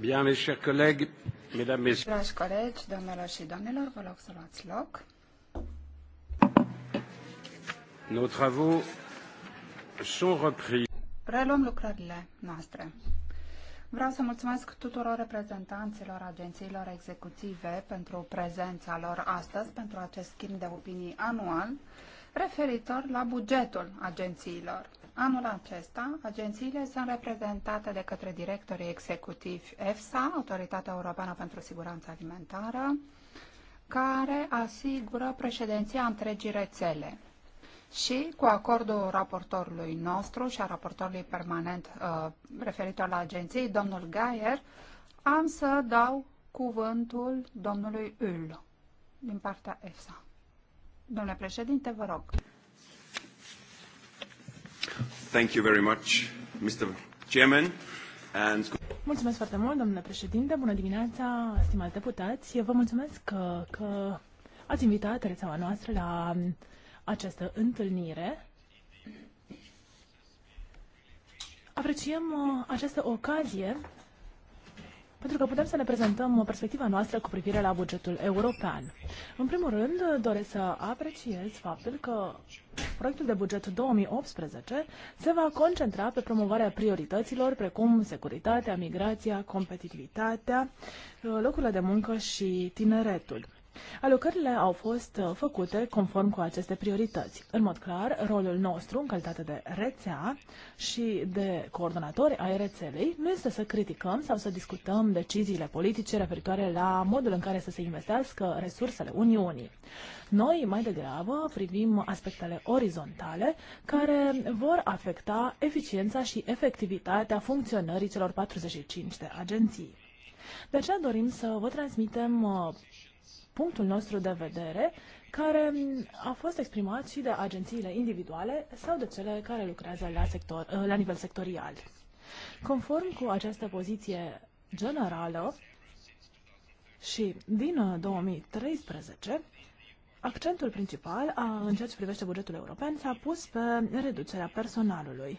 Dragi colegi, doamnelor și domnilor, vă rog să luați loc. Nos travaux sont repris. Preluăm lucrările noastre. Vreau să mulțumesc tuturor reprezentanților agențiilor executive pentru prezența lor astăzi, pentru acest schimb de opinii anual referitor la bugetul agențiilor. Anul acesta, agențiile sunt reprezentate de către directorii executivi EFSA, Autoritatea Europeană pentru Siguranță Alimentară, care asigură președinția întregii rețele. Și cu acordul raportorului nostru și a raportorului permanent uh, referitor la agenții, domnul Gaier, am să dau cuvântul domnului Ull, din partea EFSA. Domnule președinte, vă rog. Thank you very much, Mr. Chairman. And... Mulțumesc foarte mult, domnule președinte. Bună dimineața, stimați deputați. Vă mulțumesc că, că ați invitat rețeaua noastră la această întâlnire. Apreciem uh, această ocazie pentru că putem să ne prezentăm o perspectiva noastră cu privire la bugetul european. În primul rând, doresc să apreciez faptul că proiectul de buget 2018 se va concentra pe promovarea priorităților precum securitatea, migrația, competitivitatea, locurile de muncă și tineretul. Alocările au fost uh, făcute conform cu aceste priorități. În mod clar, rolul nostru în calitate de rețea și de coordonatori ai rețelei nu este să criticăm sau să discutăm deciziile politice referitoare la modul în care să se investească resursele Uniunii. Noi, mai degrabă, privim aspectele orizontale care vor afecta eficiența și efectivitatea funcționării celor 45 de agenții. De aceea dorim să vă transmitem uh, punctul nostru de vedere, care a fost exprimat și de agențiile individuale sau de cele care lucrează la, sector, uh, la nivel sectorial. Conform cu această poziție generală și din 2013, uh, accentul principal a, în ceea ce privește bugetul european s-a pus pe reducerea personalului.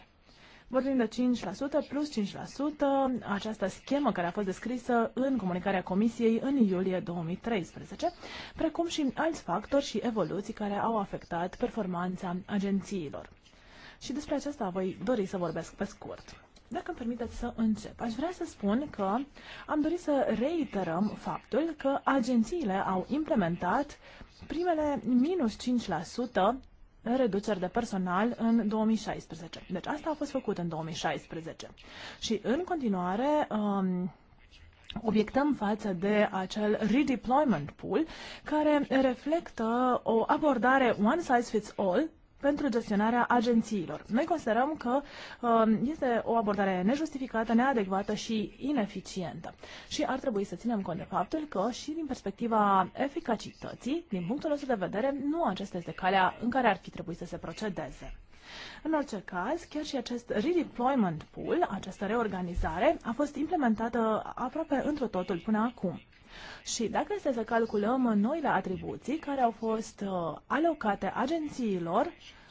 Vorbim de 5% plus 5%, această schemă care a fost descrisă în comunicarea Comisiei în iulie 2013, precum și alți factori și evoluții care au afectat performanța agențiilor. Și despre aceasta voi dori să vorbesc pe scurt. Dacă îmi permiteți să încep, aș vrea să spun că am dorit să reiterăm faptul că agențiile au implementat primele minus reduceri de personal în 2016. Deci asta a fost făcut în 2016. Și în continuare um, obiectăm față de acel redeployment pool care reflectă o abordare one size fits all pentru gestionarea agențiilor. Noi considerăm că um, este o abordare nejustificată, neadecvată și ineficientă. Și ar trebui să ținem cont de faptul că și din perspectiva eficacității, din punctul nostru de vedere, nu acesta este calea în care ar fi trebuit să se procedeze. În orice caz, chiar și acest redeployment pool, această reorganizare, a fost implementată aproape într totul până acum. Și dacă este să calculăm noile atribuții care au fost uh, alocate agențiilor,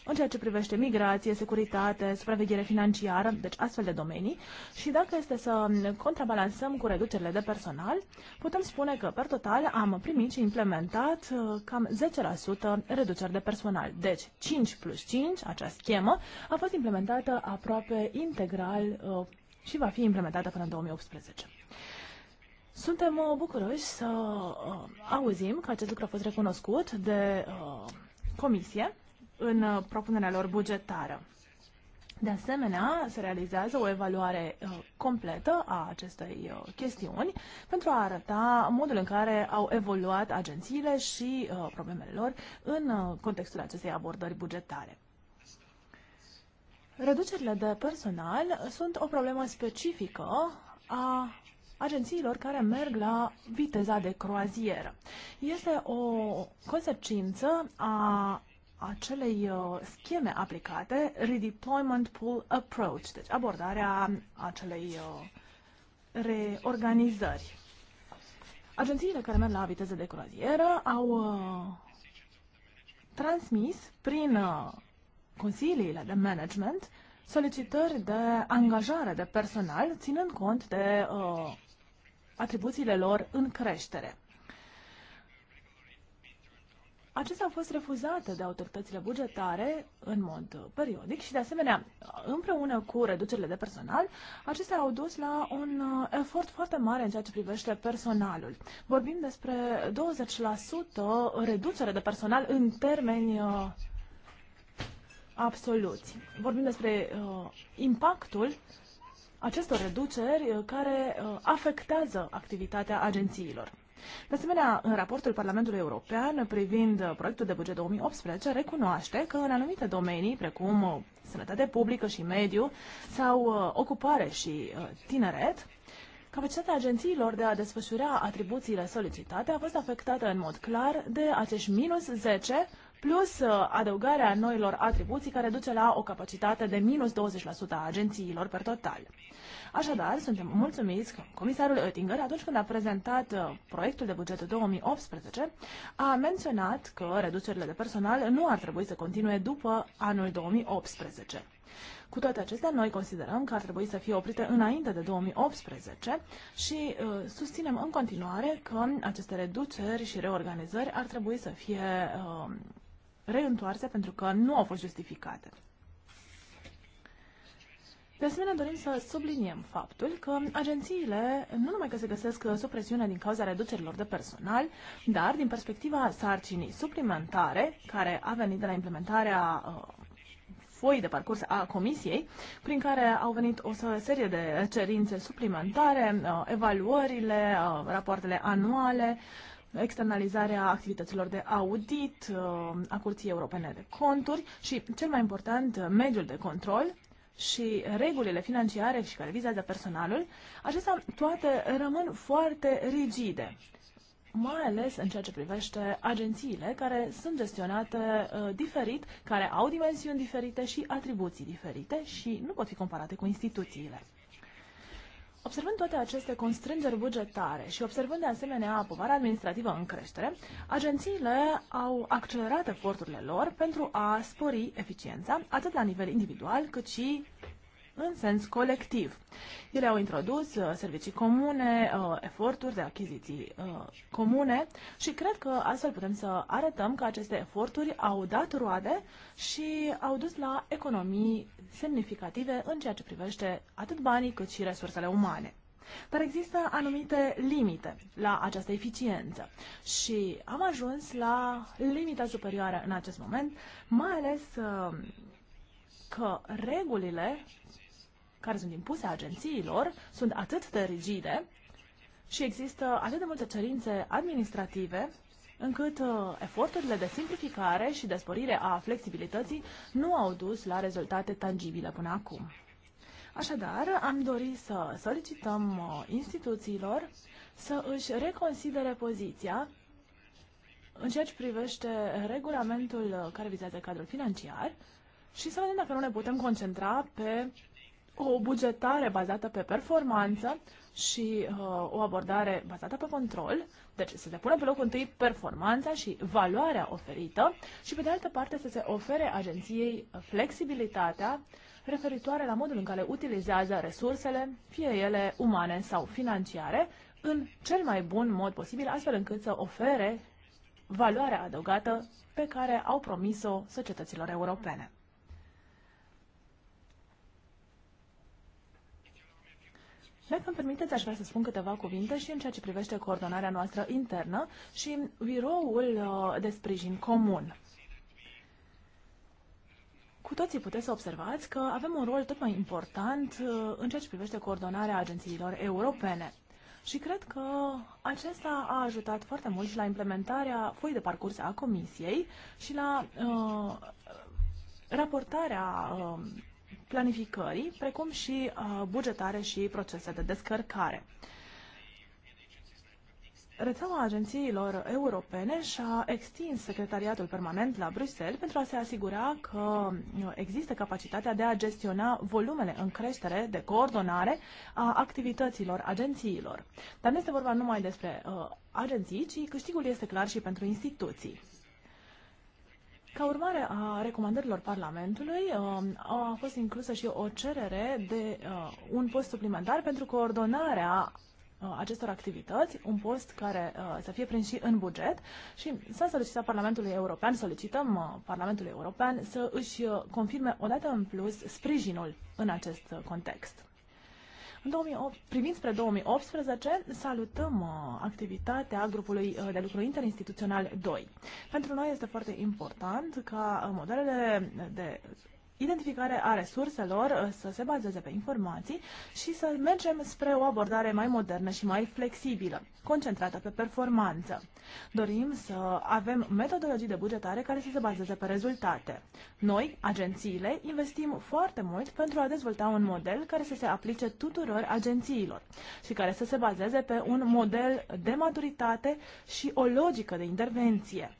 în ceea ce privește migrație, securitate, supraveghere financiară, deci astfel de domenii. Și dacă este să contrabalansăm cu reducerile de personal, putem spune că, per total, am primit și implementat uh, cam 10% reduceri de personal. Deci, 5 plus 5, acea schemă, a fost implementată aproape integral uh, și va fi implementată până în 2018. Suntem uh, bucuroși să uh, auzim că acest lucru a fost recunoscut de uh, comisie în propunerea lor bugetară. De asemenea, se realizează o evaluare completă a acestei chestiuni pentru a arăta modul în care au evoluat agențiile și problemele lor în contextul acestei abordări bugetare. Reducerile de personal sunt o problemă specifică a agențiilor care merg la viteza de croazieră. Este o consecință a acelei uh, scheme aplicate, Redeployment Pool Approach, deci abordarea acelei uh, reorganizări. Agențiile care merg la viteză de croazieră au uh, transmis prin consiliile de management solicitări de angajare de personal, ținând cont de uh, atribuțiile lor în creștere. Acestea au fost refuzate de autoritățile bugetare în mod periodic și, de asemenea, împreună cu reducerile de personal, acestea au dus la un uh, efort foarte mare în ceea ce privește personalul. Vorbim despre 20% reducere de personal în termeni uh, absoluți. Vorbim despre uh, impactul acestor reduceri uh, care uh, afectează activitatea agențiilor. De asemenea, în raportul Parlamentului European privind uh, proiectul de buget 2018 recunoaște că în anumite domenii, precum sănătate publică și mediu sau ocupare și tineret, Capacitatea agențiilor de a desfășura atribuțiile solicitate a fost afectată în mod clar de acești minus 10 plus uh, adăugarea noilor atribuții care duce la o capacitate de minus 20% a agențiilor per total. Așadar, suntem mulțumiți că comisarul Oettinger, atunci când a prezentat uh, proiectul de buget 2018, a menționat că reducerile de personal nu ar trebui să continue după anul 2018. Cu toate acestea, noi considerăm că ar trebui să fie oprite înainte de 2018 și uh, susținem în continuare că aceste reduceri și reorganizări ar trebui să fie uh, reîntoarse pentru că nu au fost justificate. De asemenea, dorim să subliniem faptul că agențiile nu numai că se găsesc sub presiune din cauza reducerilor de personal, dar din perspectiva sarcinii suplimentare, care a venit de la implementarea uh, de parcurs a Comisiei, prin care au venit o serie de cerințe suplimentare, uh, evaluările, uh, rapoartele anuale, uh, externalizarea activităților de audit uh, a Curții Europene de Conturi și, cel mai important, mediul de control și regulile financiare și care vizează personalul, acestea toate rămân foarte rigide mai ales în ceea ce privește agențiile care sunt gestionate uh, diferit, care au dimensiuni diferite și atribuții diferite și nu pot fi comparate cu instituțiile. Observând toate aceste constrângeri bugetare și observând de asemenea povara administrativă în creștere, agențiile au accelerat eforturile lor pentru a spori eficiența atât la nivel individual cât și în sens colectiv. Ele au introdus uh, servicii comune, uh, eforturi de achiziții uh, comune și cred că astfel putem să arătăm că aceste eforturi au dat roade și au dus la economii semnificative în ceea ce privește atât banii cât și resursele umane. Dar există anumite limite la această eficiență și am ajuns la limita superioară în acest moment, mai ales că regulile care sunt impuse agențiilor sunt atât de rigide și există atât de multe cerințe administrative încât uh, eforturile de simplificare și de sporire a flexibilității nu au dus la rezultate tangibile până acum. Așadar, am dorit să solicităm uh, instituțiilor să își reconsidere poziția în ceea ce privește regulamentul care vizează cadrul financiar și să vedem dacă nu ne putem concentra pe o bugetare bazată pe performanță și uh, o abordare bazată pe control, deci să se pună pe loc întâi performanța și valoarea oferită și pe de altă parte să se ofere agenției flexibilitatea referitoare la modul în care utilizează resursele, fie ele umane sau financiare, în cel mai bun mod posibil, astfel încât să ofere valoarea adăugată pe care au promis-o societăților europene. Dacă îmi permiteți, aș vrea să spun câteva cuvinte și în ceea ce privește coordonarea noastră internă și biroul uh, de sprijin comun. Cu toții puteți să observați că avem un rol tot mai important uh, în ceea ce privește coordonarea agențiilor europene. Și cred că acesta a ajutat foarte mult și la implementarea foi de parcurs a Comisiei și la uh, raportarea uh, planificării, precum și uh, bugetare și procese de descărcare. Rețeaua agențiilor europene și-a extins secretariatul permanent la Bruxelles pentru a se asigura că uh, există capacitatea de a gestiona volumele în creștere de coordonare a activităților agențiilor. Dar nu este vorba numai despre uh, agenții, ci câștigul este clar și pentru instituții. Ca urmare a recomandărilor Parlamentului, um, a fost inclusă și o cerere de uh, un post suplimentar pentru coordonarea uh, acestor activități, un post care uh, să fie prins și în buget și s-a solicitat Parlamentului European, solicităm uh, Parlamentului European să își uh, confirme odată în plus sprijinul în acest context. În 2008, privind spre 2018, salutăm uh, activitatea grupului uh, de lucru interinstituțional 2. Pentru noi este foarte important ca uh, modelele de identificare a resurselor, uh, să se bazeze pe informații și să mergem spre o abordare mai modernă și mai flexibilă, concentrată pe performanță. Dorim să avem metodologii de bugetare care să se bazeze pe rezultate. Noi, agențiile, investim foarte mult pentru a dezvolta un model care să se aplice tuturor agențiilor și care să se bazeze pe un model de maturitate și o logică de intervenție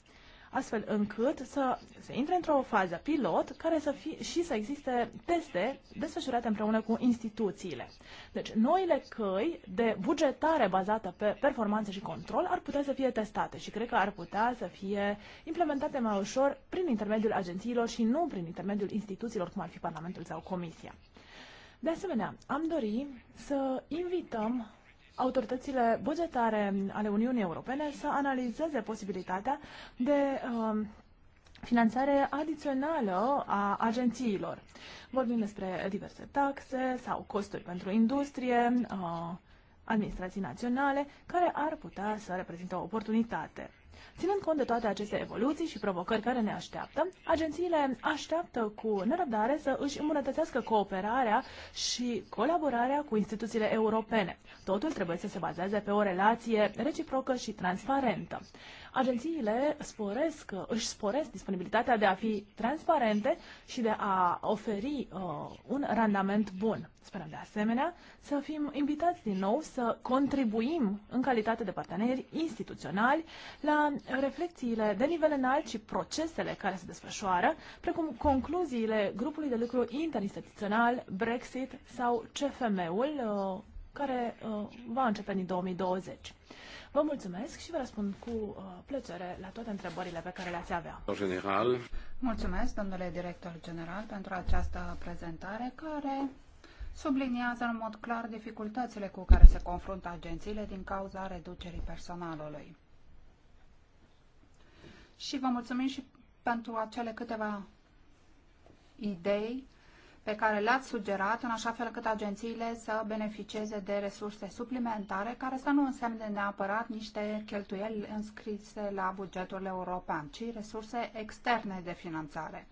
astfel încât să se intre într-o fază pilot care să fie și să existe teste desfășurate împreună cu instituțiile. Deci, noile căi de bugetare bazată pe performanță și control ar putea să fie testate și cred că ar putea să fie implementate mai ușor prin intermediul agențiilor și nu prin intermediul instituțiilor, cum ar fi Parlamentul sau Comisia. De asemenea, am dori să invităm autoritățile bugetare ale Uniunii Europene să analizeze posibilitatea de um, finanțare adițională a agențiilor. Vorbim despre diverse taxe sau costuri pentru industrie, uh, administrații naționale, care ar putea să reprezinte o oportunitate. Ținând cont de toate aceste evoluții și provocări care ne așteaptă, agențiile așteaptă cu nerăbdare să își îmbunătățească cooperarea și colaborarea cu instituțiile europene. Totul trebuie să se bazeze pe o relație reciprocă și transparentă agențiile sporesc, își sporesc disponibilitatea de a fi transparente și de a oferi uh, un randament bun. Sperăm de asemenea să fim invitați din nou să contribuim în calitate de parteneri instituționali la reflexiile de nivel înalt și procesele care se desfășoară, precum concluziile grupului de lucru interinstituțional, Brexit sau CFM-ul uh, care uh, va începe din 2020. Vă mulțumesc și vă răspund cu uh, plăcere la toate întrebările pe care le-ați avea. General. Mulțumesc, domnule director general, pentru această prezentare care subliniază în mod clar dificultățile cu care se confruntă agențiile din cauza reducerii personalului. Și vă mulțumim și pentru acele câteva idei pe care le-ați sugerat, în așa fel cât agențiile să beneficieze de resurse suplimentare, care să nu însemne neapărat niște cheltuieli înscrise la bugetul european, ci resurse externe de finanțare.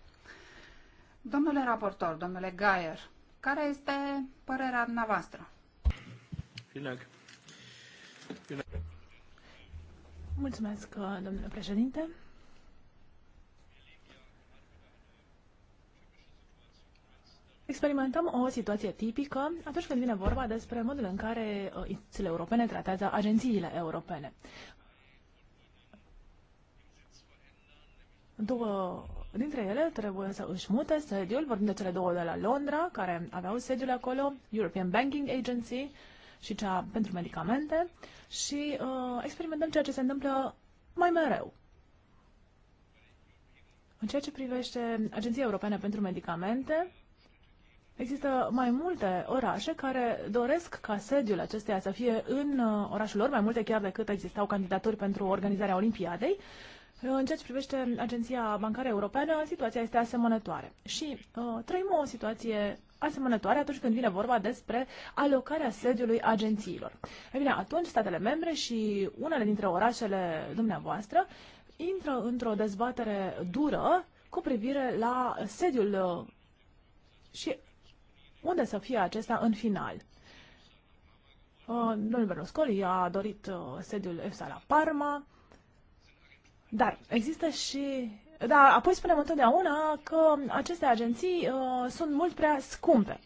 Domnule raportor, domnule Gaier, care este părerea dumneavoastră? Mulțumesc, domnule președinte. experimentăm o situație tipică atunci când vine vorba despre modul în care uh, instituțiile europene tratează agențiile europene. Două dintre ele trebuie să își mute sediul, vorbim de cele două de la Londra, care aveau sediul acolo, European Banking Agency și cea pentru medicamente, și uh, experimentăm ceea ce se întâmplă mai mereu. În ceea ce privește Agenția Europeană pentru Medicamente, Există mai multe orașe care doresc ca sediul acesteia să fie în uh, orașul lor, mai multe chiar decât existau candidaturi pentru organizarea Olimpiadei. În ceea ce privește Agenția Bancară Europeană, situația este asemănătoare. Și uh, trăim o situație asemănătoare atunci când vine vorba despre alocarea sediului agențiilor. E bine, atunci statele membre și unele dintre orașele dumneavoastră intră într-o dezbatere dură cu privire la sediul uh, și unde să fie acesta în final. Uh, domnul Berlusconi a dorit uh, sediul EFSA la Parma, dar există și... Dar apoi spunem întotdeauna că aceste agenții uh, sunt mult prea scumpe.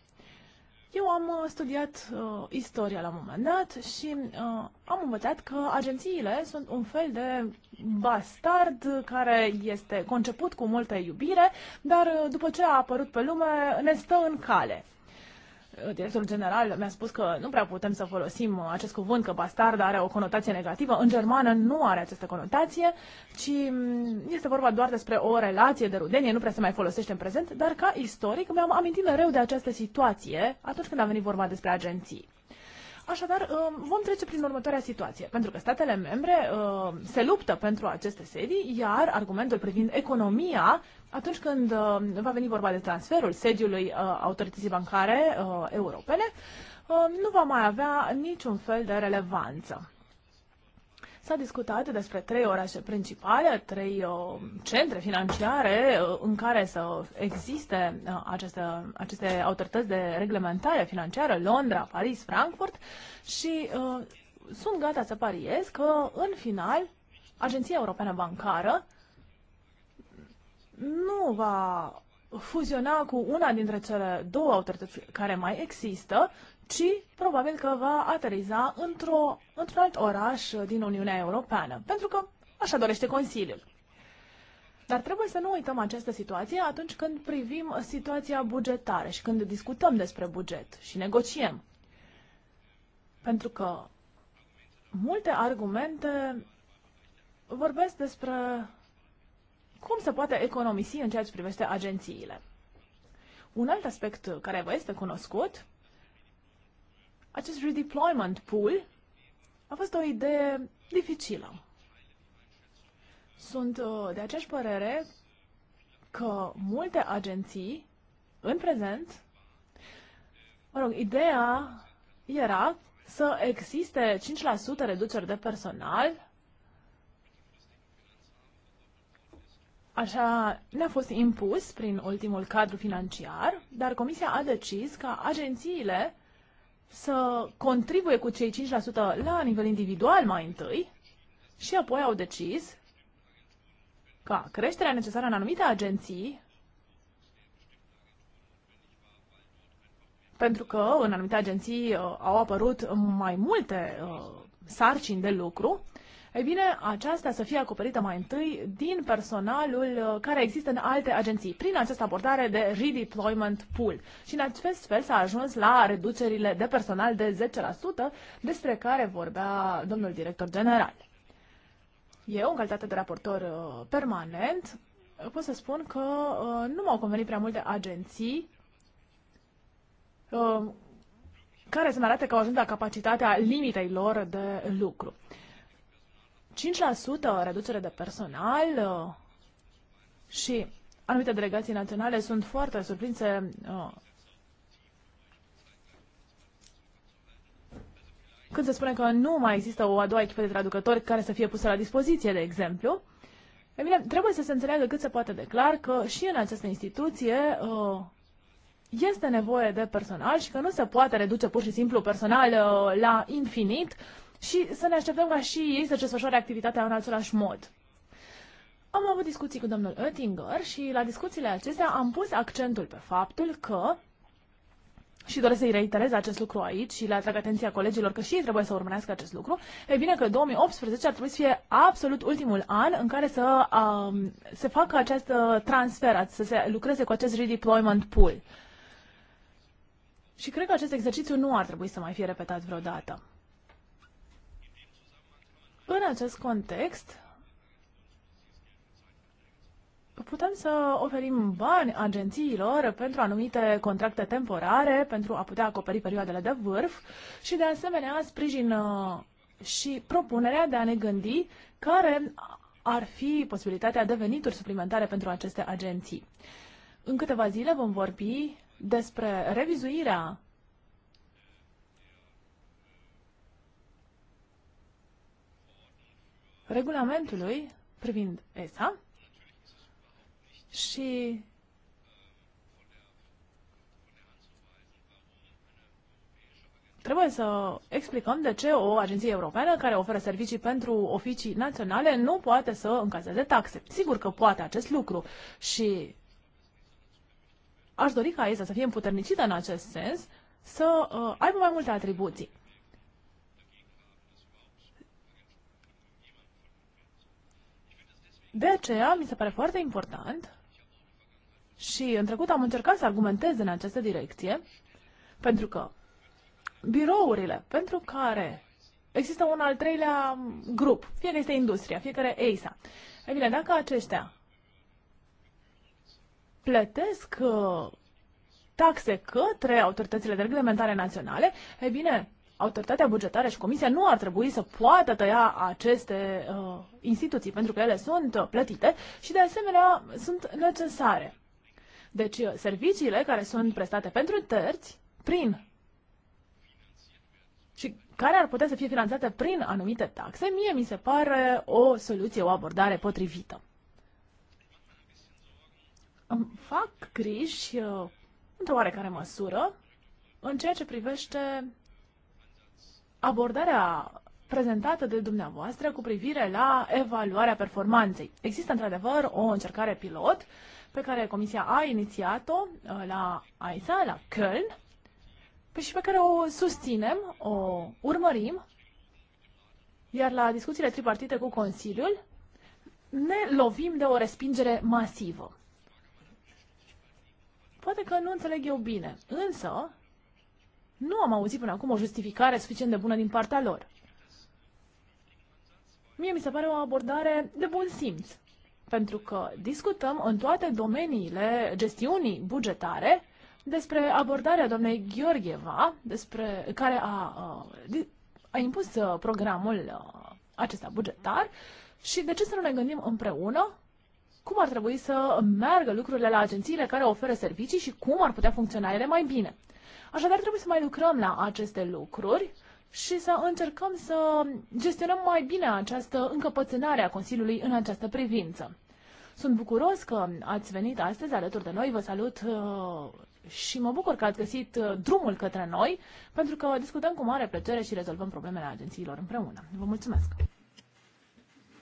Eu am uh, studiat uh, istoria la un moment dat și uh, am învățat că agențiile sunt un fel de bastard care este conceput cu multă iubire, dar uh, după ce a apărut pe lume ne stă în cale. Eh, directorul general mi-a spus că nu prea putem să folosim eh, acest cuvânt, că bastard are o conotație negativă. În germană nu are această conotație, ci mm, este vorba doar despre o relație de rudenie, nu prea se mai folosește în prezent, dar ca istoric mi-am amintit mereu de această situație atunci când a venit vorba despre agenții. Așadar, eh, vom trece prin următoarea situație, pentru că statele membre se luptă pentru aceste sedii, iar argumentul privind economia atunci când uh, va veni vorba de transferul sediului uh, autorității bancare uh, europene, nu va mai avea niciun fel de relevanță. S-a discutat despre trei orașe principale, trei uh, centre financiare uh, în care să existe uh, aceste, aceste autorități de reglementare financiară, Londra, Paris, Frankfurt și sunt gata să pariez că în final Agenția Europeană Bancară nu va fuziona cu una dintre cele două autorități care mai există, ci probabil că va ateriza într-o, într-un alt oraș din Uniunea Europeană, pentru că așa dorește Consiliul. Dar trebuie să nu uităm această situație atunci când privim situația bugetară și când discutăm despre buget și negociem. Pentru că multe argumente vorbesc despre cum se poate economisi în ceea ce privește agențiile. Un alt aspect care vă este cunoscut, acest redeployment pool a fost o idee dificilă. Sunt uh, de aceeași părere că multe agenții, în prezent, mă rog, ideea era să existe 5% reduceri de personal Așa ne-a fost impus prin ultimul cadru financiar, dar Comisia a decis ca agențiile să contribuie cu cei 5% la nivel individual mai întâi și apoi au decis ca creșterea necesară în anumite agenții pentru că în anumite agenții uh, au apărut mai multe uh, sarcini de lucru, ei bine, aceasta să fie acoperită mai întâi din personalul uh, care există în alte agenții, prin această abordare de redeployment pool. Și în acest fel s-a ajuns la reducerile de personal de 10%, despre care vorbea domnul director general. Eu, în calitate de raportor uh, permanent, pot să spun că uh, nu m-au convenit prea multe agenții care să-mi arate că au ajuns la capacitatea limitei lor de lucru. 5% reducere de personal uh, și anumite delegații naționale sunt foarte surprinse uh, când se spune că nu mai există o a doua echipă de traducători care să fie pusă la dispoziție, de exemplu. E bine, trebuie să se înțeleagă cât se poate de clar că și în această instituție uh, este nevoie de personal și că nu se poate reduce pur și simplu personal la infinit și să ne așteptăm ca și ei să desfășoare activitatea în același mod. Am avut discuții cu domnul Oettinger și la discuțiile acestea am pus accentul pe faptul că și doresc să-i reiterez acest lucru aici și le atrag atenția colegilor că și ei trebuie să urmărească acest lucru, e bine că 2018 ar trebui să fie absolut ultimul an în care să um, se facă această transfer, să se lucreze cu acest redeployment pool. Și cred că acest exercițiu nu ar trebui să mai fie repetat vreodată. În acest context, putem să oferim bani agențiilor pentru anumite contracte temporare, pentru a putea acoperi perioadele de vârf și, de asemenea, sprijin uh, și propunerea de a ne gândi care ar fi posibilitatea de venituri suplimentare pentru aceste agenții. În câteva zile vom vorbi despre revizuirea regulamentului privind ESA și trebuie să explicăm de ce o agenție europeană care oferă servicii pentru oficii naționale nu poate să încaseze taxe. Sigur că poate acest lucru și aș dori ca ESA să fie împuternicită în acest sens, să uh, aibă mai multe atribuții. De aceea, mi se pare foarte important și în trecut am încercat să argumentez în această direcție, pentru că birourile pentru care există un al treilea grup, fie că este industria, fie că este EISA, e bine, dacă aceștia plătesc uh, taxe către autoritățile de reglementare naționale, e bine, autoritatea bugetară și comisia nu ar trebui să poată tăia aceste uh, instituții, pentru că ele sunt uh, plătite și, de asemenea, sunt necesare. Deci, uh, serviciile care sunt prestate pentru terți, prin și care ar putea să fie finanțate prin anumite taxe, mie mi se pare o soluție, o abordare potrivită. Îmi fac griji, uh, într-o oarecare măsură, în ceea ce privește abordarea prezentată de dumneavoastră cu privire la evaluarea performanței. Există într-adevăr o încercare pilot pe care Comisia a inițiat-o uh, la AISA, la Köln, și pe care o susținem, o urmărim, iar la discuțiile tripartite cu Consiliul ne lovim de o respingere masivă. Poate că nu înțeleg eu bine, însă nu am auzit până acum o justificare suficient de bună din partea lor. Mie mi se pare o abordare de bun simț, pentru că discutăm în toate domeniile gestiunii bugetare despre abordarea doamnei Gheorgheva, despre care a, a impus uh, programul uh, acesta bugetar și de ce să nu ne gândim împreună cum ar trebui să meargă lucrurile la agențiile care oferă servicii și cum ar putea funcționa ele mai bine. Așadar, trebuie să mai lucrăm la aceste lucruri și să încercăm să gestionăm mai bine această încăpățânare a Consiliului în această privință. Sunt bucuros că ați venit astăzi alături de noi, vă salut uh, și mă bucur că ați găsit uh, drumul către noi, pentru că discutăm cu mare plăcere și rezolvăm problemele agențiilor împreună. Vă mulțumesc!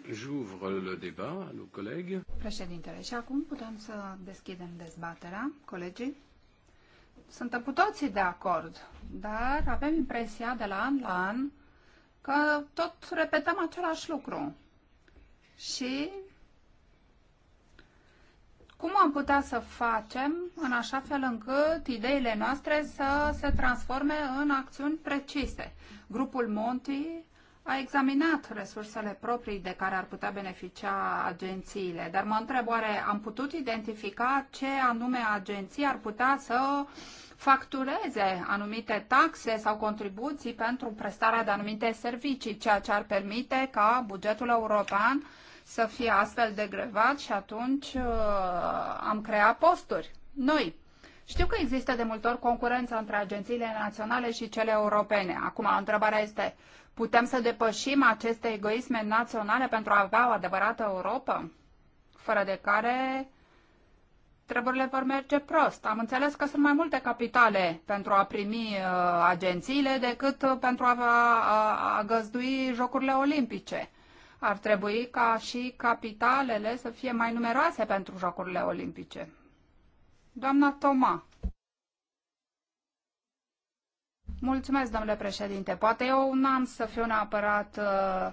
J'ouvre le débat nos collègues. Președintele, și acum putem să deschidem dezbaterea. Colegii? suntem cu toții de acord, dar avem impresia de la an la an că tot repetăm același lucru. Și cum am putea să facem în așa fel încât ideile noastre să se transforme în acțiuni precise? Grupul Monti a examinat resursele proprii de care ar putea beneficia agențiile, dar mă întreb, oare am putut identifica ce anume agenții ar putea să factureze anumite taxe sau contribuții pentru prestarea de anumite servicii, ceea ce ar permite ca bugetul european să fie astfel degrevat și atunci uh, am creat posturi noi știu că există de multe ori concurență între agențiile naționale și cele europene. Acum, întrebarea este, putem să depășim aceste egoisme naționale pentru a avea o adevărată Europa? Fără de care treburile vor merge prost. Am înțeles că sunt mai multe capitale pentru a primi uh, agențiile decât uh, pentru a, a, uh, a găzdui Jocurile Olimpice. Ar trebui ca și capitalele să fie mai numeroase pentru Jocurile Olimpice. Doamna Toma. Mulțumesc, domnule președinte. Poate eu n-am să fiu neapărat uh,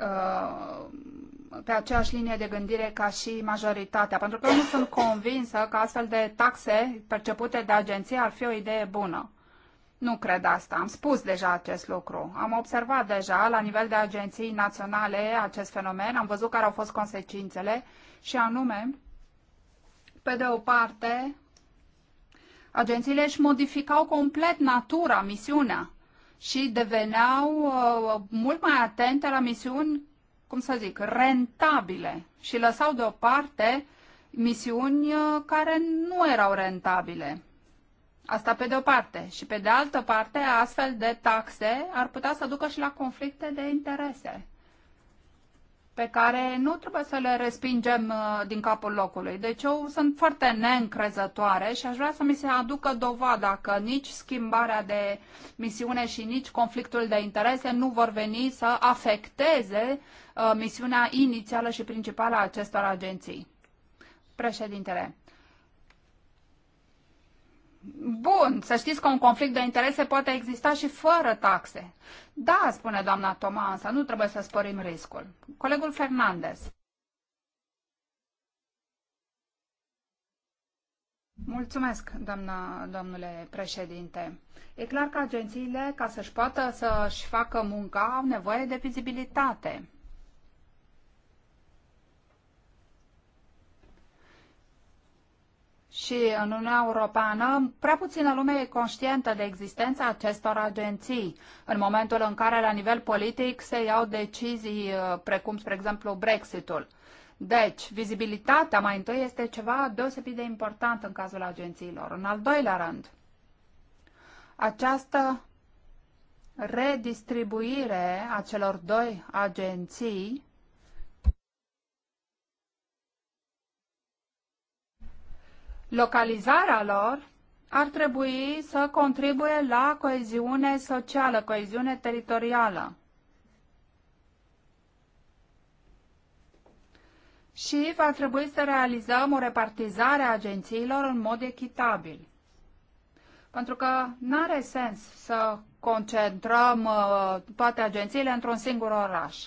uh, pe aceeași linie de gândire ca și majoritatea, pentru că eu nu sunt convinsă că astfel de taxe percepute de agenție ar fi o idee bună. Nu cred asta. Am spus deja acest lucru. Am observat deja la nivel de agenții naționale acest fenomen, am văzut care au fost consecințele și anume pe de o parte, agențiile își modificau complet natura, misiunea și deveneau uh, mult mai atente la misiuni, cum să zic, rentabile și lăsau deoparte misiuni uh, care nu erau rentabile. Asta pe de o parte. Și pe de altă parte, astfel de taxe ar putea să ducă și la conflicte de interese pe care nu trebuie să le respingem uh, din capul locului. Deci eu sunt foarte neîncrezătoare și aș vrea să mi se aducă dovada că nici schimbarea de misiune și nici conflictul de interese nu vor veni să afecteze uh, misiunea inițială și principală a acestor agenții. Președintele, Bun, să știți că un conflict de interese poate exista și fără taxe. Da, spune doamna Toma, însă nu trebuie să sporim riscul. Colegul Fernandez. Mulțumesc, doamna, domnule președinte. E clar că agențiile, ca să-și poată să-și facă munca, au nevoie de vizibilitate. și în Uniunea Europeană, prea puțină lume e conștientă de existența acestor agenții. În momentul în care, la nivel politic, se iau decizii uh, precum, spre exemplu, Brexitul. Deci, vizibilitatea mai întâi este ceva deosebit de important în cazul agențiilor. În al doilea rând, această redistribuire a celor doi agenții localizarea lor ar trebui să contribuie la coeziune socială, coeziune teritorială. Și va trebui să realizăm o repartizare a agențiilor în mod echitabil. Pentru că nu are sens să concentrăm uh, toate agențiile într-un singur oraș.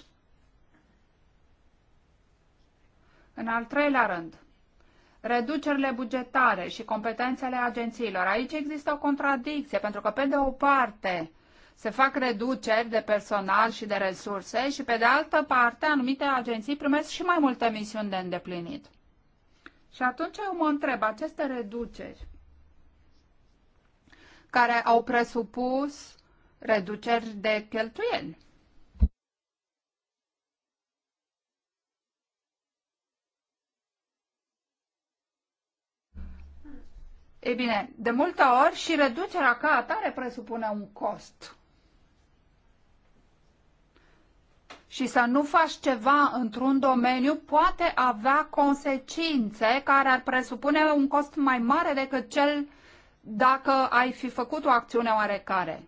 În al treilea rând, reducerile bugetare și competențele agențiilor. Aici există o contradicție, pentru că pe de o parte se fac reduceri de personal și de resurse și pe de altă parte anumite agenții primesc și mai multe misiuni de îndeplinit. Și atunci eu mă întreb, aceste reduceri care au presupus reduceri de cheltuieli, Ei bine, de multe ori și reducerea ca atare presupune un cost. și să nu faci ceva într-un domeniu poate avea consecințe care ar presupune un cost mai mare decât cel dacă ai fi făcut o acțiune oarecare.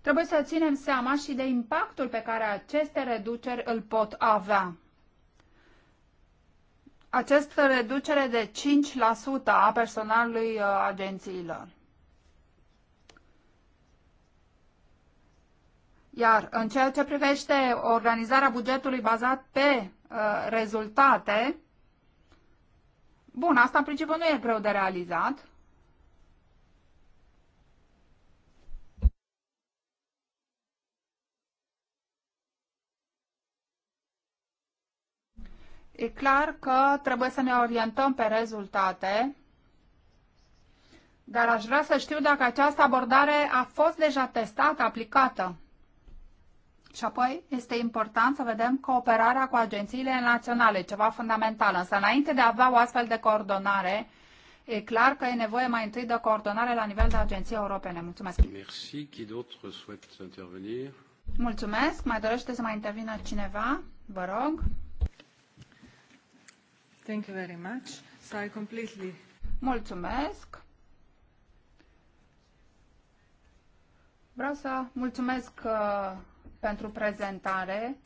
Trebuie să ținem seama și de impactul pe care aceste reduceri îl pot avea această reducere de 5% a personalului uh, agențiilor. Iar în ceea ce privește organizarea bugetului bazat pe uh, rezultate, bun, asta în principiu nu e greu de realizat, E clar că trebuie să ne orientăm pe rezultate, dar aș vrea să știu dacă această abordare a fost deja testată, aplicată. Și apoi este important să vedem cooperarea cu agențiile naționale, ceva fundamental. Însă înainte de a avea o astfel de coordonare, e clar că e nevoie mai întâi de coordonare la nivel de agenții europene. Mulțumesc. Merci. Qui souhaite intervenir? Mulțumesc. Mai dorește să mai intervină cineva? Vă rog. Thank you very much. So I completely... Mulțumesc. Vreau să mulțumesc uh, pentru prezentare.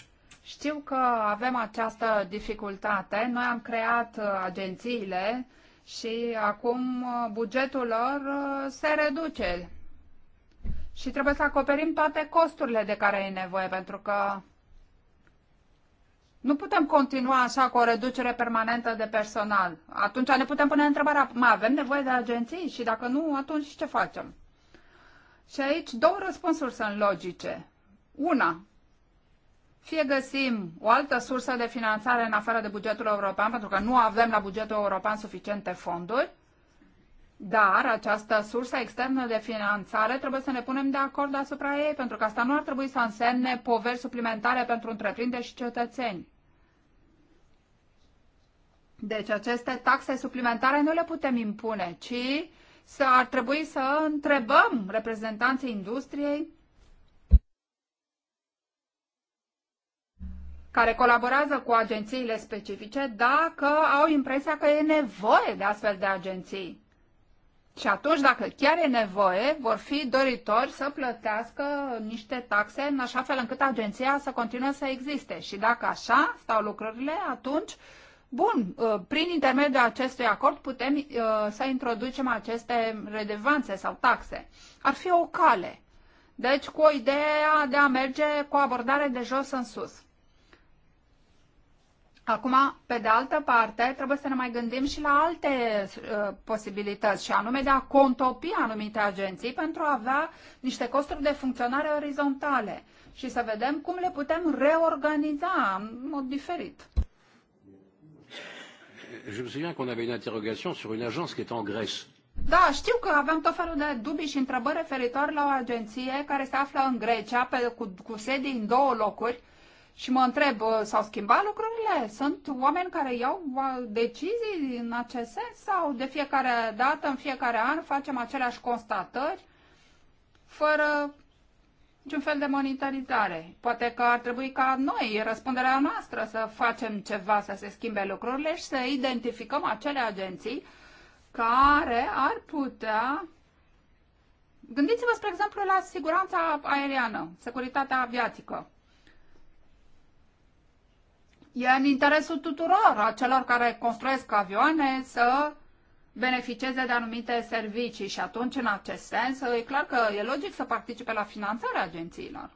Știu că avem această dificultate. Noi am creat uh, agențiile și acum uh, bugetul lor uh, se reduce. Și trebuie să acoperim toate costurile de care e nevoie, pentru că nu putem continua așa cu o reducere permanentă de personal. Atunci ne putem pune întrebarea, mai avem nevoie de agenții? Și dacă nu, atunci ce facem? Și aici două răspunsuri sunt logice. Una, fie găsim o altă sursă de finanțare în afară de bugetul european, pentru că nu avem la bugetul european suficiente fonduri, dar această sursă externă de finanțare trebuie să ne punem de acord asupra ei, pentru că asta nu ar trebui să însemne poveri suplimentare pentru întreprinderi și cetățeni. Deci aceste taxe suplimentare nu le putem impune, ci să ar trebui să întrebăm reprezentanții industriei care colaborează cu agențiile specifice dacă au impresia că e nevoie de astfel de agenții. Și atunci, dacă chiar e nevoie, vor fi doritori să plătească niște taxe în așa fel încât agenția să continue să existe. Și dacă așa stau lucrurile, atunci uh, Bun, uh, prin intermediul acestui acord putem uh, să introducem aceste redevanțe sau taxe. Ar fi o cale. Deci cu o idee de a merge cu o abordare de jos în sus. Acum, pe de altă parte, trebuie să ne mai gândim și la alte uh, posibilități, și anume de a contopi anumite agenții pentru a avea niște costuri de funcționare orizontale și să vedem cum le putem reorganiza în mod diferit je me souviens qu'on avait une interrogation sur une agence qui était en Grèce. Da, știu că aveam tot felul de dubii și întrebări referitor la o agenție care se află în Grecia pe, cu, cu sedii în două locuri și mă întreb, uh, s-au schimbat lucrurile? Sunt oameni care iau uh, decizii în acest sens sau de fiecare dată, în fiecare an, facem aceleași constatări fără niciun fel de monitorizare. Poate că ar trebui ca noi, răspunderea noastră, să facem ceva, să se schimbe lucrurile și să identificăm acele agenții care ar putea. Gândiți-vă, spre exemplu, la siguranța aeriană, securitatea aviatică. E în interesul tuturor, a celor care construiesc avioane, să beneficieze de anumite servicii și atunci, în acest sens, e clar că e logic să participe la finanțarea agențiilor.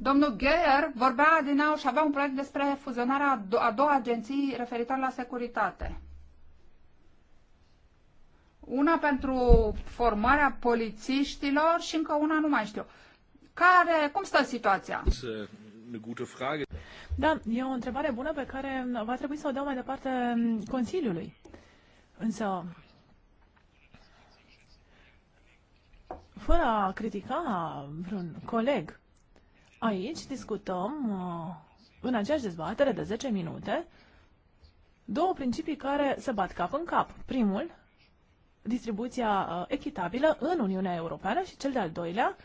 Domnul Geier vorbea din nou și avea un proiect despre fuzionarea a două agenții referitoare la securitate. Una pentru formarea polițiștilor și încă una nu mai știu. Care, cum stă situația? Da, e o întrebare bună pe care va trebui să o dau mai departe Consiliului. Însă, fără a critica vreun coleg, aici discutăm uh, în aceeași dezbatere de 10 minute două principii care se bat cap în cap. Primul, distribuția uh, echitabilă în Uniunea Europeană și cel de-al doilea,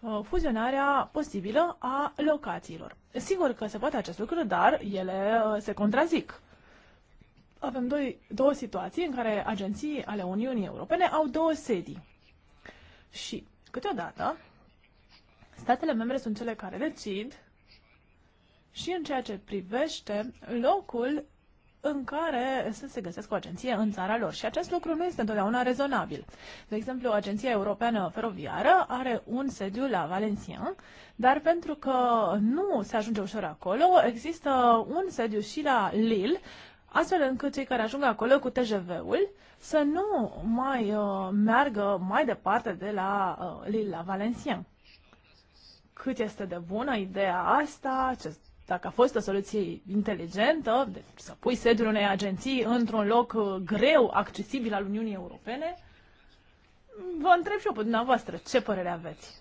Uh, fuzionarea posibilă a locațiilor. Sigur că se poate acest lucru, dar ele uh, se contrazic. Avem doi, două situații în care agenții ale Uniunii Europene au două sedii. Și câteodată statele membre sunt cele care decid și în ceea ce privește locul în care să se găsească o agenție în țara lor. Și acest lucru nu este întotdeauna rezonabil. De exemplu, Agenția Europeană Feroviară are un sediu la Valencia, dar pentru că nu se ajunge ușor acolo, există un sediu și la Lille, astfel încât cei care ajung acolo cu TGV-ul să nu mai uh, meargă mai departe de la uh, Lille la Valencia. cât este de bună ideea asta, acest dacă a fost o soluție inteligentă, deci să pui sediul unei agenții într-un loc uh, greu accesibil al Uniunii Europene, vă întreb și eu pe dumneavoastră ce părere aveți.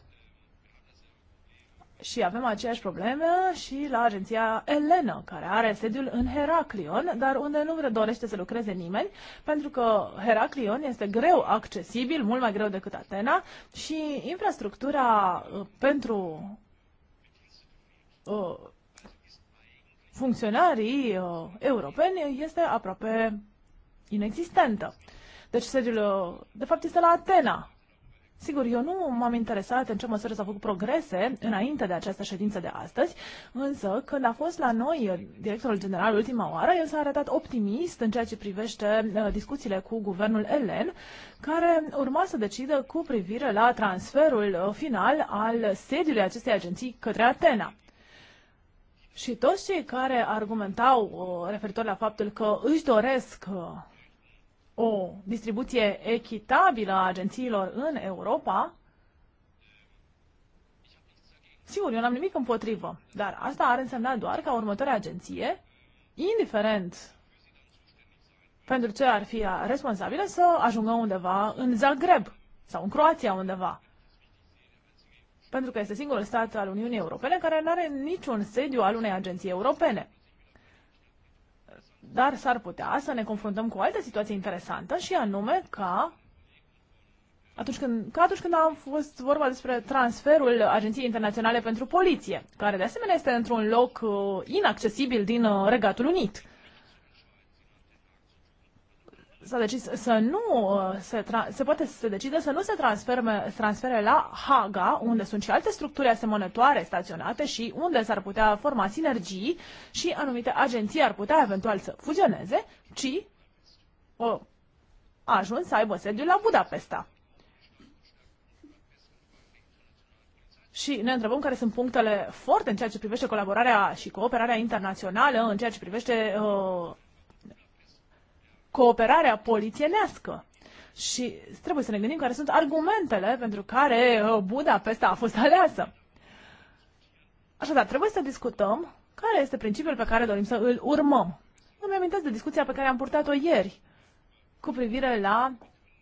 Și avem aceeași probleme și la agenția Elena, care are sediul în Heraclion, dar unde nu dorește să lucreze nimeni, pentru că Heraclion este greu accesibil, mult mai greu decât Atena, și infrastructura uh, pentru uh, funcționarii uh, europeni este aproape inexistentă. Deci sediul, uh, de fapt, este la Atena. Sigur, eu nu m-am interesat în ce măsură s-au făcut progrese înainte de această ședință de astăzi, însă când a fost la noi uh, directorul general ultima oară, el s-a arătat optimist în ceea ce privește discuțiile cu guvernul elen, care urma să decidă cu privire la transferul final al sediului acestei agenții către Atena. Și toți cei care argumentau uh, referitor la faptul că își doresc uh, o distribuție echitabilă a agențiilor în Europa, sigur, eu n-am nimic împotrivă, dar asta ar însemna doar ca următoarea agenție, indiferent pentru ce ar fi responsabilă, să ajungă undeva în Zagreb sau în Croația undeva pentru că este singurul stat al Uniunii Europene care nu are niciun sediu al unei agenții europene. Dar s-ar putea să ne confruntăm cu o altă situație interesantă și anume ca atunci când, ca atunci când am fost vorba despre transferul Agenției Internaționale pentru Poliție, care de asemenea este într-un loc uh, inaccesibil din uh, Regatul Unit. Uh, s-a decis să nu uh, se, se poate să se decide să nu se transfere, transfere la Haga, unde sunt și alte structuri asemănătoare staționate și unde s-ar putea forma sinergii și anumite agenții ar putea eventual să fuzioneze, ci o, a ajuns să aibă sediul la Budapesta. Și ne întrebăm care sunt punctele forte în ceea ce privește colaborarea și cooperarea internațională, în ceea ce privește uh, cooperarea polițienească. Și trebuie să ne gândim care sunt argumentele pentru care uh, Budapesta a fost aleasă. Așadar, trebuie să discutăm care este principiul pe care dorim să îl urmăm. Îmi amintesc de discuția pe care am purtat-o ieri cu privire la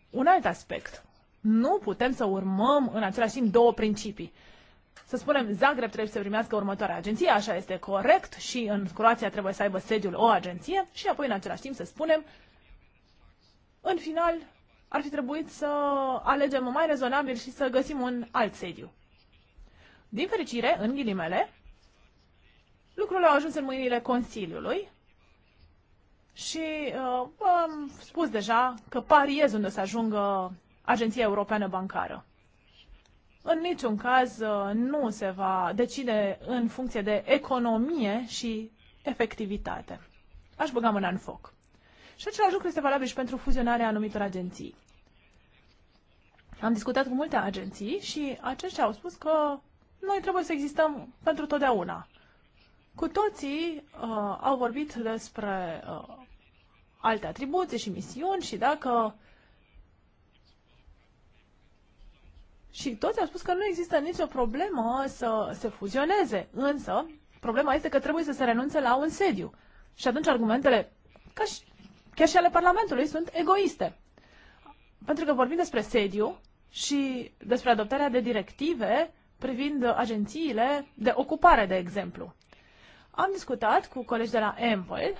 un alt aspect. Nu putem să urmăm în același timp două principii. Să spunem, Zagreb trebuie să primească următoarea agenție, așa este corect, și în Croația trebuie să aibă sediul o agenție, și apoi în același timp să spunem, în final, ar fi trebuit să alegem mai rezonabil și să găsim un alt sediu. Din fericire, în ghilimele, lucrurile au ajuns în mâinile Consiliului și uh, am spus deja că pariez unde să ajungă Agenția Europeană Bancară. În niciun caz uh, nu se va decide în funcție de economie și efectivitate. Aș băga mâna în foc. Și același lucru este valabil și pentru fuzionarea anumitor agenții. Am discutat cu multe agenții și aceștia au spus că noi trebuie să existăm pentru totdeauna. Cu toții uh, au vorbit despre uh, alte atribuții și misiuni și dacă Și toți au spus că nu există nicio problemă să se fuzioneze, însă problema este că trebuie să se renunțe la un sediu. Și atunci argumentele, ca și chiar și ale Parlamentului, sunt egoiste. Pentru că vorbim despre sediu și despre adoptarea de directive privind agențiile de ocupare, de exemplu. Am discutat cu colegi de la Ample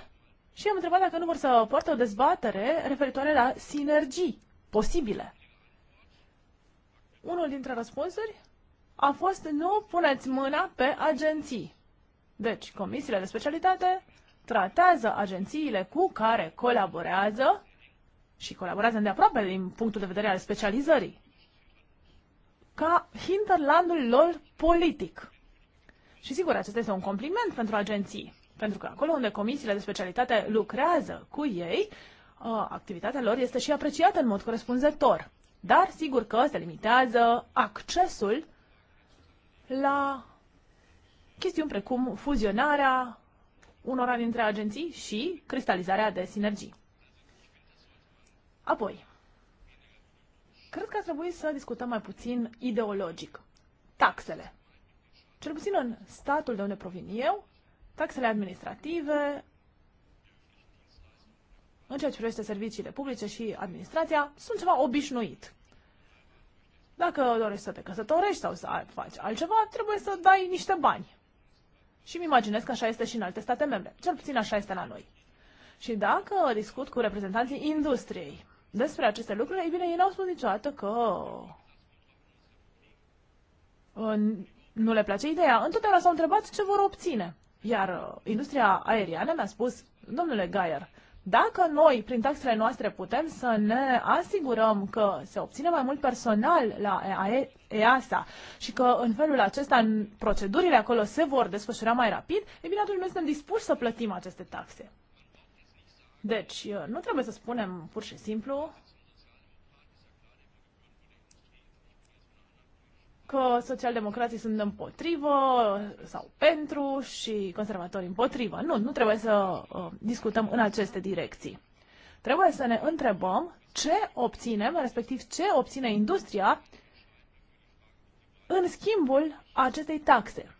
și am întrebat dacă nu vor să poartă o dezbatere referitoare la sinergii posibile. Unul dintre răspunsuri a fost nu puneți mâna pe agenții. Deci, comisiile de specialitate tratează agențiile cu care colaborează și colaborează îndeaproape din punctul de vedere al specializării, ca hinterlandul lor politic. Și sigur, acesta este un compliment pentru agenții, pentru că acolo unde comisiile de specialitate lucrează cu ei, ă, activitatea lor este și apreciată în mod corespunzător. Dar sigur că se limitează accesul la chestiuni precum fuzionarea, unora dintre agenții și cristalizarea de sinergii. Apoi, cred că ar trebui să discutăm mai puțin ideologic. Taxele. Cel puțin în statul de unde provin eu, taxele administrative, în ceea ce privește serviciile publice și administrația, sunt ceva obișnuit. Dacă dorești să te căsătorești sau să faci altceva, trebuie să dai niște bani și îmi imaginez că așa este și în alte state membre. Cel puțin așa este la noi. Și dacă discut cu reprezentanții industriei despre aceste lucruri, ei bine, ei n-au spus niciodată că uh, nu le place ideea. Întotdeauna s-au întrebat ce vor obține. Iar uh, industria aeriană mi-a spus, domnule Gaier, dacă noi, prin taxele noastre, putem să ne asigurăm că se obține mai mult personal la EASA și că în felul acesta în procedurile acolo se vor desfășura mai rapid, e bine atunci noi suntem dispuși să plătim aceste taxe. Deci, uh, nu trebuie să spunem pur și simplu că socialdemocrații sunt împotrivă sau pentru și conservatorii împotrivă. Nu, nu trebuie să uh, discutăm în aceste direcții. Trebuie să ne întrebăm ce obținem, respectiv ce obține industria în schimbul acestei taxe.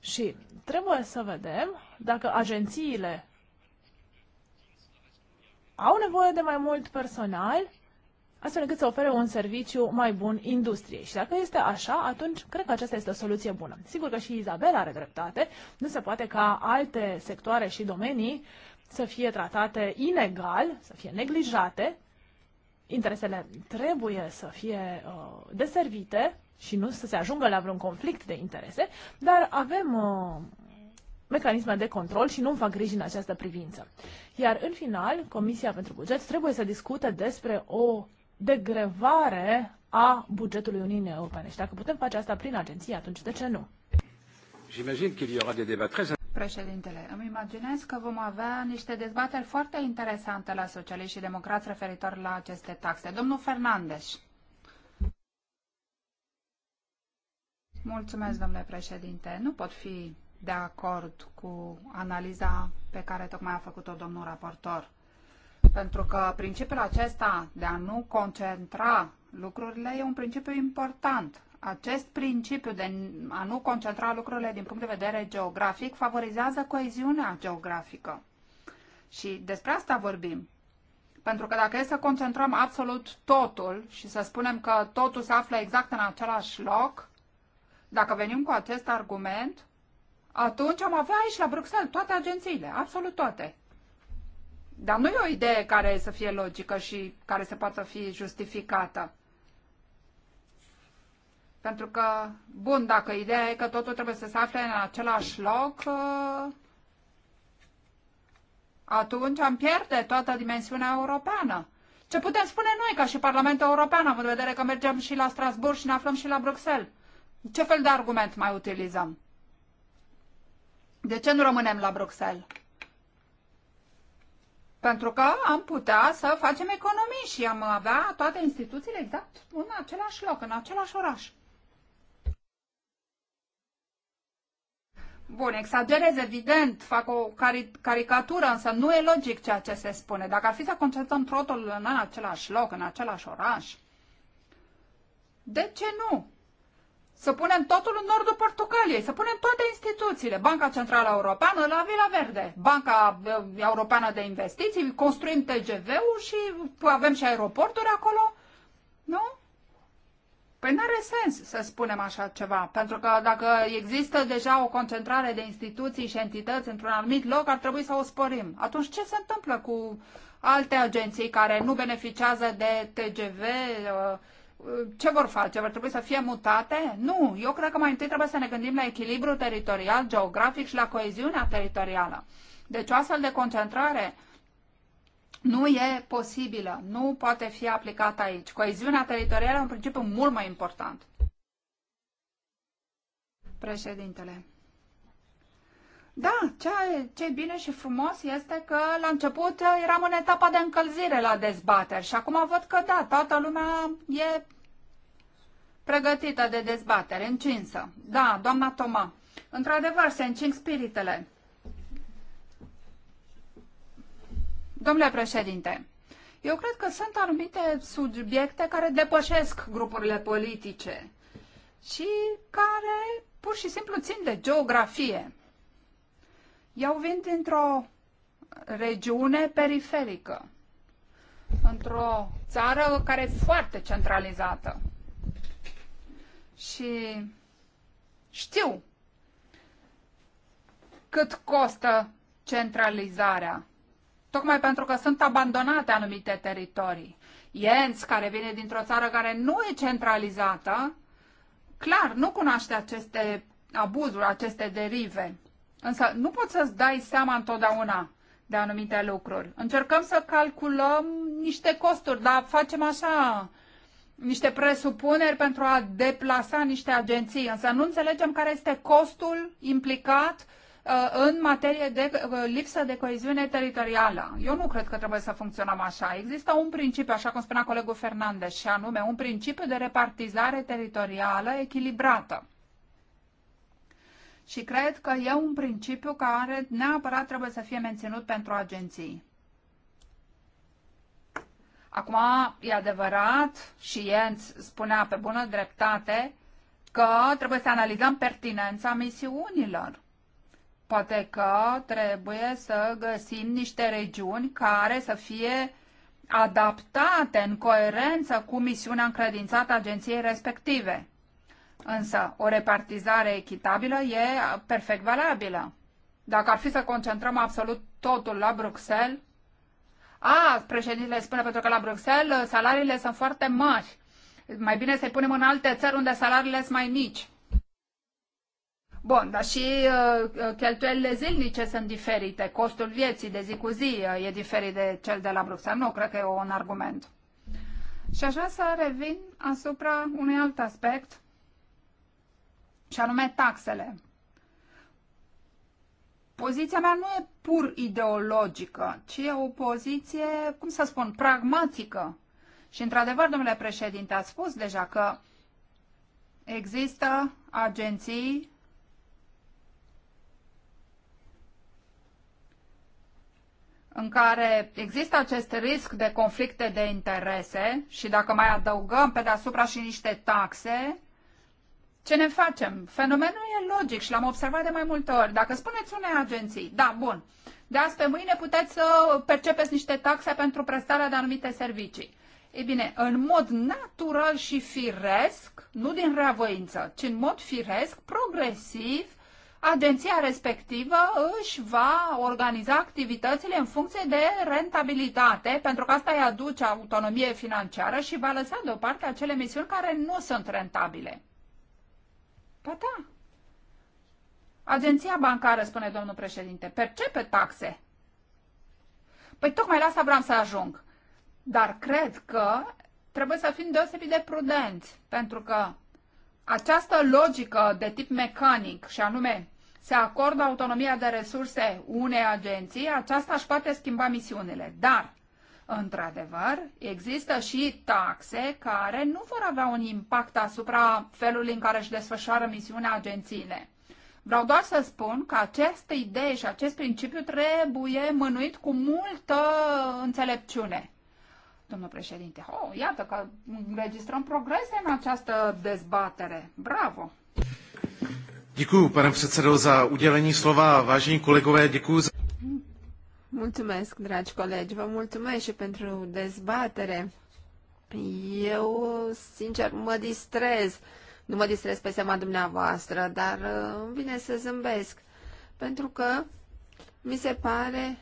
Și trebuie să vedem dacă agențiile au nevoie de mai mult personal astfel încât să ofere un serviciu mai bun industriei. Și dacă este așa, atunci cred că aceasta este o soluție bună. Sigur că și Izabela are dreptate, nu se poate ca alte sectoare și domenii să fie tratate inegal, să fie neglijate, interesele trebuie să fie uh, deservite și nu să se ajungă la vreun conflict de interese, dar avem uh, mecanisme de control și nu fac griji în această privință. Iar în final, Comisia pentru Buget trebuie să discute despre o degrevare a bugetului Uniunii Europene. Și dacă putem face asta prin agenție, atunci de ce nu? Președintele, îmi imaginez că vom avea niște dezbateri foarte interesante la socialiști și democrați referitor la aceste taxe. Domnul Fernandez, Mulțumesc, domnule președinte. Nu pot fi de acord cu analiza pe care tocmai a făcut-o domnul raportor. Pentru că principiul acesta de a nu concentra lucrurile e un principiu important acest principiu de a nu concentra lucrurile din punct de vedere geografic favorizează coeziunea geografică. Și despre asta vorbim. Pentru că dacă e să concentrăm absolut totul și să spunem că totul se află exact în același loc, dacă venim cu acest argument, atunci am avea aici la Bruxelles toate agențiile, absolut toate. Dar nu e o idee care să fie logică și care să poată fi justificată. Pentru că, bun, dacă ideea e că totul trebuie să se afle în același loc, uh, atunci am pierde toată dimensiunea europeană. Ce putem spune noi ca și Parlamentul European, având în vedere că mergem și la Strasburg și ne aflăm și la Bruxelles? Ce fel de argument mai utilizăm? De ce nu rămânem la Bruxelles? Pentru că am putea să facem economii și am avea toate instituțiile exact în același loc, în același oraș. Bun, exagerez evident, fac o cari- caricatură, însă nu e logic ceea ce se spune. Dacă ar fi să concentrăm totul în același loc, în același oraș, de ce nu? Să punem totul în nordul Portugaliei, să punem toate instituțiile, Banca Centrală Europeană la Vila Verde, Banca eh, Europeană de Investiții, construim TGV-ul și avem și aeroporturi acolo, nu? Păi nu are sens să spunem așa ceva, pentru că dacă există deja o concentrare de instituții și entități într-un anumit loc, ar trebui să o sporim. Atunci ce se întâmplă cu alte agenții care nu beneficiază de TGV? Ce vor face? Vor trebui să fie mutate? Nu, eu cred că mai întâi trebuie să ne gândim la echilibru teritorial, geografic și la coeziunea teritorială. Deci o astfel de concentrare nu e posibilă, nu poate fi aplicată aici. Coeziunea teritorială e un principiu mult mai important. Președintele. Da, ce, ce bine și frumos este că la început eram în etapa de încălzire la dezbateri și acum văd că da, toată lumea e pregătită de dezbatere, încinsă. Da, doamna Toma, într-adevăr se încing spiritele. Domnule președinte, eu cred că sunt anumite subiecte care depășesc grupurile politice și care pur și simplu țin de geografie. Eu vin dintr-o regiune periferică, într-o țară care e foarte centralizată. Și știu cât costă centralizarea tocmai pentru că sunt abandonate anumite teritorii. Jens, care vine dintr-o țară care nu e centralizată, clar, nu cunoaște aceste abuzuri, aceste derive. Însă nu poți să-ți dai seama întotdeauna de anumite lucruri. Încercăm să calculăm niște costuri, dar facem așa niște presupuneri pentru a deplasa niște agenții, însă nu înțelegem care este costul implicat Uh, în materie de uh, lipsă de coeziune teritorială. Eu nu cred că trebuie să funcționăm așa. Există un principiu, așa cum spunea colegul Fernandez, și anume un principiu de repartizare teritorială echilibrată. Și cred că e un principiu care neapărat trebuie să fie menținut pentru agenții. Acum, e adevărat și Jens spunea pe bună dreptate că trebuie să analizăm pertinența misiunilor. Poate că trebuie să găsim niște regiuni care să fie adaptate în coerență cu misiunea încredințată agenției respective. Însă, o repartizare echitabilă e perfect valabilă. Dacă ar fi să concentrăm absolut totul la Bruxelles, a, președintele spune pentru că la Bruxelles salariile sunt foarte mari. Mai bine să-i punem în alte țări unde salariile sunt mai mici. Bun, dar și uh, uh, cheltuielile zilnice sunt diferite, costul vieții de zi cu zi uh, e diferit de cel de la Bruxelles. Nu, cred că e un argument. Și aș vrea să revin asupra unui alt aspect, și anume taxele. Poziția mea nu e pur ideologică, ci e o poziție, cum să spun, pragmatică. Și într-adevăr, domnule președinte, a spus deja că există agenții în care există acest risc de conflicte de interese și dacă mai adăugăm pe deasupra și niște taxe, ce ne facem? Fenomenul e logic și l-am observat de mai multe ori. Dacă spuneți unei agenții, da, bun, de azi pe mâine puteți să percepeți niște taxe pentru prestarea de anumite servicii. Ei bine, în mod natural și firesc, nu din reavoință, ci în mod firesc, progresiv, agenția respectivă își va organiza activitățile în funcție de rentabilitate, pentru că asta îi aduce autonomie financiară și va lăsa deoparte acele misiuni care nu sunt rentabile. Pa păi da. Agenția bancară, spune domnul președinte, percepe taxe. Păi tocmai la asta vreau să ajung. Dar cred că trebuie să fim deosebit de prudenți, pentru că această logică de tip mecanic, și anume se acordă autonomia de resurse unei agenții, aceasta își poate schimba misiunile. Dar, într-adevăr, există și taxe care nu vor avea un impact asupra felului în care își desfășoară misiunea agențiile. Vreau doar să spun că aceste idei și acest principiu trebuie mânuit cu multă înțelepciune domnul președinte. Oh, iată că înregistrăm progrese în această dezbatere. Bravo! Děkuji, pane předsedo, za udělení slova. Vážení kolegové, děkuji za... Mulțumesc, dragi colegi, vă mulțumesc și pentru dezbatere. Eu, sincer, mă distrez. Nu mă distrez pe seama dumneavoastră, dar uh, îmi vine să zâmbesc. Pentru că mi se pare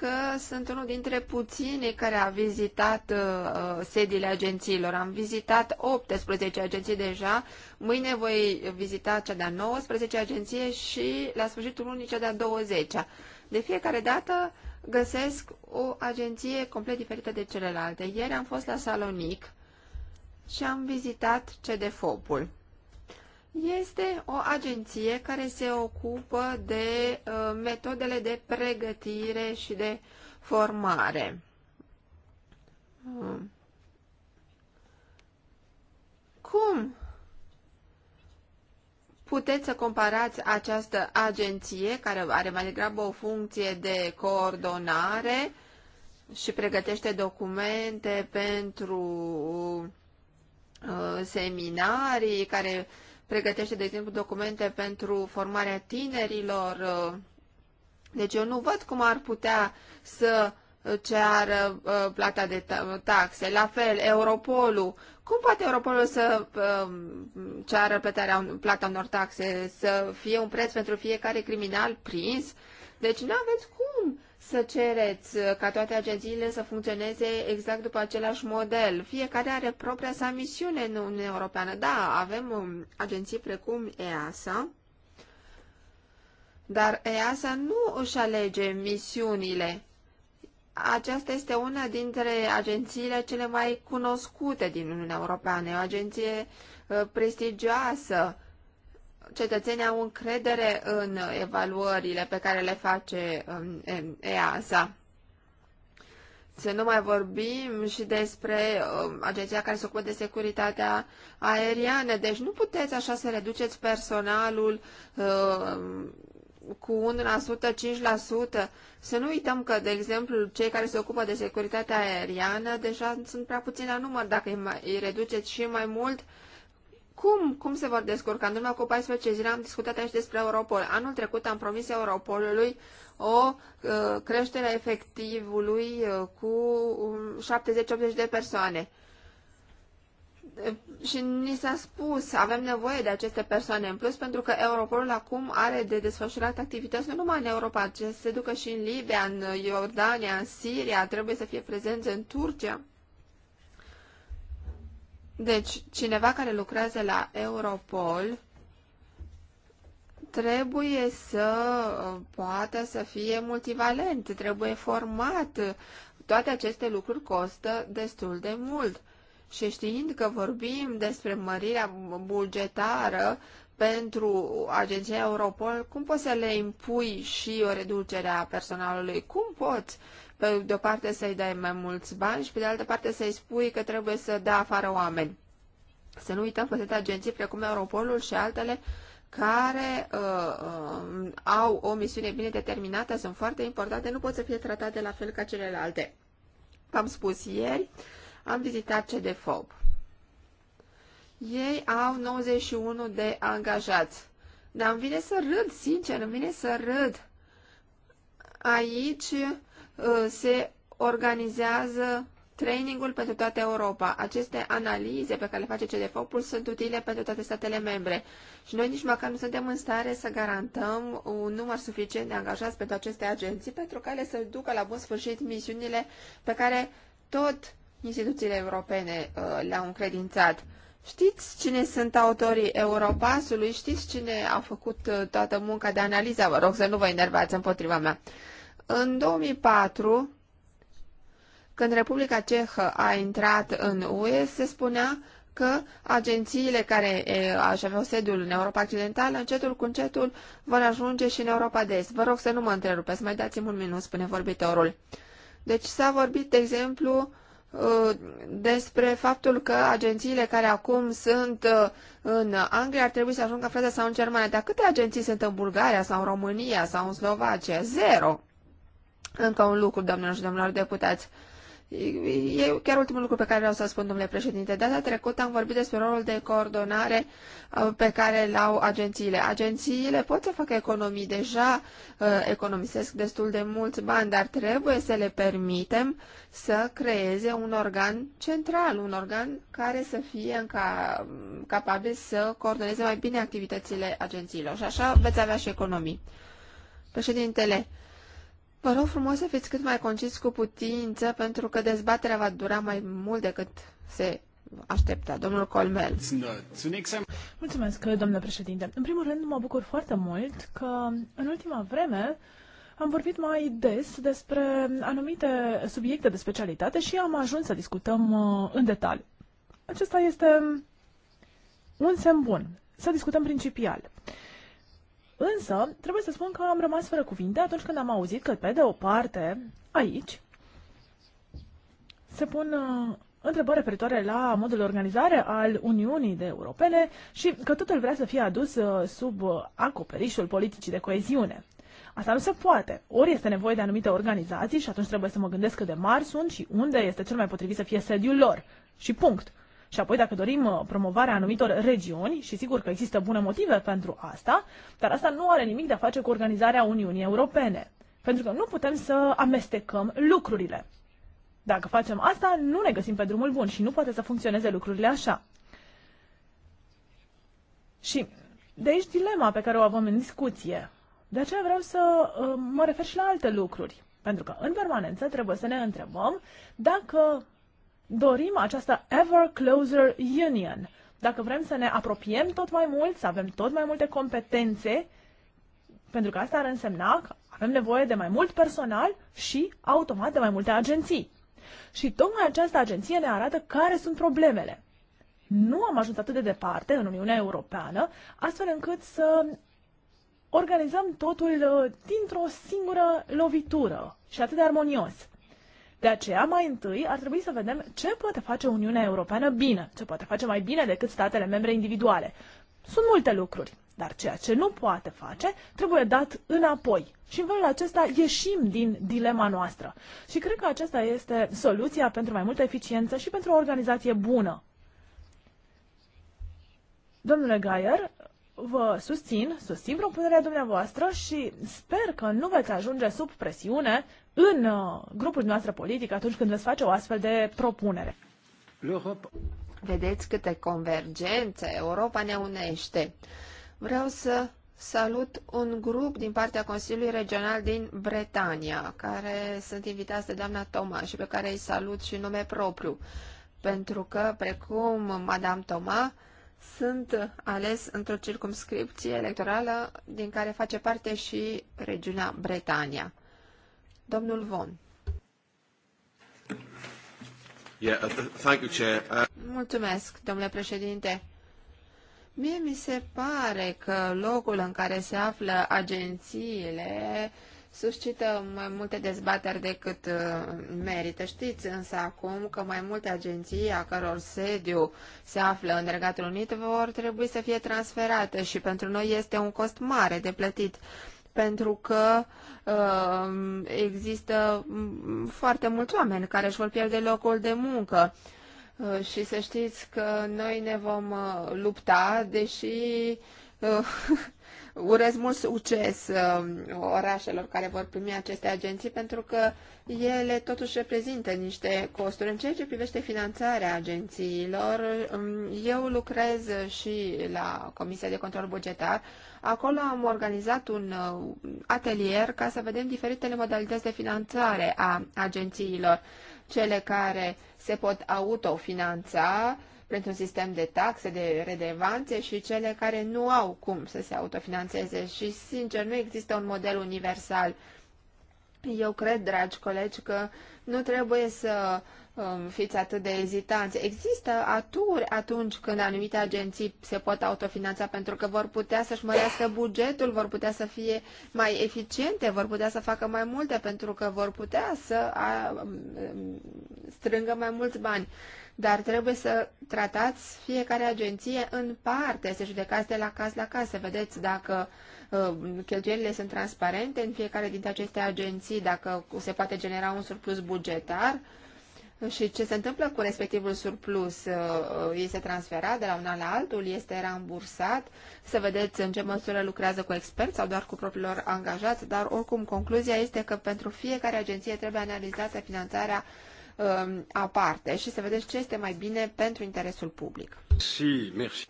că sunt unul dintre puținii care a vizitat uh, uh sediile agențiilor. Am vizitat 18 agenții deja, mâine voi vizita cea de-a 19 agenție și la sfârșitul lunii cea de-a 20 -a. De fiecare dată găsesc o agenție complet diferită de celelalte. Ieri am fost la Salonic și am vizitat CDFOP-ul. Este o agenție care se ocupă de uh, metodele de pregătire și de formare. Um. Cum puteți să comparați această agenție, care are mai degrabă o funcție de coordonare și pregătește documente pentru uh, seminarii care uh, pregătește, de exemplu, documente pentru formarea tinerilor. Deci eu nu văd cum ar putea să ceară uh, plata de taxe. La fel, Europolul. Cum poate Europolul să um, ceară plătarea, plata unor taxe? Să fie un preț pentru fiecare criminal prins? Deci nu aveți cum să cereți ca toate agențiile să funcționeze exact după același model. Fiecare are propria sa misiune în Uniunea Europeană. Da, avem um, agenții precum EASA, dar EASA nu își alege misiunile. Aceasta este una dintre agențiile cele mai cunoscute din Uniunea Europeană, e o agenție uh, prestigioasă, cetățenii au încredere în evaluările pe care le face um, EASA. Să nu mai vorbim și despre um, agenția care se ocupă de securitatea aeriană. Deci nu puteți așa să reduceți personalul um, cu 1%, 5%. Să nu uităm că, de exemplu, cei care se ocupă de securitatea aeriană deja sunt prea puțini la număr. Dacă îi reduceți și mai mult, uh, cum, cum se vor descurca? În urmă cu 14 zile am discutat aici despre Europol. Anul trecut am promis Europolului o uh, creștere a efectivului uh, cu 70-80 um, de persoane. Uh, și ni s-a spus, avem nevoie de aceste persoane în plus, pentru că Europolul acum are de desfășurat activități nu numai în Europa, ci se ducă și în Libia, în Iordania, în Siria, trebuie să fie prezenți în Turcia. Deci, cineva care lucrează la Europol trebuie să uh, poată să fie multivalent, trebuie format. Toate aceste lucruri costă destul de mult. Și știind că vorbim despre mărirea bugetară pentru agenția Europol, cum poți să le impui și o reducere a personalului? Cum poți pe de o parte să-i dai mai mulți bani și pe de altă parte să-i spui că trebuie să dea afară oameni. Să nu uităm că sunt agenții precum Europolul și altele care uh, uh, au o misiune bine determinată, sunt foarte importante, nu pot să fie tratate la fel ca celelalte. V-am spus ieri, am vizitat CDFOB. Ei au 91 de angajați. Dar îmi vine să râd, sincer, îmi vine să râd. Aici Uh, se organizează trainingul pentru toată Europa. Aceste analize pe care le face CDFOP-ul sunt utile pentru toate statele membre și noi nici măcar nu suntem în stare să garantăm un număr suficient de angajați pentru aceste agenții pentru care să ducă la bun sfârșit misiunile pe care tot instituțiile europene uh, le-au încredințat. Știți cine sunt autorii Europasului? Știți cine a făcut uh, toată munca de analiză? Vă rog să nu vă enervați împotriva mea. În 2004, când Republica Cehă a intrat în UE, se spunea că agențiile care aș avea sediul în Europa Occidentală, încetul cu încetul, vor ajunge și în Europa de Est. Vă rog să nu mă întrerupeți, mai dați-mi un minut, spune vorbitorul. Deci s-a vorbit, de exemplu, uh, despre faptul că agențiile care acum sunt uh, în Anglia ar trebui să ajungă în Franța sau în Germania. Dar câte agenții sunt în Bulgaria sau în România sau în Slovacia? Zero. Încă un lucru, domnilor și domnilor deputați. E chiar ultimul lucru pe care vreau să spun, domnule președinte. Data trecută am vorbit despre rolul de coordonare uh, pe care îl au agențiile. Agențiile pot să facă economii, deja uh, economisesc destul de mulți bani, dar trebuie să le permitem să creeze un organ central, un organ care să fie înca, capabil să coordoneze mai bine activitățile agențiilor. Și așa veți avea și economii. Președintele, Vă rog frumos să fiți cât mai concis cu putință, pentru că dezbaterea va dura mai mult decât se aștepta. Domnul Colmel. Mulțumesc, domnule președinte. În primul rând, mă bucur foarte mult că în ultima vreme am vorbit mai des despre anumite subiecte de specialitate și am ajuns să discutăm uh, în detaliu. Acesta este un semn bun, să discutăm principial. Însă, trebuie să spun că am rămas fără cuvinte atunci când am auzit că, pe de o parte, aici, se pun uh, întrebări referitoare la modul de organizare al Uniunii de Europene și că totul vrea să fie adus uh, sub uh, acoperișul politicii de coeziune. Asta nu se poate. Ori este nevoie de anumite organizații și atunci trebuie să mă gândesc cât de mari sunt și unde este cel mai potrivit să fie sediul lor. Și punct. Și apoi, dacă dorim uh, promovarea anumitor regiuni, și sigur că există bune motive pentru asta, dar asta nu are nimic de a face cu organizarea Uniunii Europene. Pentru că nu putem să amestecăm lucrurile. Dacă facem asta, nu ne găsim pe drumul bun și nu poate să funcționeze lucrurile așa. Și de aici dilema pe care o avem în discuție. De aceea vreau să uh, mă refer și la alte lucruri. Pentru că în permanență trebuie să ne întrebăm dacă dorim această ever closer union. Dacă vrem să ne apropiem tot mai mult, să avem tot mai multe competențe, pentru că asta ar însemna că avem nevoie de mai mult personal și automat de mai multe agenții. Și tocmai această agenție ne arată care sunt problemele. Nu am ajuns atât de departe în Uniunea Europeană, astfel încât să organizăm totul uh, dintr-o singură lovitură și atât de armonios. De aceea, mai întâi, ar trebui să vedem ce poate face Uniunea Europeană bine, ce poate face mai bine decât statele membre individuale. Sunt multe lucruri, dar ceea ce nu poate face trebuie dat înapoi. Și în felul acesta ieșim din dilema noastră. Și cred că aceasta este soluția pentru mai multă eficiență și pentru o organizație bună. Domnule Gaier, vă susțin, susțin propunerea dumneavoastră și sper că nu veți ajunge sub presiune în uh, grupul noastră politic atunci când veți face o astfel de propunere. Vedeți câte convergențe Europa ne unește. Vreau să salut un grup din partea Consiliului Regional din Bretania, care sunt invitați de doamna Toma și pe care îi salut și nume propriu, pentru că, precum Madame Toma, sunt ales într-o circumscripție electorală din care face parte și regiunea Bretania. Domnul Von. Yeah, uh, thank you, Chair. Uh... Mulțumesc, domnule președinte. Mie mi se pare că locul în care se află agențiile suscită mai multe dezbateri decât uh, merită. Știți însă acum că mai multe agenții a căror sediu se află în Regatul Unit vor trebui să fie transferate și pentru noi este un cost mare de plătit pentru că uh, există mm, foarte mulți oameni care își vor pierde locul de muncă. Uh, și să știți că noi ne vom uh, lupta, deși uh, urez mult succes um, orașelor care vor primi aceste agenții pentru că ele totuși reprezintă niște costuri. În ceea ce privește finanțarea agențiilor, um, eu lucrez și la Comisia de Control Bugetar. Acolo am organizat un uh, atelier ca să vedem diferitele modalități de finanțare a agențiilor. Cele care se pot autofinanța, printr-un sistem de taxe, de redevanțe și cele care nu au cum să se autofinanțeze. Și, sincer, nu există un model universal. Eu cred, dragi colegi, că nu trebuie să Um, fiți atât de ezitanți. Există aturi atunci când anumite agenții se pot autofinanța pentru că vor putea să-și mărească bugetul, vor putea să fie mai eficiente, vor putea să facă mai multe pentru că vor putea să a, um, strângă mai mulți bani. Dar trebuie să tratați fiecare agenție în parte, să judecați de la caz la caz, să vedeți dacă um, cheltuielile sunt transparente în fiecare dintre aceste agenții, dacă se poate genera un surplus bugetar, și ce se întâmplă cu respectivul surplus? Uh, este transferat de la un an la altul? Este rambursat? Să vedeți în ce măsură lucrează cu experți sau doar cu propriilor angajați, dar oricum concluzia este că pentru fiecare agenție trebuie analizată finanțarea um, aparte și să vedeți ce este mai bine pentru interesul public. Si, merci.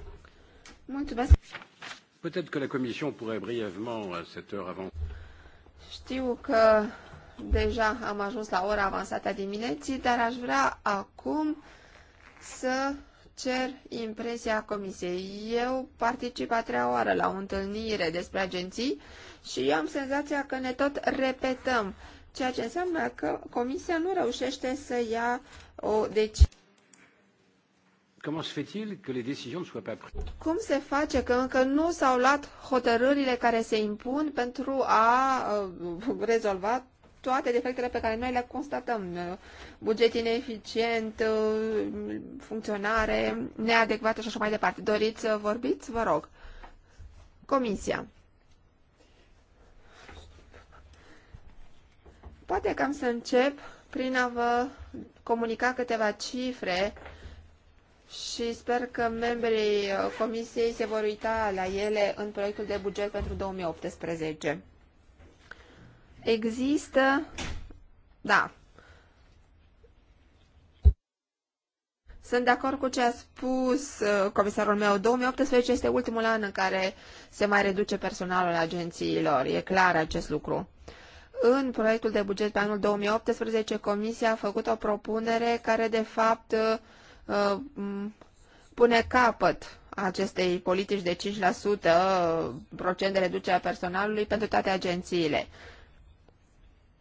Mulțumesc. Peut-être que la Commission pourrait brièvement à cette heure avant. Știu că Deja am ajuns la ora avansată a dimineții, dar aș vrea acum să cer impresia comisiei. Eu particip a treia oară la o întâlnire despre agenții și eu am senzația că ne tot repetăm, ceea ce înseamnă că comisia nu reușește să ia o decizie. Cum se face că încă nu s-au luat hotărârile care se impun pentru a uh, rezolva toate defectele pe care noi le constatăm. Buget ineficient, funcționare neadecvată și așa mai departe. Doriți să vorbiți? Vă rog. Comisia. Poate că am să încep prin a vă comunica câteva cifre și sper că membrii uh, comisiei se vor uita la ele în proiectul de buget pentru 2018. Există, da, Sunt de acord cu ce a spus uh, comisarul meu. 2018 este ultimul an în care se mai reduce personalul agențiilor. E clar acest lucru. În proiectul de buget pe anul 2018, Comisia a făcut o propunere care, de fapt, uh, uh, pune capăt acestei politici de 5% procent de reducere a personalului pentru toate agențiile.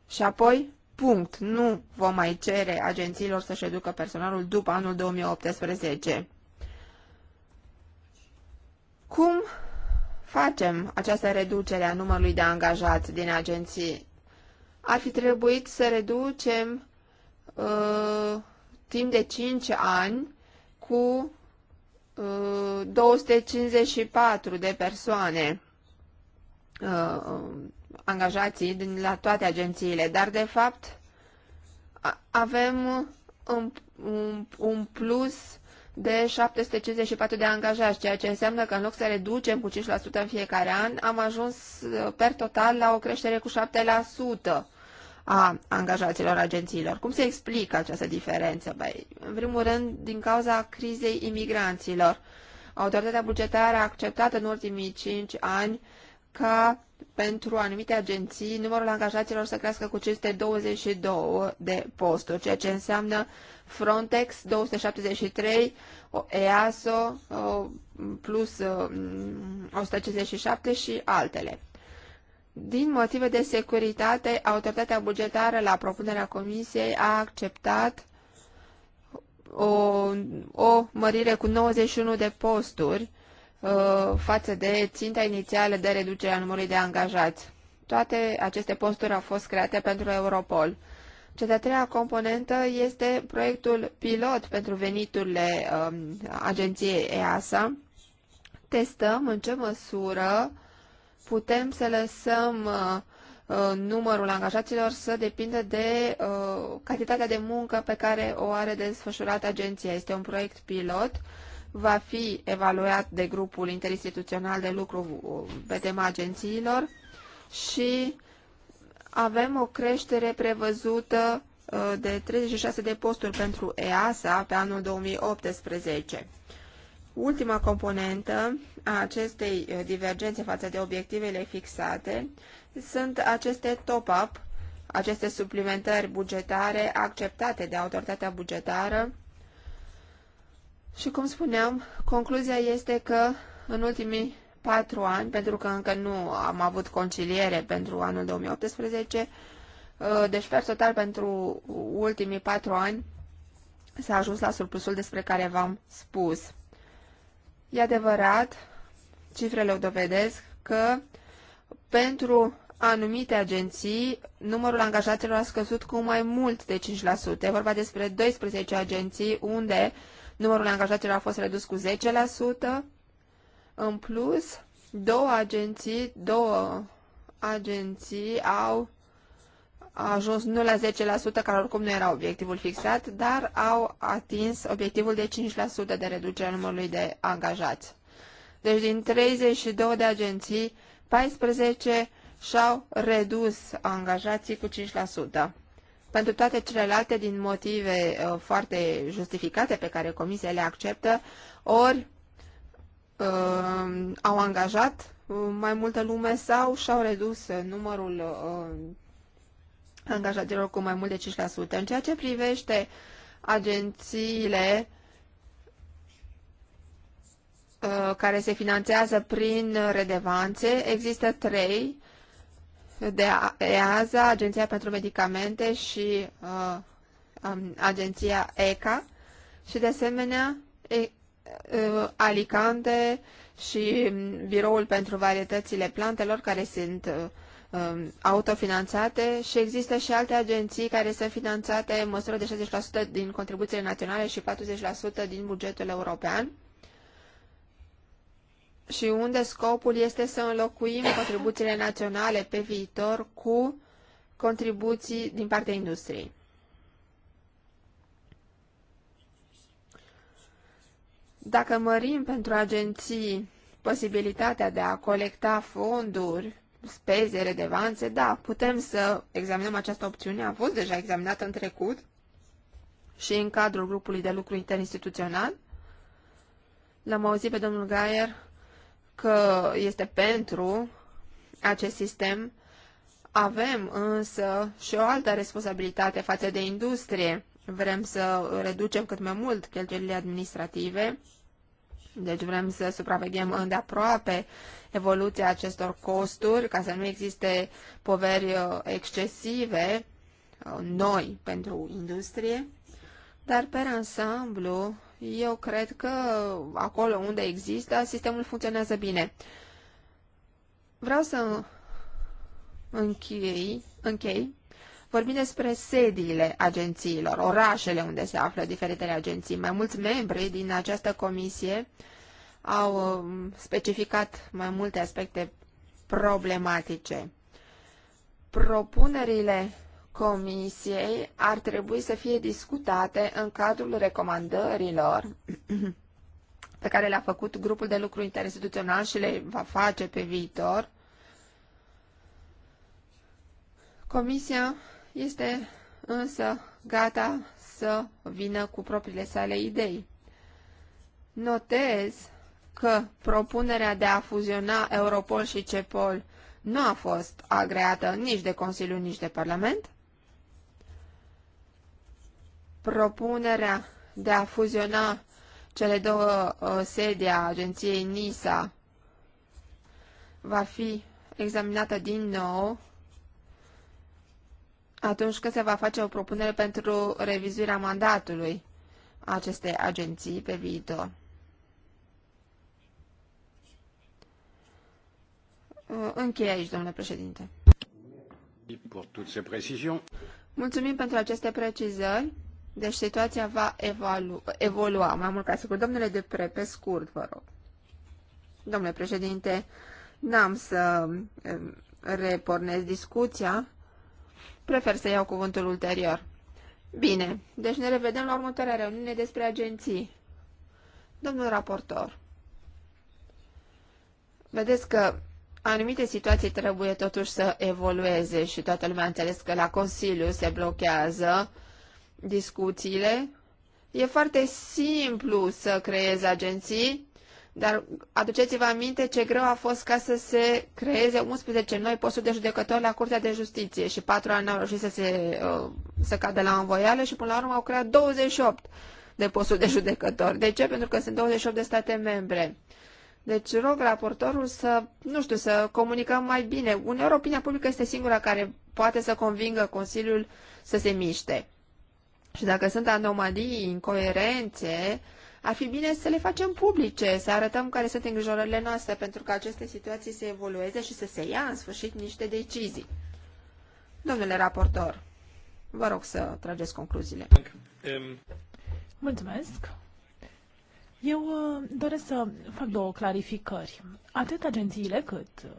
Și apoi, punct, nu vom mai cere agențiilor să-și educă personalul după anul 2018. Cum facem această reducere a numărului de angajați din agenții? Ar fi trebuit să reducem uh, timp de 5 ani cu uh, 254 de persoane. Uh, um, angajații din la toate agențiile, dar de fapt avem un, un, un plus de 754 de angajați, ceea ce înseamnă că în loc să reducem cu 5% în fiecare an, am ajuns uh, per total la o creștere cu 7% a angajaților agențiilor. Cum se explică această diferență? Băi, în primul rând, din cauza crizei imigranților. Autoritatea bugetară a acceptat în ultimii 5 ani ca pentru anumite agenții numărul angajaților să crească cu 522 de posturi, ceea ce înseamnă Frontex 273, EASO plus 157 și altele. Din motive de securitate, autoritatea bugetară la propunerea comisiei a acceptat o, o mărire cu 91 de posturi Uh, față de ținta inițială de reducere a numărului de angajați. Toate aceste posturi au fost create pentru Europol. Cea de-a treia componentă este proiectul pilot pentru veniturile um, agenției EASA. Testăm în ce măsură putem să lăsăm uh, uh, numărul angajaților să depindă de uh, cantitatea de muncă pe care o are desfășurat agenția. Este un proiect pilot uh, va fi evaluat de grupul interinstituțional de lucru pe tema agențiilor și avem o creștere prevăzută uh, de 36 de posturi pentru EASA pe anul 2018. Ultima componentă a acestei uh, divergențe față de obiectivele fixate sunt aceste top-up, aceste suplimentări bugetare acceptate de autoritatea bugetară și cum spuneam, concluzia este că în ultimii patru ani, pentru că încă nu am avut conciliere pentru anul 2018, uh, deci per total pentru ultimii patru ani s-a ajuns la surplusul despre care v-am spus. E adevărat, cifrele o dovedesc, că pentru anumite agenții, numărul angajaților a scăzut cu mai mult de 5%. E vorba despre 12 agenții unde uh, numărul angajaților a fost redus cu 10%. În plus, două agenții, două agenții au ajuns nu la 10%, care oricum nu era obiectivul fixat, dar au atins obiectivul de 5% de reducere a numărului de angajați. Deci din 32 de agenții, 14 și-au redus angajații cu 5%. Pentru toate celelalte, din motive uh, foarte justificate pe care comisia le acceptă, ori uh, au angajat uh, mai multă lume sau și-au redus uh, numărul uh, angajaților cu mai mult de 5%. În ceea ce privește agențiile care se finanțează prin redevanțe, există trei de EASA, Agenția pentru Medicamente și uh, um, Agenția ECA și de asemenea e, uh, Alicante și Biroul pentru Varietățile Plantelor care sunt uh, um, autofinanțate și există și alte agenții care sunt finanțate în măsură de 60% din contribuțiile naționale și 40% din bugetul european și unde scopul este să înlocuim contribuțiile naționale pe viitor cu contribuții din partea industriei. Dacă mărim pentru agenții posibilitatea de a colecta fonduri, speze, redevanțe, da, putem să examinăm această opțiune. A fost deja examinată în trecut și în cadrul grupului de lucru interinstituțional. L-am auzit pe domnul Gaier că este pentru acest sistem. Avem însă și o altă responsabilitate față de industrie. Vrem să reducem cât mai mult cheltuielile administrative, deci vrem să supraveghem îndeaproape evoluția acestor costuri ca să nu existe poveri uh, excesive uh, noi pentru industrie, dar pe ansamblu eu cred că acolo unde există, sistemul funcționează bine. Vreau să închei, închei vorbim despre sediile agențiilor, orașele unde se află diferitele agenții. Mai mulți membri din această comisie au um, specificat mai multe aspecte problematice. Propunerile Comisiei ar trebui să fie discutate în cadrul recomandărilor pe care le-a făcut grupul de lucru interinstituțional și le va face pe viitor. Comisia este însă gata să vină cu propriile sale idei. Notez că propunerea de a fuziona Europol și CEPOL nu a fost agreată nici de Consiliu, nici de Parlament propunerea de a fuziona cele două uh, sedi a agenției NISA va fi examinată din nou atunci când se va face o propunere pentru revizuirea mandatului acestei agenții pe viitor. Uh, Încheie aici, domnule președinte. Mulțumim pentru aceste precizări. Deci situația va evolu evolua, mai mult ca sigur. Domnule Depre, pe scurt, vă rog. Domnule președinte, n-am să repornesc discuția, prefer să iau cuvântul ulterior. Bine, deci ne revedem la următoarea reuniune despre agenții. Domnul raportor, vedeți că anumite situații trebuie totuși să evolueze și toată lumea a înțeles că la Consiliu se blochează discuțiile. E foarte simplu să creezi agenții, dar aduceți-vă aminte ce greu a fost ca să se creeze 11 noi posturi de judecători la Curtea de Justiție și patru ani au reușit să se uh, să cadă la învoială și până la urmă au creat 28 de posturi de judecători. De ce? Pentru că sunt 28 de state membre. Deci rog raportorul să, nu știu, să comunicăm mai bine. Uneori opinia publică este singura care poate să convingă Consiliul să se miște. Și dacă sunt anomalii, incoerențe, ar fi bine să le facem publice, să arătăm care sunt îngrijorările noastre, pentru că aceste situații să evolueze și să se ia în sfârșit niște decizii. Domnule raportor, vă rog să trageți concluziile. Mulțumesc. Eu uh, doresc să fac două clarificări. Atât agențiile cât uh,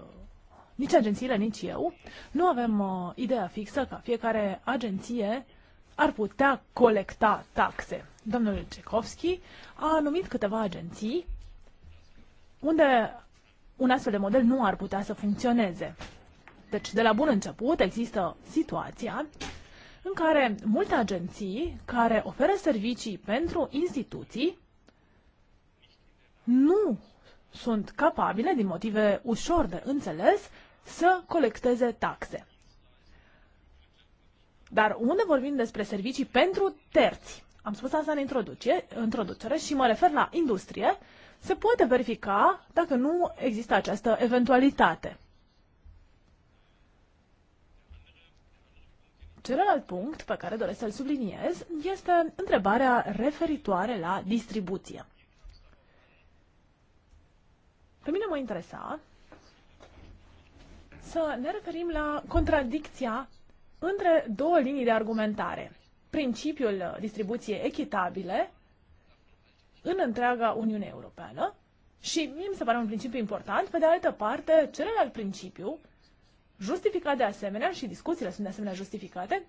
nici agențiile, nici eu, nu avem uh, ideea fixă ca fiecare agenție ar putea colecta taxe. Domnul Cechovski a numit câteva agenții unde un astfel de model nu ar putea să funcționeze. Deci, de la bun început, există situația în care multe agenții care oferă servicii pentru instituții nu sunt capabile, din motive ușor de înțeles, să colecteze taxe. Dar unde vorbim despre servicii pentru terți, am spus asta în introducere, introducere și mă refer la industrie, se poate verifica dacă nu există această eventualitate. Celălalt punct pe care doresc să-l subliniez este întrebarea referitoare la distribuție. Pe mine mă interesa să ne referim la contradicția între două linii de argumentare. Principiul uh, distribuției echitabile în întreaga Uniune Europeană și mie mi se pare un principiu important, pe de altă parte, celălalt principiu, justificat de asemenea și discuțiile sunt de asemenea justificate,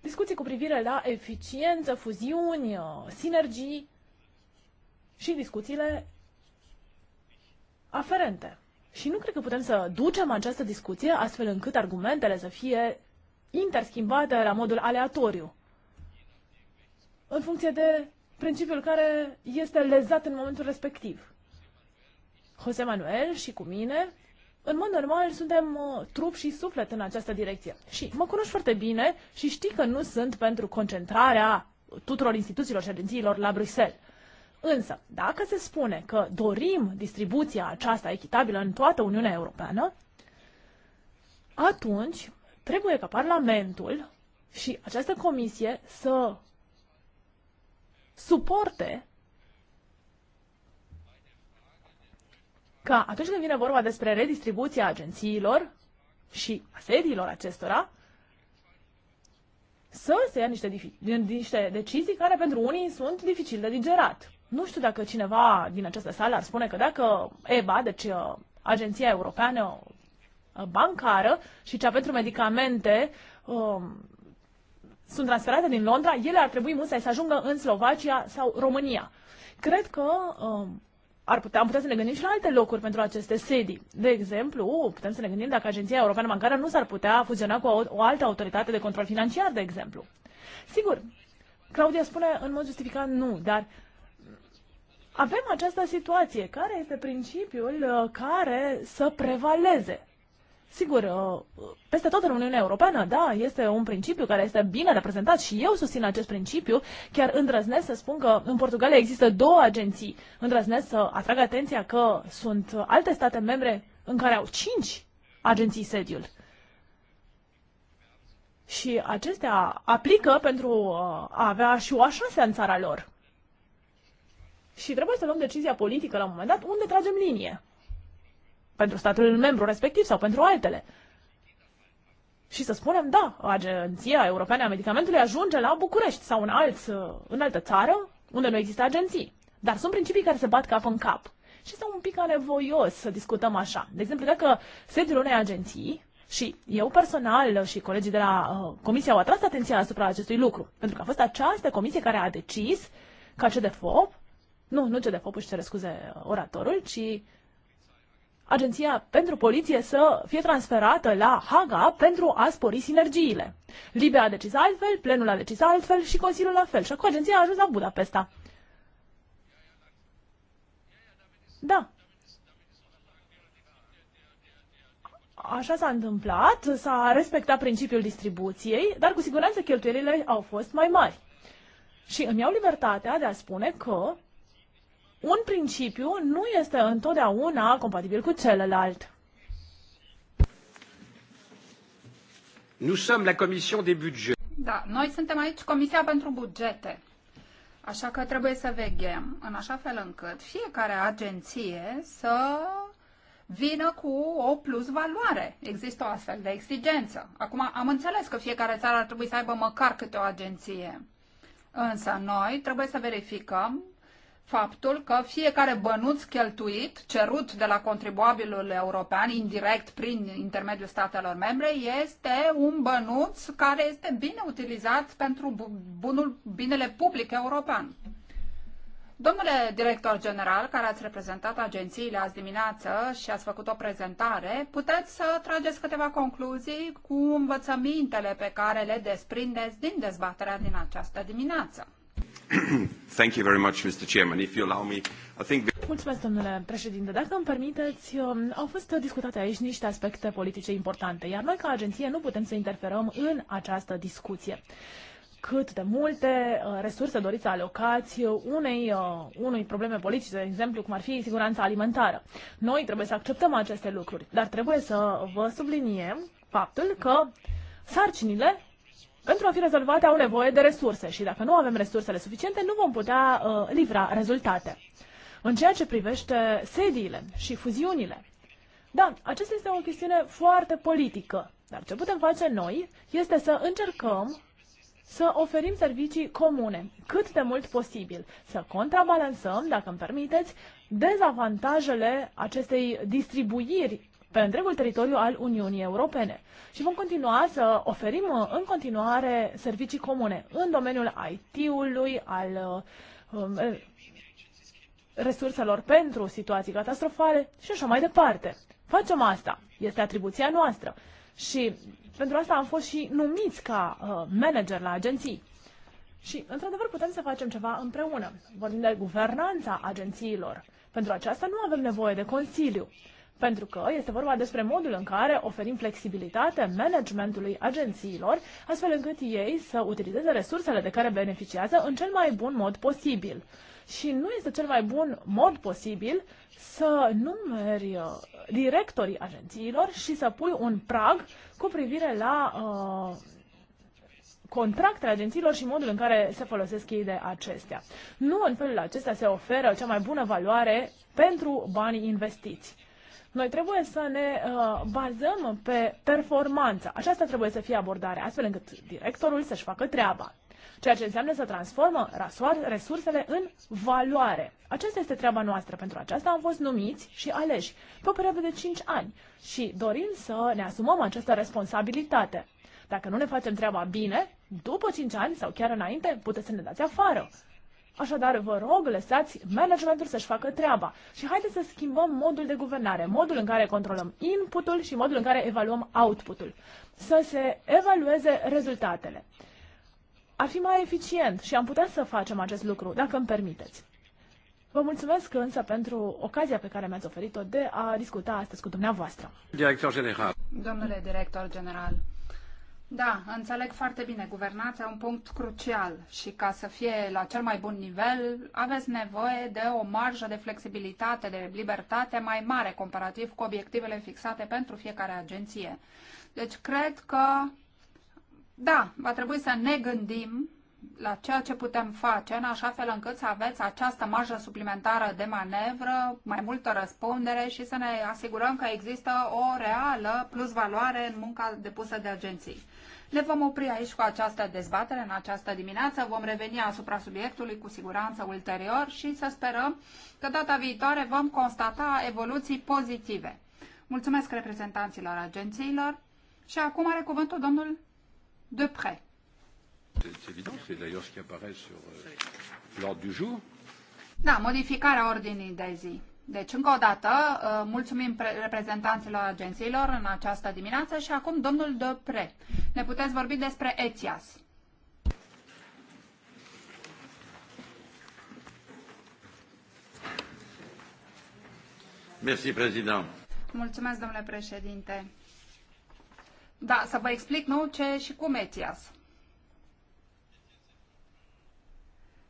discuții cu privire la eficiență, fuziuni, uh, sinergii și discuțiile aferente. Și nu cred că putem să ducem această discuție astfel încât argumentele să fie interschimbată la modul aleatoriu, în funcție de principiul care este lezat în momentul respectiv. Jose Manuel și cu mine, în mod normal, suntem uh, trup și suflet în această direcție. Și mă cunoști foarte bine și știi că nu sunt pentru concentrarea tuturor instituțiilor și agențiilor la Bruxelles. Însă, dacă se spune că dorim distribuția aceasta echitabilă în toată Uniunea Europeană, atunci Trebuie ca Parlamentul și această comisie să suporte ca atunci când vine vorba despre redistribuția agențiilor și a sediilor acestora, să se ia niște, niște decizii care pentru unii sunt dificil de digerat. Nu știu dacă cineva din această sală ar spune că dacă EBA, deci uh, Agenția Europeană Uh, bancară și cea pentru medicamente um, sunt transferate din Londra, ele ar trebui musai să ajungă în Slovacia sau România. Cred că um, ar putea, am putea să ne gândim și la alte locuri pentru aceste sedii. De exemplu, putem să ne gândim dacă Agenția Europeană Bancară nu s-ar putea fuziona cu o, o altă autoritate de control financiar, de exemplu. Sigur, Claudia spune în mod justificat nu, dar avem această situație. Care este principiul uh, care să prevaleze? Sigur, uh, peste tot în Uniunea Europeană, da, este un principiu care este bine reprezentat și eu susțin acest principiu. Chiar îndrăznesc să spun că în Portugalia există două agenții. Îndrăznesc să atrag atenția că sunt alte state membre în care au cinci agenții sediul. Și acestea aplică pentru uh, a avea și o a șasea în țara lor. Și trebuie să luăm decizia politică la un moment dat unde tragem linie pentru statul membru respectiv sau pentru altele. Și să spunem, da, Agenția Europeană a Medicamentului ajunge la București sau în, alt, în altă țară unde nu există agenții. Dar sunt principii care se bat cap în cap. Și este un pic anevoios să discutăm așa. De exemplu, dacă sediul unei agenții și eu personal și colegii de la uh, comisie au atras atenția asupra acestui lucru, pentru că a fost această comisie care a decis ca CDFOP, nu, nu CDFOP își cere scuze uh, oratorul, ci Agenția pentru Poliție să fie transferată la Haga pentru a spori sinergiile. Libia a decis altfel, plenul a decis altfel și Consiliul la fel. Și acum agenția a ajuns la Budapesta. Da. Așa s-a întâmplat, s-a respectat principiul distribuției, dar cu siguranță cheltuielile au fost mai mari. Și îmi iau libertatea de a spune că un principiu nu este întotdeauna compatibil cu celălalt. Nous sommes la Commission des budgets. Da, noi suntem aici Comisia pentru Bugete. Așa că trebuie să veghem în așa fel încât fiecare agenție să vină cu o plus valoare. Există o astfel de exigență. Acum am înțeles că fiecare țară ar trebui să aibă măcar câte o agenție. Însă noi trebuie să verificăm faptul că fiecare bănuț cheltuit, cerut de la contribuabilul european, indirect prin intermediul statelor membre, este un bănuț care este bine utilizat pentru bunul, binele public european. Domnule director general, care ați reprezentat agențiile azi dimineață și ați făcut o prezentare, puteți să trageți câteva concluzii cu învățămintele pe care le desprindeți din dezbaterea din această dimineață. Thank you very much, Mr. Chairman. If you allow me, I think... Mulțumesc, domnule președinte. Dacă îmi permiteți, au fost discutate aici niște aspecte politice importante, iar noi ca agenție nu putem să interferăm în această discuție cât de multe uh, resurse doriți să alocați unei, uh, unui probleme politice, de exemplu, cum ar fi siguranța alimentară. Noi trebuie să acceptăm aceste lucruri. dar trebuie să vă subliniem faptul că sarcinile pentru a fi rezolvate au nevoie de resurse și dacă nu avem resursele suficiente, nu vom putea uh, livra rezultate. În ceea ce privește sediile și fuziunile, da, aceasta este o chestiune foarte politică, dar ce putem face noi este să încercăm să oferim servicii comune cât de mult posibil, să contrabalansăm, dacă îmi permiteți, dezavantajele acestei distribuiri pe întregul teritoriu al Uniunii Europene. Și vom continua să oferim uh, în continuare servicii comune în domeniul IT-ului, al uh, um, resurselor pentru situații catastrofale și așa mai departe. Facem asta. Este atribuția noastră. Și pentru asta am fost și numiți ca uh, manager la agenții. Și, într-adevăr, putem să facem ceva împreună. Vorbim de guvernanța agențiilor. Pentru aceasta nu avem nevoie de Consiliu. Pentru că este vorba despre modul în care oferim flexibilitate managementului agențiilor, astfel încât ei să utilizeze resursele de care beneficiază în cel mai bun mod posibil. Și nu este cel mai bun mod posibil să numeri uh, directorii agențiilor și să pui un prag cu privire la uh, contractele agențiilor și modul în care se folosesc ei de acestea. Nu în felul acesta se oferă cea mai bună valoare pentru banii investiți. Noi trebuie să ne uh, bazăm pe performanță. Aceasta trebuie să fie abordarea, astfel încât directorul să-și facă treaba. Ceea ce înseamnă să transformă resursele în valoare. Aceasta este treaba noastră. Pentru aceasta am fost numiți și aleși pe o perioadă de 5 ani și dorim să ne asumăm această responsabilitate. Dacă nu ne facem treaba bine, după 5 ani sau chiar înainte, puteți să ne dați afară. Așadar, vă rog, lăsați managementul să-și facă treaba și haideți să schimbăm modul de guvernare, modul în care controlăm inputul și modul în care evaluăm outputul. Să se evalueze rezultatele. Ar fi mai eficient și am putea să facem acest lucru, dacă îmi permiteți. Vă mulțumesc însă pentru ocazia pe care mi-ați oferit-o de a discuta astăzi cu dumneavoastră. Director general. Domnule director general, da, înțeleg foarte bine. Guvernația e un punct crucial și ca să fie la cel mai bun nivel, aveți nevoie de o marjă de flexibilitate, de libertate mai mare comparativ cu obiectivele fixate pentru fiecare agenție. Deci cred că, da, va trebui să ne gândim la ceea ce putem face, în așa fel încât să aveți această marjă suplimentară de manevră, mai multă răspundere și să ne asigurăm că există o reală plus valoare în munca depusă de agenții. Ne vom opri aici cu această dezbatere în această dimineață. Vom reveni asupra subiectului cu siguranță ulterior și să sperăm că data viitoare vom constata evoluții pozitive. Mulțumesc reprezentanților agențiilor și acum are cuvântul domnul Depre. Euh, da, modificarea ordinii de zi. Deci, încă o dată, uh, mulțumim reprezentanților agențiilor în această dimineață și acum domnul Dupre. Ne puteți vorbi despre ETIAS. Merci, prezident. Mulțumesc, domnule președinte. Da, să vă explic, nu, ce și cum ETIAS.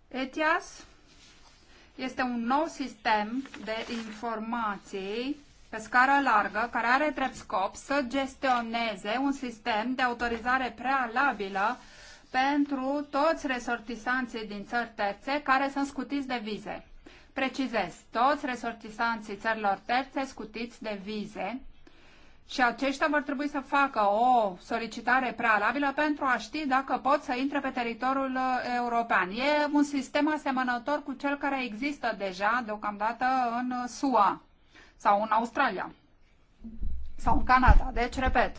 ETIAS este un nou sistem de informații pe scară largă, care are drept scop să gestioneze un sistem de autorizare prealabilă pentru toți resortisanții din țări terțe care sunt scutiți de vize. Precizez, toți resortisanții țărilor terțe scutiți de vize și aceștia vor trebui să facă o solicitare prealabilă pentru a ști dacă pot să intre pe teritoriul uh, european. E un sistem asemănător cu cel care există deja deocamdată în uh, SUA sau în Australia sau în Canada. Deci, repet,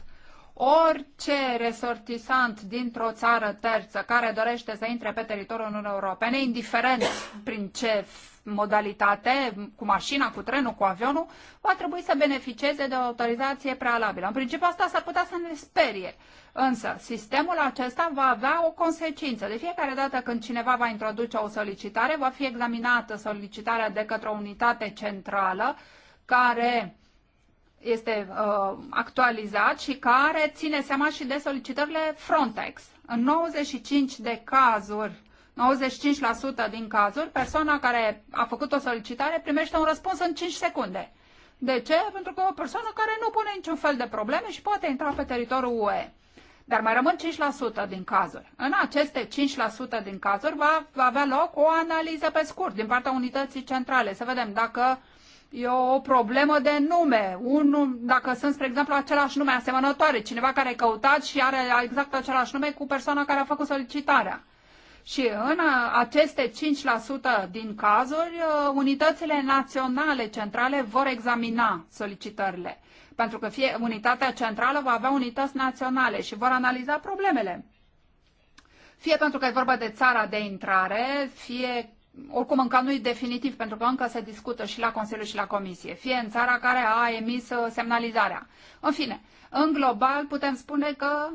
orice resortisant dintr-o țară terță care dorește să intre pe teritoriul Uniunii Europene, indiferent prin ce modalitate, cu mașina, cu trenul, cu avionul, va trebui să beneficieze de o autorizație prealabilă. În principiu asta s-ar putea să ne sperie. Însă, sistemul acesta va avea o consecință. De fiecare dată când cineva va introduce o solicitare, va fi examinată solicitarea de către o unitate centrală care este uh, actualizat și care ține seama și de solicitările Frontex. În 95 de cazuri 95% din cazuri, persoana care a făcut o solicitare primește un răspuns în 5 secunde. De ce? Pentru că e o persoană care nu pune niciun fel de probleme și poate intra pe teritoriul UE. Dar mai rămân 5% din cazuri. În aceste 5% din cazuri va, va avea loc o analiză pe scurt din partea unității centrale, să vedem dacă e o problemă de nume. Un, dacă sunt, spre exemplu, același nume asemănătoare, cineva care a căutat și are exact același nume cu persoana care a făcut solicitarea. Și în uh, aceste 5% din cazuri, uh, unitățile naționale centrale vor examina solicitările. Pentru că fie unitatea centrală va avea unități naționale și vor analiza problemele. Fie pentru că e vorba de țara de intrare, fie oricum încă nu e definitiv, pentru că încă se discută și la Consiliu și la Comisie, fie în țara care a emis uh, semnalizarea. În fine, în global putem spune că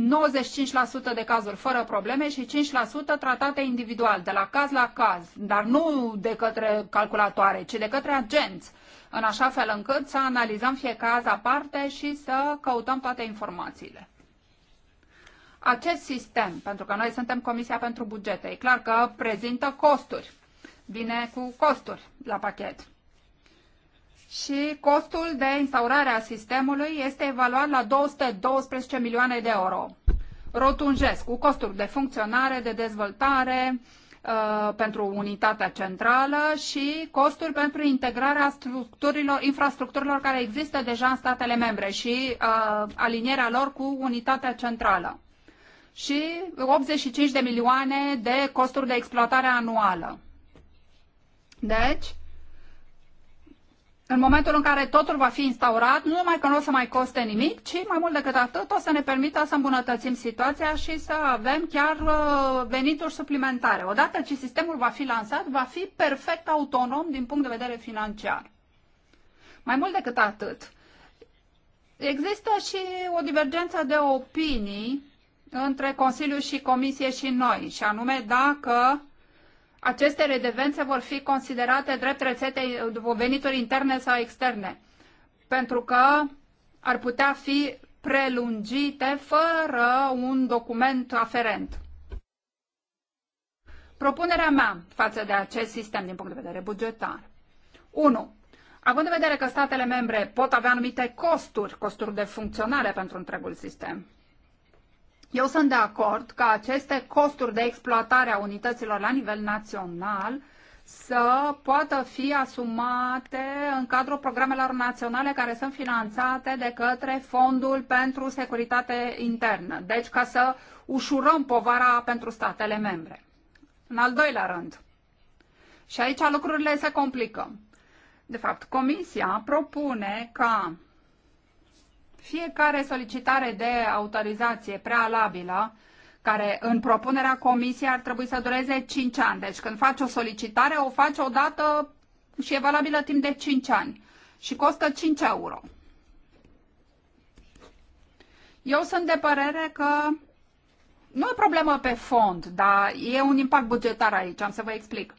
95% de cazuri fără probleme și 5% tratate individual, de la caz la caz, dar nu de către calculatoare, ci de către agenți, în așa fel încât să analizăm fiecare caz aparte și să căutăm toate informațiile. Acest sistem, pentru că noi suntem Comisia pentru Bugete, e clar că prezintă costuri, vine cu costuri la pachet și costul de instaurare a sistemului este evaluat la 212 milioane de euro. Rotunjesc cu costuri de funcționare, de dezvoltare uh, pentru unitatea centrală și costuri pentru integrarea structurilor, infrastructurilor care există deja în statele membre și uh, alinierea lor cu unitatea centrală și 85 de milioane de costuri de exploatare anuală. Deci, în momentul în care totul va fi instaurat, nu numai că nu o să mai coste nimic, ci mai mult decât atât o să ne permită să îmbunătățim situația și să avem chiar uh, venituri suplimentare. Odată ce sistemul va fi lansat, va fi perfect autonom din punct de vedere financiar. Mai mult decât atât, există și o divergență de opinii între Consiliu și Comisie și noi, și anume dacă aceste redevențe vor fi considerate drept rețete venituri interne sau externe, pentru că ar putea fi prelungite fără un document aferent. Propunerea mea față de acest sistem din punct de vedere bugetar. 1. Având în vedere că statele membre pot avea anumite costuri, costuri de funcționare pentru întregul sistem, eu sunt de acord că aceste costuri de exploatare a unităților la nivel național să poată fi asumate în cadrul programelor naționale care sunt finanțate de către Fondul pentru Securitate Internă, deci ca să ușurăm povara pentru statele membre. În al doilea rând, și aici lucrurile se complică. De fapt, Comisia propune ca fiecare solicitare de autorizație prealabilă care în propunerea comisiei ar trebui să dureze 5 ani. Deci când faci o solicitare, o faci odată și e valabilă timp de 5 ani și costă 5 euro. Eu sunt de părere că nu e problemă pe fond, dar e un impact bugetar aici, am să vă explic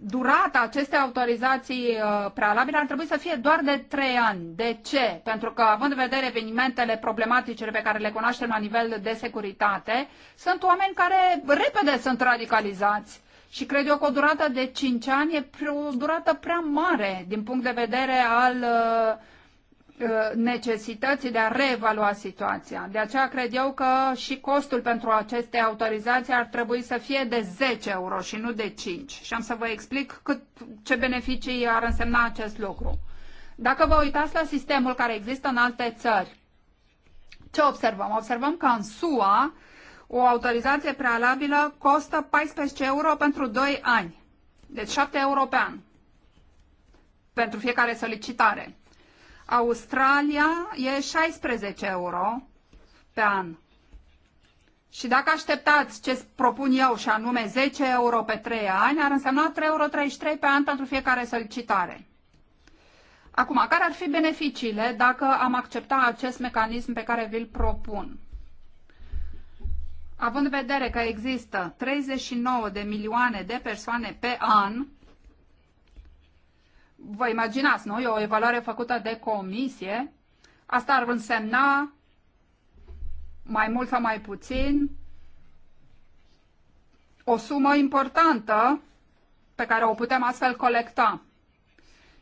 durata acestei autorizații uh, prealabile ar trebui să fie doar de trei ani. De ce? Pentru că, având în vedere evenimentele problematice pe care le cunoaștem la nivel de securitate, sunt oameni care repede sunt radicalizați. Și cred eu că o durată de 5 ani e o durată prea mare din punct de vedere al uh, Uh, necesității de a reevalua situația. De aceea cred eu că și costul pentru aceste autorizații ar trebui să fie de 10 euro și nu de 5. Și am să vă explic cât, ce beneficii ar însemna acest lucru. Dacă vă uitați la sistemul care există în alte țări, ce observăm? Observăm că în SUA o autorizație prealabilă costă 14 euro pentru 2 ani, deci 7 euro pe an pentru fiecare solicitare. Australia e 16 euro pe an. Și dacă așteptați ce propun eu, și anume 10 euro pe 3 ani, ar însemna 3,33 euro pe an pentru fiecare solicitare. Acum, care ar fi beneficiile dacă am accepta acest mecanism pe care vi-l propun? Având în vedere că există 39 de milioane de persoane pe an vă imaginați, nu? E o evaluare făcută de comisie. Asta ar însemna mai mult sau mai puțin o sumă importantă pe care o putem astfel colecta.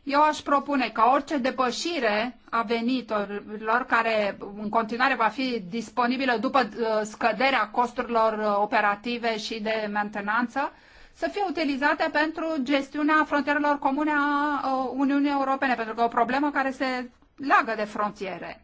Eu aș propune ca orice depășire a venitorilor care în continuare va fi disponibilă după uh, scăderea costurilor uh, operative și de mentenanță, să fie utilizate pentru gestiunea frontierelor comune a uh, Uniunii Europene, pentru că e o problemă care se leagă de frontiere.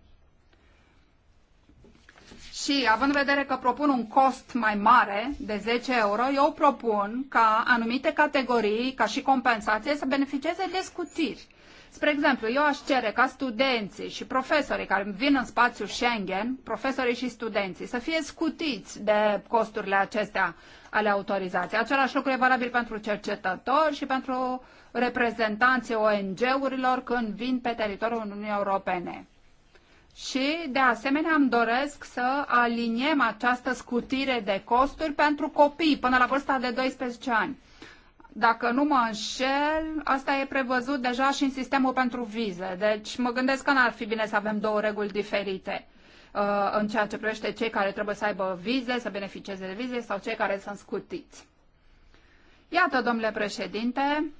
Și având în vedere că propun un cost mai mare de 10 euro, eu propun ca anumite categorii, ca și compensație, să beneficieze de scutiri. Spre exemplu, eu aș cere ca studenții și profesorii care vin în spațiul Schengen, profesorii și studenții, să fie scutiți de costurile acestea ale autorizației. Același lucru e valabil pentru cercetători și pentru reprezentanții ONG-urilor când vin pe teritoriul Uniunii Europene. Și, de asemenea, îmi doresc să aliniem această scutire de costuri pentru copii până la vârsta de 12 ani. Dacă nu mă înșel, asta e prevăzut deja și în sistemul pentru vize. Deci mă gândesc că n-ar fi bine să avem două reguli diferite. Uh, în ceea ce privește cei care trebuie să aibă vize, să beneficieze de vize sau cei care sunt scutiți. Iată, domnule președinte,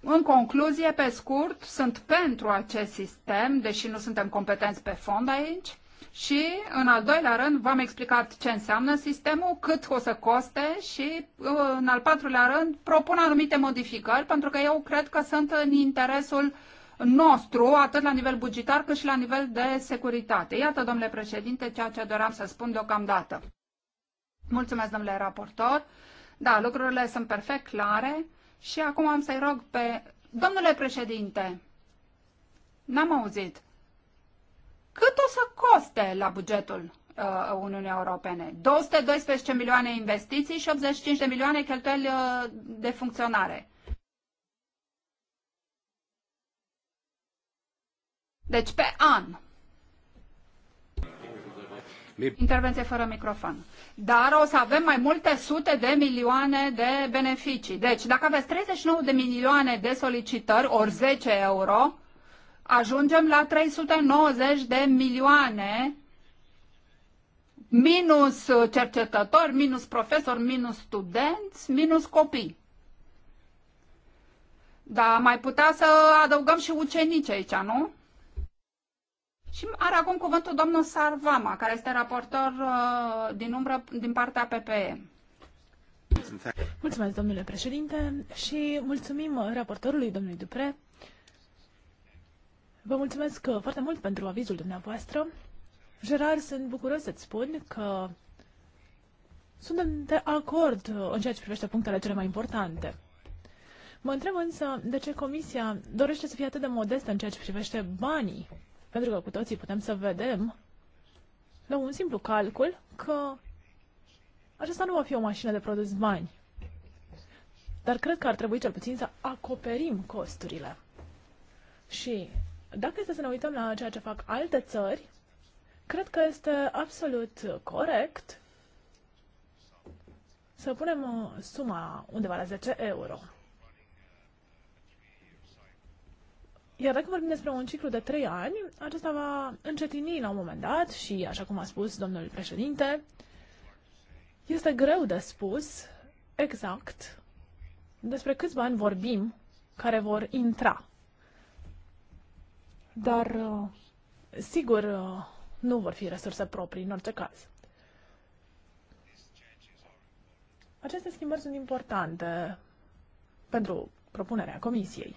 în concluzie, pe scurt, sunt pentru acest sistem, deși nu suntem competenți pe fond aici, și, în al doilea rând, v-am explicat ce înseamnă sistemul, cât o să coste și, uh, în al patrulea rând, propun anumite modificări, pentru că eu cred că sunt în interesul uh, nostru, atât la nivel bugetar cât și la nivel de securitate. Iată, domnule președinte, ceea ce doream să spun deocamdată. Mulțumesc, domnule raportor. Da, lucrurile sunt perfect clare și acum am să-i rog pe... Domnule președinte, n-am auzit. Cât o să coste la bugetul uh, Uniunii Europene? 212 milioane investiții și 85 de milioane cheltuieli uh, de funcționare. Deci pe an. Intervenție fără microfon. Dar o să avem mai multe sute de milioane de beneficii. Deci, dacă aveți 39 de milioane de solicitări, ori 10 euro, ajungem la 390 de milioane minus cercetători, minus profesori, minus studenți, minus copii. Dar mai putea să adăugăm și ucenici aici, nu? Și are acum cuvântul domnul Sarvama, care este raportor uh, din umbră din partea PPE. Mulțumesc, domnule președinte, și mulțumim raportorului, domnului Dupre. Vă mulțumesc foarte mult pentru avizul dumneavoastră. Gerard, sunt bucuros să-ți spun că suntem de acord în ceea ce privește punctele cele mai importante. Mă întreb însă de ce Comisia dorește să fie atât de modestă în ceea ce privește banii pentru că cu toții putem să vedem la un simplu calcul că aceasta nu va fi o mașină de produs bani. Dar cred că ar trebui cel puțin să acoperim costurile. Și dacă este să ne uităm la ceea ce fac alte țări, cred că este absolut corect să punem uh, suma undeva la 10 euro. Iar dacă vorbim despre un ciclu de trei ani, acesta va încetini la un moment dat și, așa cum a spus domnul președinte, este greu de spus exact despre câți bani vorbim care vor intra. Dar, uh, sigur, uh, nu vor fi resurse proprii în orice caz. Aceste schimbări sunt importante pentru propunerea Comisiei.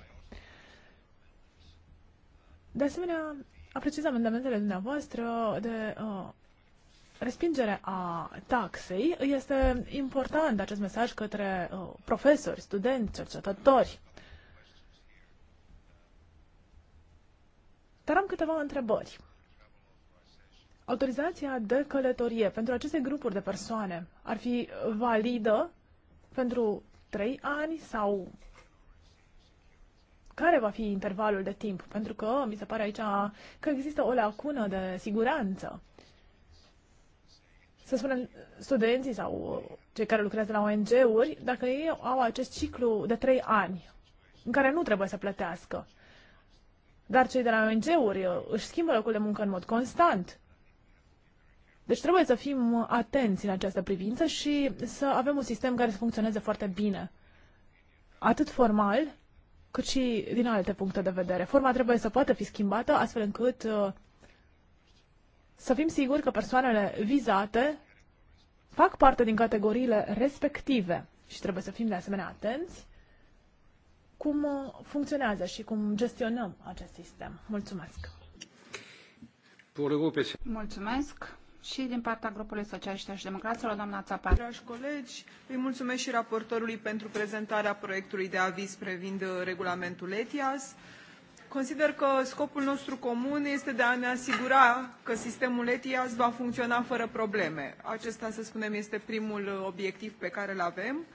De asemenea, apreciez amendamentele dumneavoastră de uh, respingere a taxei. Este important acest mesaj către uh, profesori, studenți, cercetători. Dar am câteva întrebări. Autorizația de călătorie pentru aceste grupuri de persoane ar fi validă pentru 3 ani sau care va fi intervalul de timp, pentru că mi se pare aici că există o lacună de siguranță. Să spunem, studenții sau cei care lucrează la ONG-uri, dacă ei au acest ciclu de trei ani în care nu trebuie să plătească, dar cei de la ONG-uri își schimbă locul de muncă în mod constant. Deci trebuie să fim atenți în această privință și să avem un sistem care să funcționeze foarte bine. Atât formal, cât și din alte puncte de vedere. Forma trebuie să poată fi schimbată astfel încât uh, să fim siguri că persoanele vizate fac parte din categoriile respective și trebuie să fim de asemenea atenți cum uh, funcționează și cum gestionăm acest sistem. Mulțumesc! Mulțumesc! și din partea grupului socialiști și Democraților, doamna Țapa. Dragi colegi, îi mulțumesc și raportorului pentru prezentarea proiectului de aviz privind uh, regulamentul ETIAS. Consider că scopul nostru comun este de a ne asigura că sistemul ETIAS va funcționa fără probleme. Acesta, să spunem, este primul uh, obiectiv pe care îl avem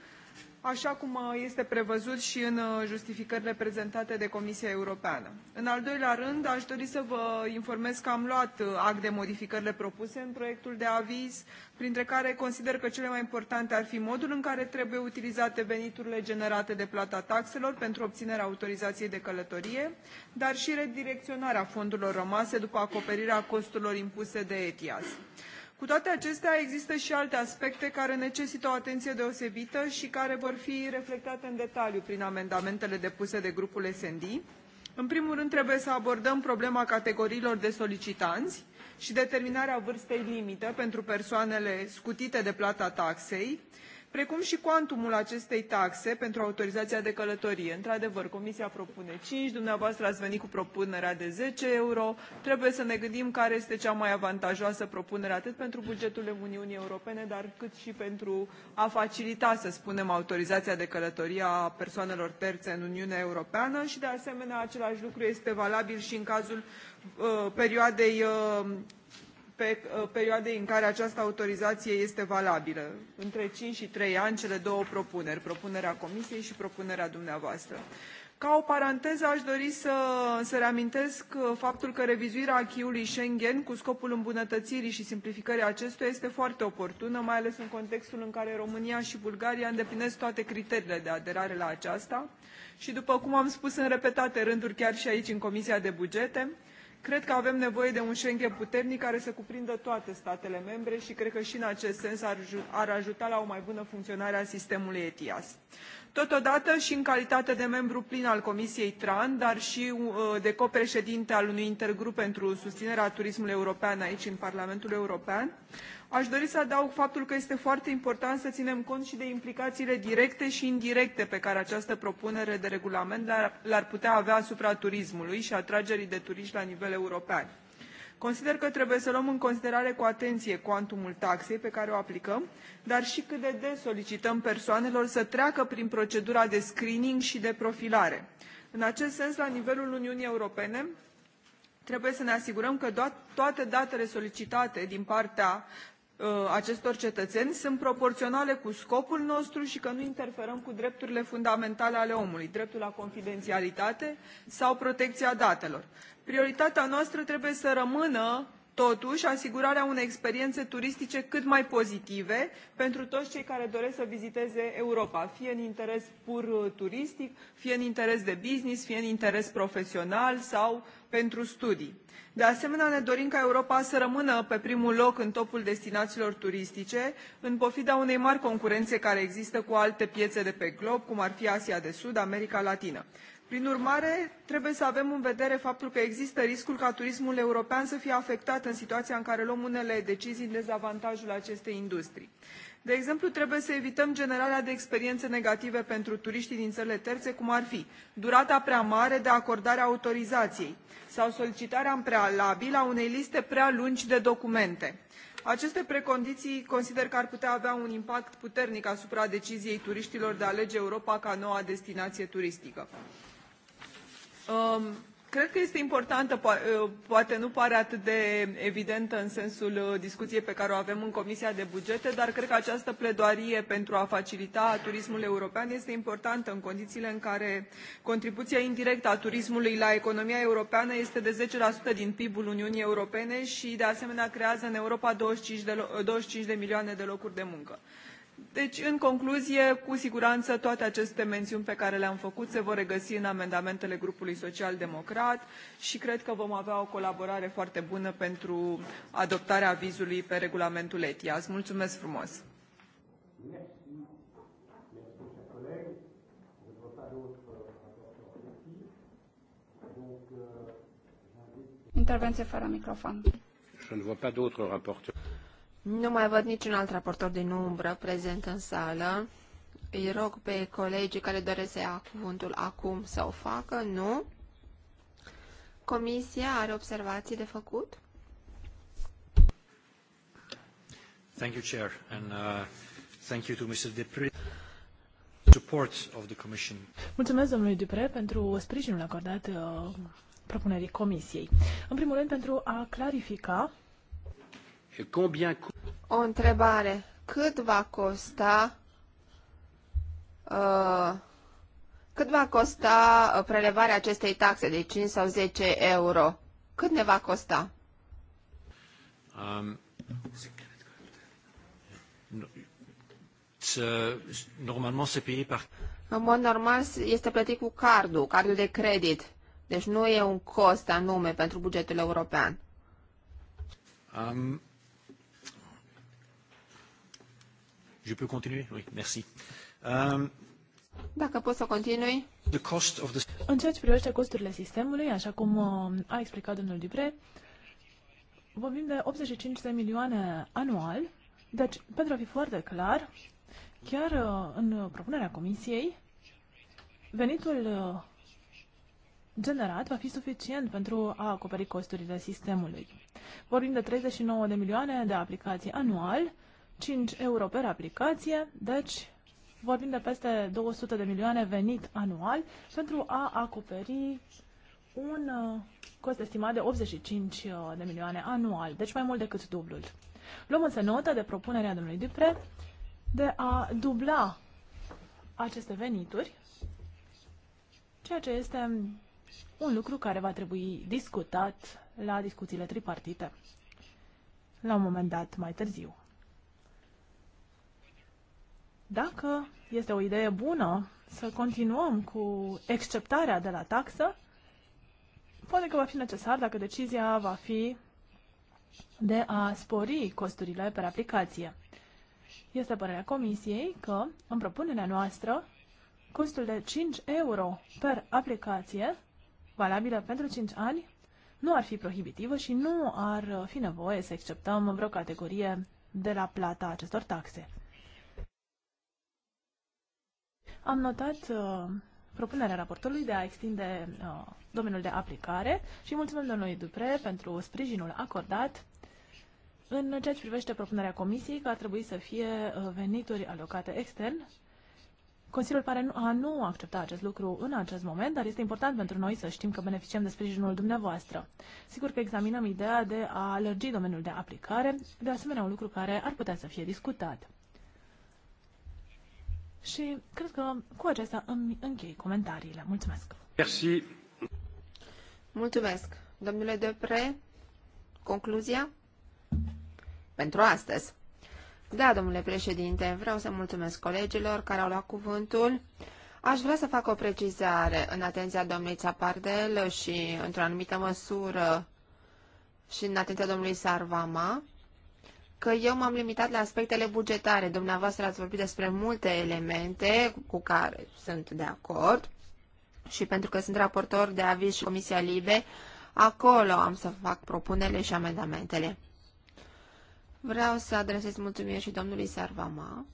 așa cum uh, este prevăzut și în uh, justificările prezentate de Comisia Europeană. În al doilea rând, aș dori să vă informez că am luat uh, act de modificările propuse în proiectul de aviz, printre care consider că cele mai importante ar fi modul în care trebuie utilizate veniturile generate de plata taxelor pentru obținerea autorizației de călătorie, dar și redirecționarea fondurilor rămase după acoperirea costurilor impuse de ETIAS cu toate acestea există și alte aspecte care necesită o atenție deosebită și care vor fi reflectate în detaliu prin amendamentele depuse de grupul sd. în primul rând trebuie să abordăm problema categoriilor de solicitanți și determinarea vârstei limită pentru persoanele scutite de plata taxei și precum și cuantumul acestei taxe pentru autorizația de călătorie. Într adevăr, Comisia propune 5, dumneavoastră ați venit cu propunerea de 10 euro. Trebuie să ne gândim care este cea mai avantajoasă propunere atât pentru bugetul Uniunii Europene, dar cât și pentru a facilita, să spunem, autorizația de călătorie a persoanelor terțe în Uniunea Europeană și de asemenea același lucru este valabil și în cazul uh, perioadei uh, pe uh, perioadei în care această autorizație este valabilă, între cinci și trei ani, cele două propuneri, propunerea Comisiei și propunerea dumneavoastră. Ca o paranteză, aș dori să, să reamintesc uh, faptul că revizuirea acquis-ului Schengen cu scopul îmbunătățirii și simplificării acestuia este foarte oportună, mai ales în contextul în care România și Bulgaria îndeplinesc toate criteriile de aderare la aceasta și, după cum am spus în repetate rânduri chiar și aici în Comisia de Bugete, cred că avem nevoie de un schengen puternic care să cuprindă toate statele membre și cred că și în acest sens ar ajuta la o mai bună funcționare a sistemului etias totodată și în calitate de membru plin al comisiei tran dar și uh, de copreședinte al unui intergrup pentru susținerea turismului european aici în parlamentul european aș dori să adaug faptul că este foarte important să ținem cont și de implicațiile directe și indirecte pe care această propunere de regulament le ar putea avea asupra turismului și atragerii de turiști la nivel european. Consider că trebuie să luăm în considerare cu atenție cuantumul taxei pe care o aplicăm, dar și cât de des solicităm persoanelor să treacă prin procedura de screening și de profilare. În acest sens, la nivelul Uniunii Europene, trebuie să ne asigurăm că toate datele solicitate din partea Uh, acestor cetățeni sunt proporționale cu scopul nostru și că nu interferăm cu drepturile fundamentale ale omului dreptul la confidențialitate sau protecția datelor. prioritatea noastră trebuie să rămână totuși asigurarea unei experiențe turistice cât mai pozitive pentru toți cei care doresc să viziteze europa fie în interes pur uh, turistic fie în interes de business fie în interes profesional sau pentru studii. de asemenea ne dorim ca europa să rămână pe primul loc în topul destinațiilor turistice în pofida unei mari concurențe care există cu alte piețe de pe glob cum ar fi asia de sud america latină prin urmare trebuie să avem în vedere faptul că există riscul ca turismul european să fie afectat în situația în care luăm unele decizii în dezavantajul acestei industrii. de exemplu trebuie să evităm generarea de experiențe negative pentru turiștii din țările terțe cum ar fi durata prea mare de acordare a autorizației sau solicitarea în prealabil a unei liste prea lungi de documente. aceste precondiții consider că ar putea avea un impact puternic asupra deciziei turiștilor de a alege europa ca noua destinație turistică. Um, cred că este importantă, uh, poate nu pare atât de evidentă în sensul uh, discuției pe care o avem în Comisia de Bugete, dar cred că această pledoarie pentru a facilita turismul european este importantă în condițiile în care contribuția indirectă a turismului la economia europeană este de 10% din PIB-ul Uniunii Europene și, de asemenea, creează în Europa 25 de, 25 de milioane de locuri de muncă deci, în concluzie, cu siguranță toate aceste mențiuni pe care le-am făcut se vor regăsi în amendamentele grupului social-democrat și cred că vom avea o colaborare foarte bună pentru adoptarea avizului pe regulamentul ETIAS. Mulțumesc frumos! Intervenție fără microfon. Nu mai văd niciun alt raportor din umbră prezent în sală. Îi rog pe colegii care doresc să ia cuvântul acum să o facă, nu? Comisia are observații de făcut? Thank you, Chair, and uh, thank you to Mr. Depri. Support of the Commission. Mulțumesc, domnului Dupre, pentru sprijinul acordat uh, propunerii Comisiei. În primul rând, pentru a clarifica Combien... O întrebare. Cât va costa uh, cât va costa uh, prelevarea acestei taxe de 5 sau 10 euro? Cât ne va costa? Um, uh, normalement, par... În mod normal este plătit cu cardul, cardul de credit. Deci nu e un cost anume pentru bugetul european. Um, Je peux continuer? Oui, merci. Um, Dacă poți să continui. The cost of the... În ceea ce privește costurile sistemului, așa cum um, a explicat domnul Dupre, vorbim de 85 de milioane anual. Deci, pentru a fi foarte clar, chiar uh, în propunerea comisiei, venitul uh, generat va fi suficient pentru a acoperi costurile sistemului. Vorbim de 39 de milioane de aplicații anual, 5 euro per aplicație, deci vorbim de peste 200 de milioane venit anual pentru a acoperi un uh, cost estimat de 85 uh, de milioane anual, deci mai mult decât dublul. Luăm însă notă de propunerea domnului Dupre de a dubla aceste venituri, ceea ce este un lucru care va trebui discutat la discuțiile tripartite la un moment dat mai târziu. Dacă este o idee bună să continuăm cu exceptarea de la taxă, poate că va fi necesar dacă decizia va fi de a spori costurile per aplicație. Este părerea Comisiei că, în propunerea noastră, costul de 5 euro per aplicație, valabilă pentru 5 ani, nu ar fi prohibitivă și nu ar fi nevoie să acceptăm vreo categorie de la plata acestor taxe. Am notat uh, propunerea raportului de a extinde uh, domeniul de aplicare și mulțumim domnului Dupre pentru sprijinul acordat în ceea ce privește propunerea comisiei că ar trebui să fie uh, venituri alocate extern. Consiliul pare a nu accepta acest lucru în acest moment, dar este important pentru noi să știm că beneficiem de sprijinul dumneavoastră. Sigur că examinăm ideea de a alergi domeniul de aplicare, de asemenea un lucru care ar putea să fie discutat. Și cred că cu acesta îmi închei comentariile. Mulțumesc! Merci. Mulțumesc! Domnule Depre, concluzia pentru astăzi. Da, domnule președinte, vreau să mulțumesc colegilor care au luat cuvântul. Aș vrea să fac o precizare în atenția domnului Țapardel și, într-o anumită măsură, și în atenția domnului Sarvama că eu m-am limitat la aspectele bugetare. Dumneavoastră ați vorbit despre multe elemente cu care sunt de acord și pentru că sunt raportor de aviz și Comisia Libe, acolo am să fac propunerile și amendamentele. Vreau să adresez mulțumiri și domnului Sarvama.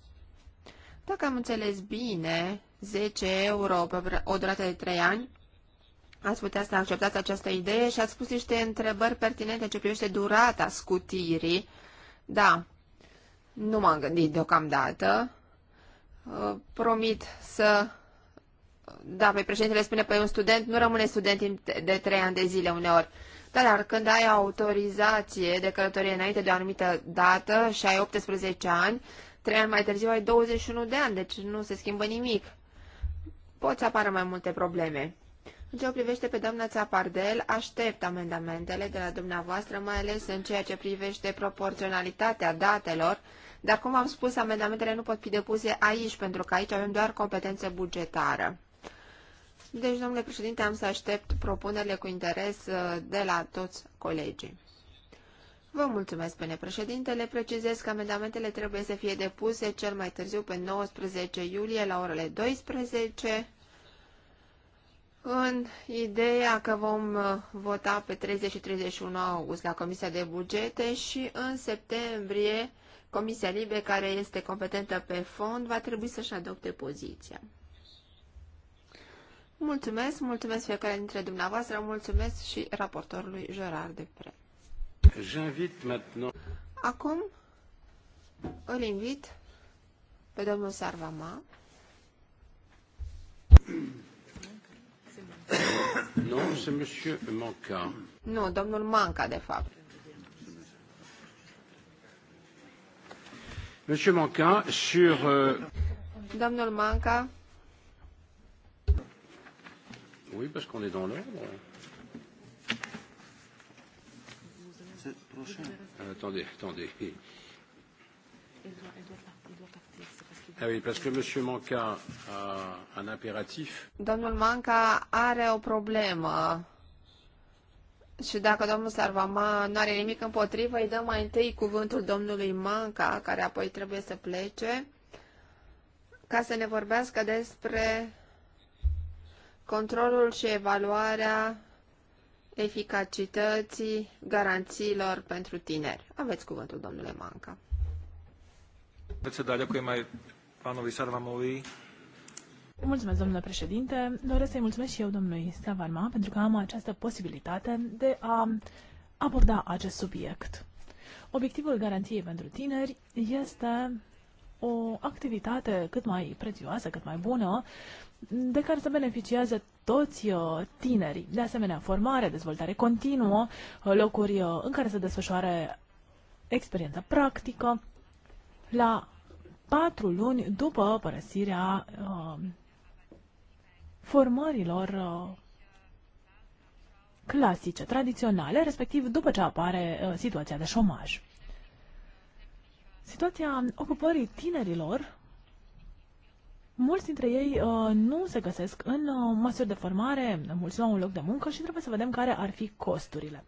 Dacă am înțeles bine, 10 euro pe o durată de 3 ani, ați putea să acceptați această idee și ați spus niște întrebări pertinente ce privește durata scutirii da, nu m-am gândit deocamdată. Uh, promit să... Da, pe președintele spune, pe păi, un student nu rămâne student de trei ani de zile uneori. Da, dar când ai autorizație de călătorie înainte de o anumită dată și ai 18 ani, trei ani mai târziu ai 21 de ani, deci nu se schimbă nimic. Poți apară mai multe probleme. În ce o privește pe doamna Țapardel, aștept amendamentele de la dumneavoastră, mai ales în ceea ce privește proporționalitatea datelor, dar, cum am spus, amendamentele nu pot fi depuse aici, pentru că aici avem doar competență bugetară. Deci, domnule președinte, am să aștept propunerile cu interes uh, de la toți colegii. Vă mulțumesc, pene președintele. Precizez că amendamentele trebuie să fie depuse cel mai târziu pe 19 iulie la orele 12 în ideea că vom uh, vota pe 30 și 31 august la Comisia de Bugete și în septembrie Comisia Libe, care este competentă pe fond, va trebui să-și adopte poziția. Mulțumesc, mulțumesc fiecare dintre dumneavoastră, mulțumesc și raportorului Gerard Pre. Acum îl invit pe domnul Sarvama. Manca. Nu, domnul Manca, de fapt. Monsieur Manca, sur... Euh, domnul Manca. Oui, parce qu'on est dans l'ordre. Euh, attendez, attendez. Elle doit, elle doit Ah domnul Manca are o problemă. Și dacă domnul Sarvama nu are nimic împotrivă, îi dăm mai întâi cuvântul domnului Manca, care apoi trebuie să plece, ca să ne vorbească despre controlul și evaluarea eficacității garanțiilor pentru tineri. Aveți cuvântul, domnule Manca. Председателя, кой da, mai panului Mulțumesc, domnule președinte. Doresc să-i mulțumesc și eu, domnului Savarma, pentru că am această posibilitate de a aborda acest subiect. Obiectivul garanției pentru tineri este o activitate cât mai prețioasă, cât mai bună, de care să beneficieze toți uh, tinerii. De asemenea, formare, dezvoltare continuă, uh, locuri uh, în care se desfășoare experiența practică, la patru luni după părăsirea uh, formărilor uh, clasice, tradiționale, respectiv după ce apare uh, situația de șomaj. Situația ocupării tinerilor, mulți dintre ei uh, nu se găsesc în uh, măsuri de formare, mulți nu au un loc de muncă și trebuie să vedem care ar fi costurile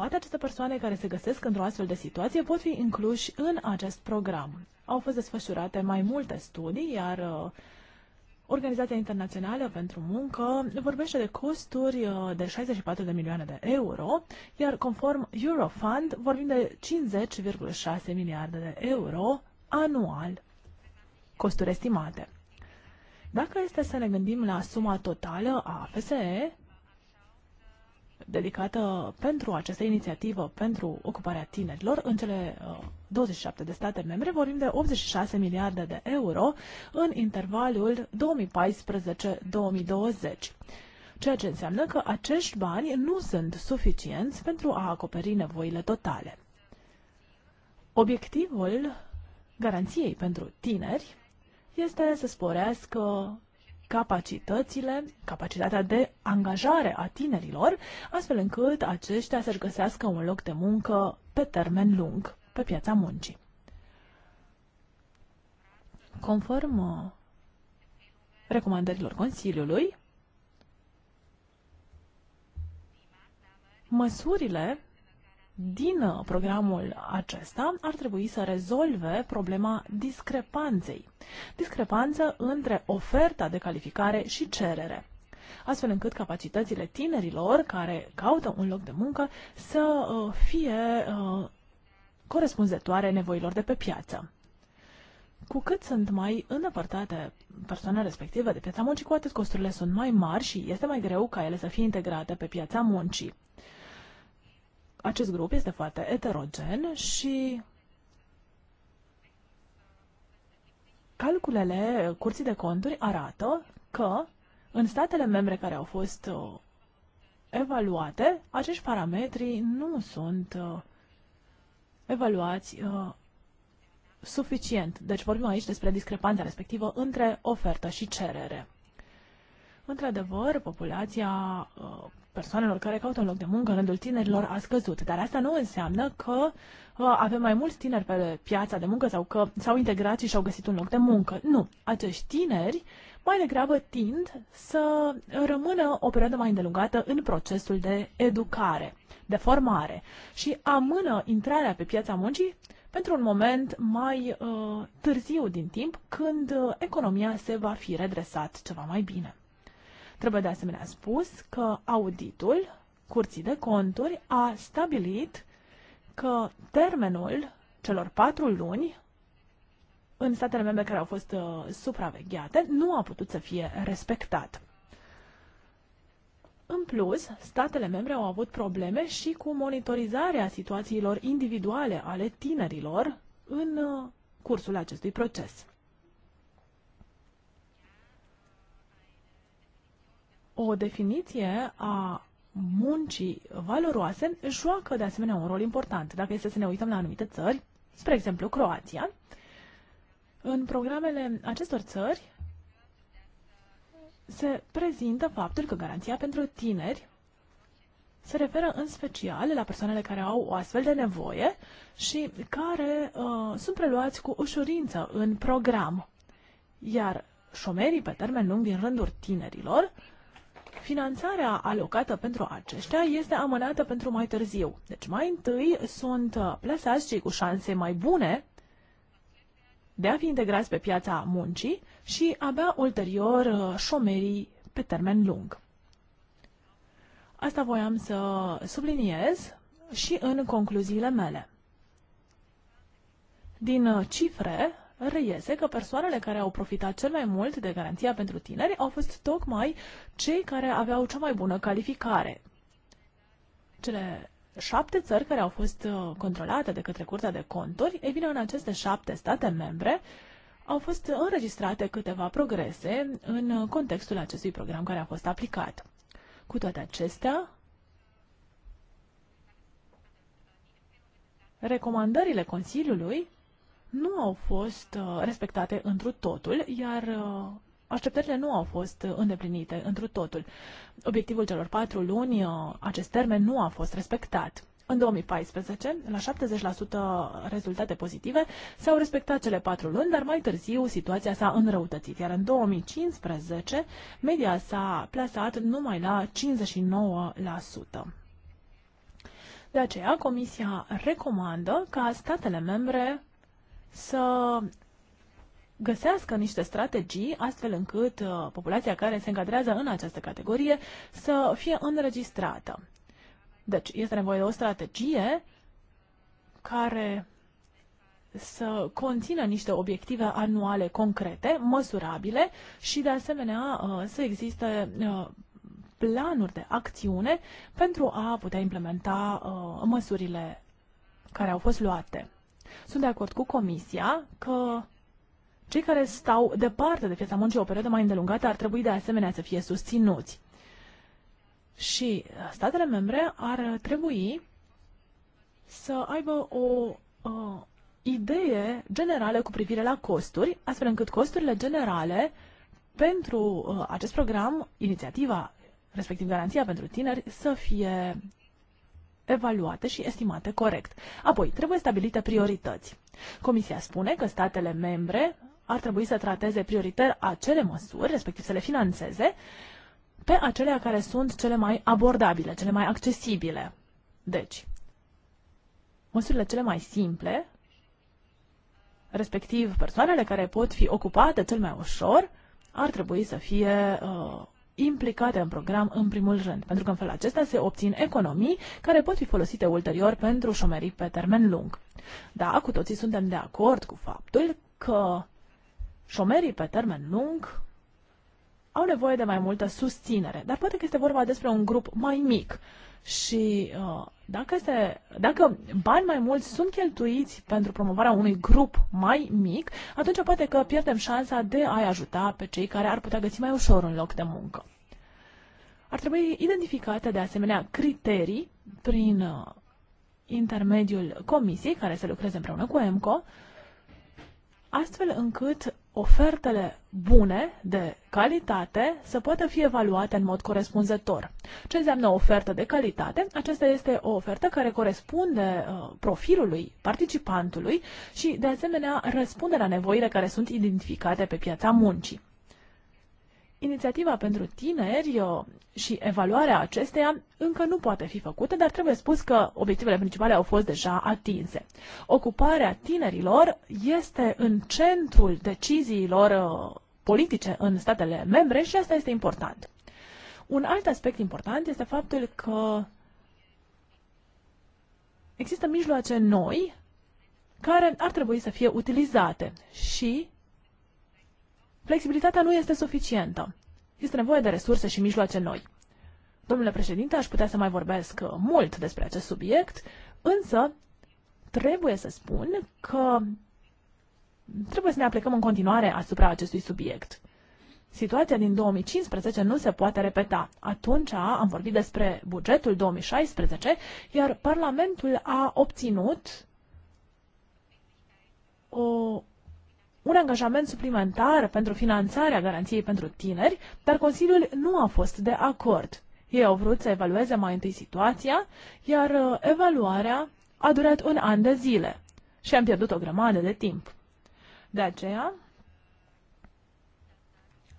toate aceste persoane care se găsesc într-o astfel de situație pot fi incluși în acest program. Au fost desfășurate mai multe studii, iar uh, Organizația Internațională pentru Muncă vorbește de costuri uh, de 64 de milioane de euro, iar conform Eurofund vorbim de 50,6 miliarde de euro anual costuri estimate. Dacă este să ne gândim la suma totală a FSE, dedicată pentru această inițiativă pentru ocuparea tinerilor în cele 27 uh, de state membre. Vorbim de 86 miliarde de euro în intervalul 2014-2020 ceea ce înseamnă că acești bani nu sunt suficienți pentru a acoperi nevoile totale. Obiectivul garanției pentru tineri este să sporească capacitățile, capacitatea de angajare a tinerilor, astfel încât aceștia să-și găsească un loc de muncă pe termen lung pe piața muncii. Conform uh, recomandărilor Consiliului, măsurile din uh, programul acesta ar trebui să rezolve problema discrepanței. Discrepanță între oferta de calificare și cerere astfel încât capacitățile tinerilor care caută un loc de muncă să uh, fie uh, corespunzătoare nevoilor de pe piață. Cu cât sunt mai îndepărtate persoanele respective de piața muncii, cu atât costurile sunt mai mari și este mai greu ca ele să fie integrate pe piața muncii. Acest grup este foarte eterogen și calculele curții de conturi arată că în statele membre care au fost uh, evaluate, acești parametri nu sunt uh, evaluați uh, suficient. Deci vorbim aici despre discrepanța respectivă între ofertă și cerere. Într-adevăr, populația persoanelor care caută un loc de muncă în rândul tinerilor a scăzut. Dar asta nu înseamnă că uh, avem mai mulți tineri pe piața de muncă sau că s-au integrat și și-au găsit un loc de muncă. Nu. Acești tineri mai degrabă tind să rămână o perioadă mai îndelungată în procesul de educare, de formare și amână intrarea pe piața muncii pentru un moment mai uh, târziu din timp, când uh, economia se va fi redresat ceva mai bine. Trebuie de asemenea spus că auditul Curții de Conturi a stabilit că termenul celor patru luni în statele membre care au fost uh, supravegheate nu a putut să fie respectat. În plus, statele membre au avut probleme și cu monitorizarea situațiilor individuale ale tinerilor în uh, cursul acestui proces. O definiție a muncii valoroase joacă de asemenea un rol important. Dacă este să ne uităm la anumite țări, spre exemplu Croația, în programele acestor țări se prezintă faptul că garanția pentru tineri se referă în special la persoanele care au o astfel de nevoie și care uh, sunt preluați cu ușurință în program. Iar șomerii pe termen lung din rândul tinerilor uh, Finanțarea alocată pentru aceștia este amânată pentru mai târziu. Deci mai întâi sunt uh, plasați cei cu șanse mai bune de a fi integrați pe piața muncii și abia ulterior uh, șomerii pe termen lung. Asta voiam să subliniez și în concluziile mele. Din uh, cifre reiese că persoanele care au profitat cel mai mult de garanția pentru tineri au fost tocmai cei care aveau cea mai bună calificare. Cele șapte țări care au fost uh, controlate de către Curtea de Conturi, ei bine, în aceste șapte state membre au fost înregistrate câteva progrese în contextul acestui program care a fost aplicat. Cu toate acestea, recomandările Consiliului nu au fost uh, respectate întru totul, iar uh, așteptările nu au fost îndeplinite întru totul. Obiectivul celor patru luni, uh, acest termen nu a fost respectat. În 2014, la 70% rezultate pozitive, s-au respectat cele patru luni, dar mai târziu situația s-a înrăutățit, iar în 2015 media s-a plasat numai la 59%. De aceea, Comisia recomandă ca statele membre să găsească niște strategii astfel încât uh, populația care se încadrează în această categorie să fie înregistrată. Deci este nevoie de o strategie care să conțină niște obiective anuale concrete, măsurabile și de asemenea uh, să existe uh, planuri de acțiune pentru a putea implementa măsurile care au fost luate. Sunt de acord cu Comisia că cei care stau departe de piața muncii o perioadă mai îndelungată ar trebui de asemenea să fie susținuți. Și statele membre ar trebui să aibă o uh, idee generală cu privire la costuri, astfel încât costurile generale pentru uh, acest program, inițiativa, respectiv garanția pentru tineri, să fie evaluate și estimate corect. Apoi, trebuie stabilite priorități. Comisia spune că statele membre ar trebui să trateze prioritar acele măsuri, respectiv să le financeze, pe acelea care sunt cele mai abordabile, cele mai accesibile. Deci, măsurile cele mai simple, respectiv persoanele care pot fi ocupate cel mai ușor, ar trebui să fie uh, implicate în program în primul rând, pentru că în felul acesta se obțin economii care pot fi folosite ulterior pentru șomerii pe termen lung. Da, cu toții suntem de acord cu faptul că șomerii pe termen lung au nevoie de mai multă susținere, dar poate că este vorba despre un grup mai mic și uh, dacă, este, dacă bani mai mulți sunt cheltuiți pentru promovarea unui grup mai mic, atunci poate că pierdem șansa de a-i ajuta pe cei care ar putea găsi mai ușor un loc de muncă. Ar trebui identificate de asemenea criterii prin uh, intermediul comisiei care să lucreze împreună cu EMCO, astfel încât ofertele bune, de calitate, să poată fi evaluate în mod corespunzător. Ce înseamnă ofertă de calitate? Aceasta este o ofertă care corespunde uh, profilului participantului și, de asemenea, răspunde la nevoile care sunt identificate pe piața muncii inițiativa pentru tineri uh, și evaluarea acesteia încă nu poate fi făcută, dar trebuie spus că obiectivele principale au fost deja atinse. Ocuparea tinerilor este în centrul deciziilor uh, politice în statele membre și asta este important. Un alt aspect important este faptul că există mijloace noi care ar trebui să fie utilizate și flexibilitatea nu este suficientă. Este nevoie de resurse și mijloace noi. Domnule președinte, aș putea să mai vorbesc uh, mult despre acest subiect, însă trebuie să spun că trebuie să ne aplicăm în continuare asupra acestui subiect. Situația din 2015 nu se poate repeta. Atunci am vorbit despre bugetul 2016, iar Parlamentul a obținut o un angajament suplimentar pentru finanțarea garanției pentru tineri, dar Consiliul nu a fost de acord. Ei au vrut să evalueze mai întâi situația, iar uh, evaluarea a durat un an de zile și am pierdut o grămadă de timp. De aceea,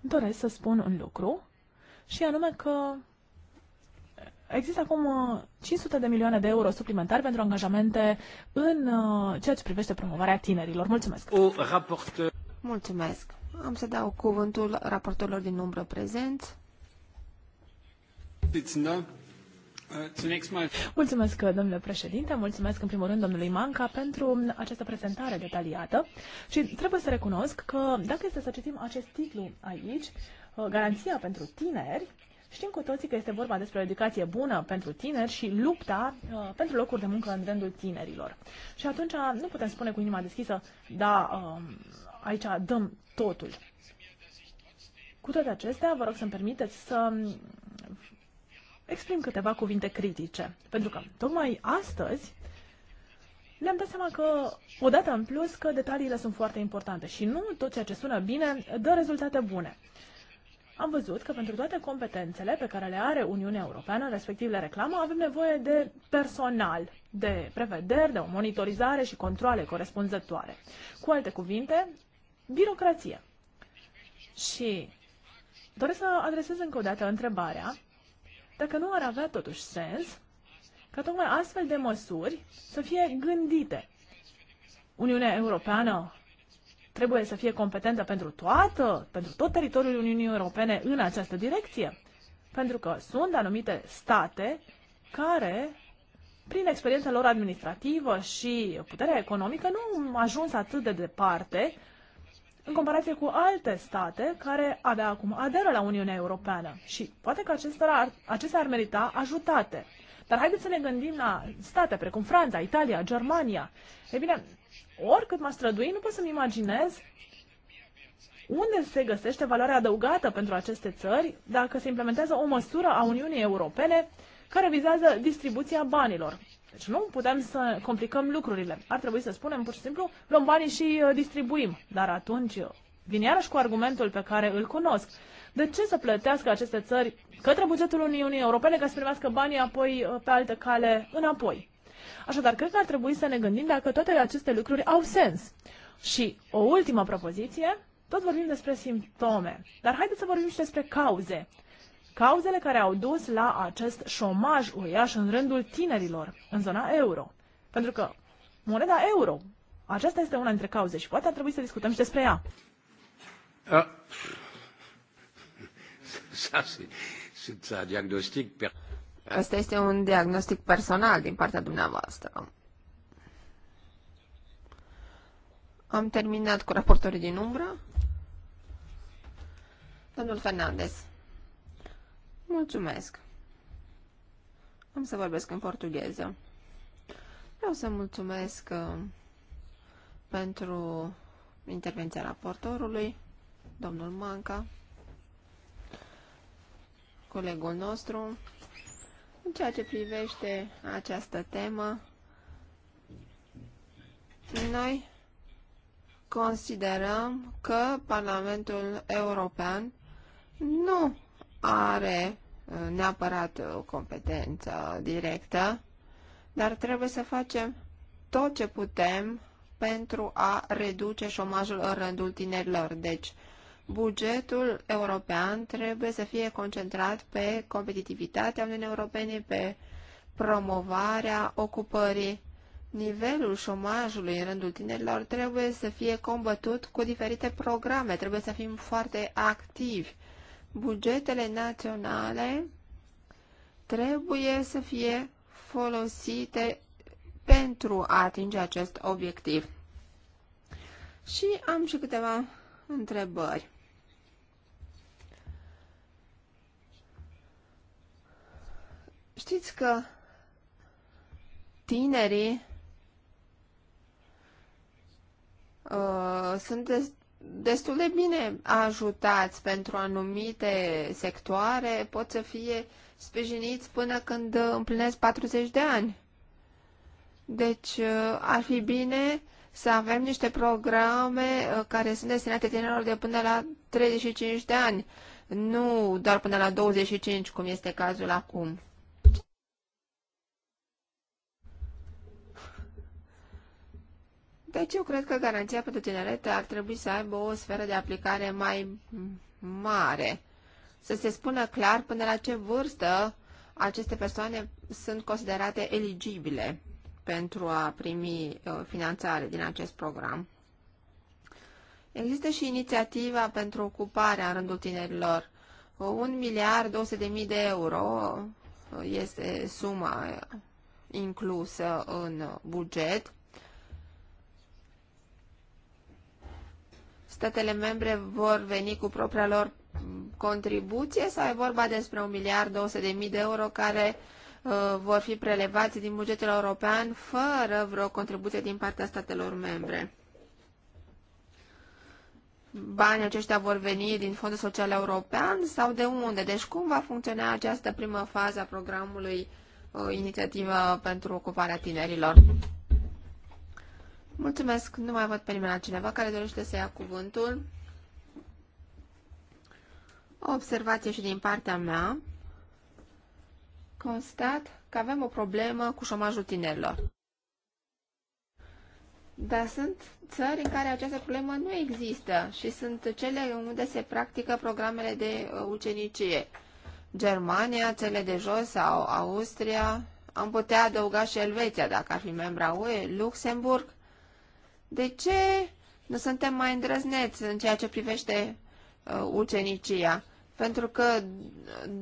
doresc să spun un lucru și anume că Există acum 500 uh, de milioane de euro suplimentari pentru angajamente în uh, ceea ce privește promovarea tinerilor. Mulțumesc! O raportă... Mulțumesc! Am să dau cuvântul raportorilor din umbră prezent. Mulțumesc, domnule președinte, mulțumesc în primul rând domnului Manca pentru această prezentare detaliată și trebuie să recunosc că dacă este să citim acest titlu aici, uh, Garanția pentru tineri, Știm cu toții că este vorba despre o educație bună pentru tineri și lupta uh, pentru locuri de muncă în rândul tinerilor. Și atunci uh, nu putem spune cu inima deschisă, da, uh, aici dăm totul. Cu toate acestea, vă rog să-mi permiteți să um, exprim câteva cuvinte critice. Pentru că tocmai astăzi ne-am dat seama că, odată în plus, că detaliile sunt foarte importante și nu tot ceea ce sună bine dă rezultate bune am văzut că pentru toate competențele pe care le are Uniunea Europeană, respectiv le reclamă, avem nevoie de personal, de prevederi, de o monitorizare și controle corespunzătoare. Cu alte cuvinte, birocrație. Și doresc să adresez încă o dată întrebarea dacă nu ar avea totuși sens ca tocmai astfel de măsuri să fie gândite. Uniunea Europeană trebuie să fie competentă pentru toată, pentru tot teritoriul Uniunii Europene în această direcție? Pentru că sunt anumite state care, prin experiența lor administrativă și puterea economică, nu au ajuns atât de departe în comparație cu alte state care abia acum aderă la Uniunea Europeană. Și poate că acestea ar, acestea ar merita ajutate. Dar haideți să ne gândim la state precum Franța, Italia, Germania. E bine, oricât m-aș strădui, nu pot să-mi imaginez unde se găsește valoarea adăugată pentru aceste țări dacă se implementează o măsură a Uniunii Europene care vizează distribuția banilor. Deci nu putem să complicăm lucrurile. Ar trebui să spunem pur și simplu, luăm banii și uh, distribuim. Dar atunci uh, vin iarăși cu argumentul pe care îl cunosc. De ce să plătească aceste țări către bugetul Uniunii Europene ca să primească banii apoi uh, pe altă cale înapoi? Așadar, cred că ar trebui să ne gândim dacă toate aceste lucruri au sens. Și o ultimă propoziție, tot vorbim despre simptome, dar haideți să vorbim și despre cauze. Cauzele care au dus la acest șomaj uriaș în rândul tinerilor în zona euro. Pentru că moneda euro, aceasta este una dintre cauze și poate ar trebui să discutăm și despre ea. Ah. A... Să un diagnostic Asta este un diagnostic personal din partea dumneavoastră. Am terminat cu raportorii din umbră. Domnul Fernandez. Mulțumesc. Am să vorbesc în portugheză. Vreau să mulțumesc uh, pentru intervenția raportorului, domnul Manca, colegul nostru. În ceea ce privește această temă, noi considerăm că Parlamentul European nu are uh, neapărat o uh, competență directă, dar trebuie să facem tot ce putem pentru a reduce șomajul în rândul tinerilor. Deci, bugetul european trebuie să fie concentrat pe competitivitatea Uniunii Europene, pe promovarea ocupării. Nivelul șomajului în rândul tinerilor trebuie să fie combătut cu diferite programe, trebuie să fim foarte activi. Bugetele naționale trebuie să fie folosite pentru a atinge acest obiectiv. Și am și câteva întrebări. Știți că tinerii uh, sunt des, destul de bine ajutați pentru anumite sectoare, pot să fie sprijiniți până când împlinesc 40 de ani. Deci uh, ar fi bine să avem niște programe uh, care sunt destinate tinerilor de până la 35 de ani, nu doar până la 25, cum este cazul acum. Deci eu cred că garanția pentru tinerete ar trebui să aibă o sferă de aplicare mai mare. Să se spună clar până la ce vârstă aceste persoane sunt considerate eligibile pentru a primi uh, finanțare din acest program. Există și inițiativa pentru ocuparea în rândul tinerilor. Un miliard 200 de mii de euro uh, este suma inclusă în buget statele membre vor veni cu propria lor contribuție sau e vorba despre 1 miliard 200 de mii de euro care uh, vor fi prelevați din bugetul european fără vreo contribuție din partea statelor membre. Banii aceștia vor veni din Fondul Social European sau de unde? Deci cum va funcționa această primă fază a programului uh, Inițiativă pentru Ocuparea Tinerilor? Mulțumesc, nu mai văd pe nimeni altcineva care dorește să ia cuvântul. O observație și din partea mea. Constat că avem o problemă cu șomajul tinerilor. Dar sunt țări în care această problemă nu există și sunt cele unde se practică programele de uh, ucenicie. Germania, cele de jos sau Austria, am putea adăuga și Elveția dacă ar fi membra UE, Luxemburg, de ce nu suntem mai îndrăzneți în ceea ce privește uh, ucenicia? Pentru că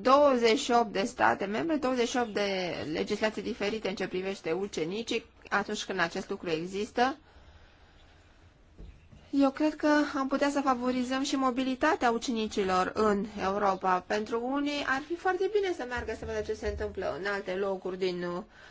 28 de state membre, 28 de legislații diferite în ce privește ucenicii, atunci când acest lucru există, uh, eu cred că am putea să favorizăm și mobilitatea ucenicilor în Europa. Pentru unii ar fi foarte bine să meargă să vadă ce se întâmplă în alte locuri din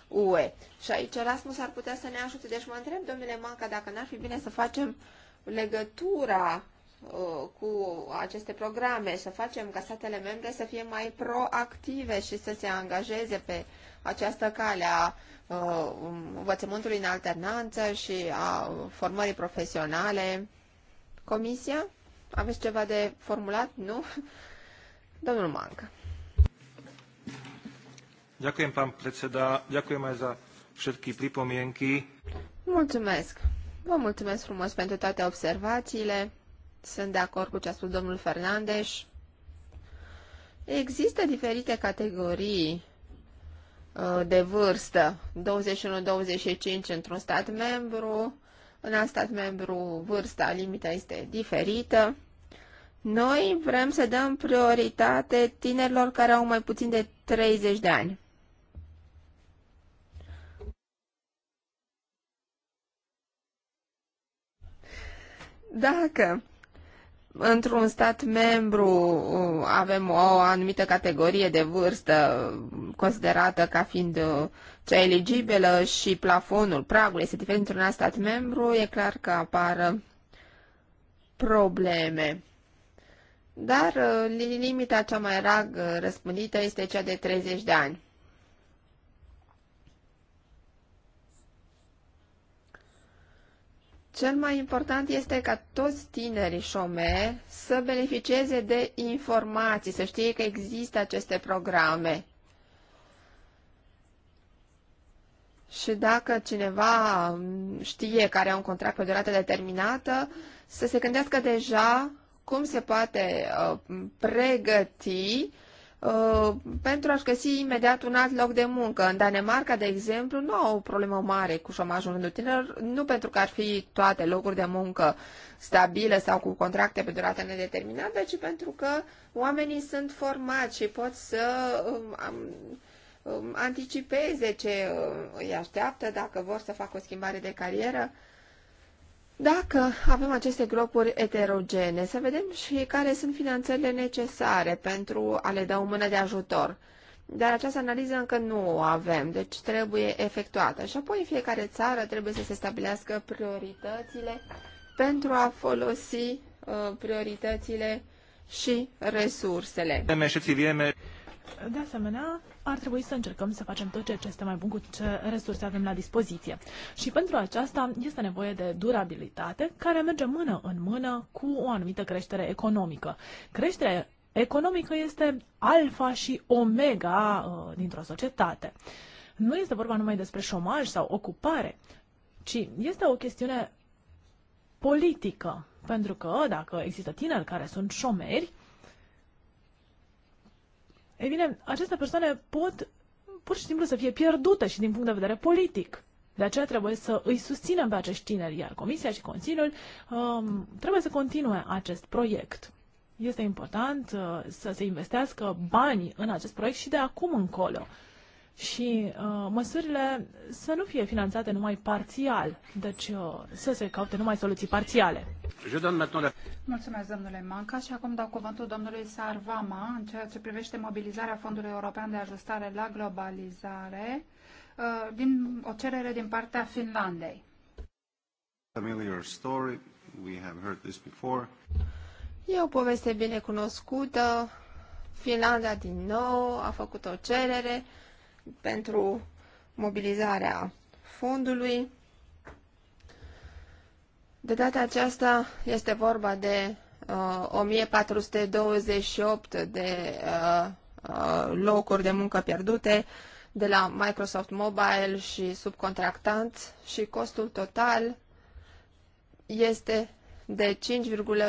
UE. Și aici Erasmus ar putea să ne ajute. Deci mă întreb, domnule Manca, dacă n-ar fi bine să facem legătura uh, cu aceste programe, să facem ca statele membre să fie mai proactive și să se angajeze pe uh, această cale a uh, învățământului în alternanță și a formării profesionale. Comisia? Aveți ceva de formulat? Nu? Domnul Mancă. Ďakujem, pán predseda. Ďakujem aj za všetky pripomienky. Mulțumesc. Vă mulțumesc frumos pentru toate observațiile. Sunt de acord cu ce a spus domnul Fernandes. Există diferite categorii Uh, de vârstă 21-25 într-un stat membru, în alt stat membru vârsta limita este diferită. Noi vrem să dăm prioritate tinerilor care au mai puțin de 30 de ani. Dacă într-un stat membru uh, avem o anumită categorie de vârstă considerată ca fiind uh, cea eligibilă și plafonul, pragul este diferit într-un alt stat membru, e clar că apar uh, probleme. Dar limita cea mai rag răspândită este cea de 30 de ani. Cel mai important este ca toți tinerii șomeri să beneficieze de informații, să știe că există aceste programe. Și dacă cineva um, știe care are un contract pe durată determinată, să se gândească deja cum se poate uh, pregăti Uh, pentru a-și găsi imediat un alt loc de muncă. În Danemarca, de exemplu, nu au o problemă mare cu șomajul rândul tinerilor, nu pentru că ar fi toate locuri de muncă stabile sau cu contracte pe durată nedeterminată, ci pentru că oamenii sunt formați și pot să um, um, anticipeze ce uh, îi așteaptă dacă vor să facă o schimbare de carieră. Uh, dacă avem aceste grupuri eterogene, să vedem și care sunt finanțările necesare pentru a le da o mână de ajutor. Dar această analiză încă nu o avem, deci trebuie efectuată. Și apoi fiecare țară trebuie să se stabilească prioritățile pentru a folosi uh, prioritățile și resursele. De asemenea, ar trebui să încercăm să facem tot ceea ce este mai bun cu ce resurse avem la dispoziție. Și pentru aceasta este nevoie de durabilitate care merge mână în mână cu o anumită creștere economică. Creșterea economică este alfa și omega uh, dintr-o societate. Nu este vorba numai despre șomaj sau ocupare, ci este o chestiune politică. Pentru că dacă există tineri care sunt șomeri, ei bine, aceste persoane pot pur și simplu să fie pierdute și din punct de vedere politic. De aceea trebuie să îi susținem pe acești tineri, iar Comisia și Consiliul um, trebuie să continue acest proiect. Este important uh, să se investească bani în acest proiect și de acum încolo și uh, măsurile să nu fie finanțate numai parțial, deci uh, să se caute numai soluții parțiale. Mulțumesc, domnule Manca, și acum dau cuvântul domnului Sarvama în ceea ce privește mobilizarea Fondului European de Ajustare la Globalizare uh, din o cerere din partea Finlandei. Familiar story. We have heard this before. E o poveste bine cunoscută. Finlanda din nou a făcut o cerere pentru mobilizarea fondului. De data aceasta este vorba de uh, 1428 de uh, uh, locuri de muncă pierdute de la Microsoft Mobile și subcontractanți și costul total este de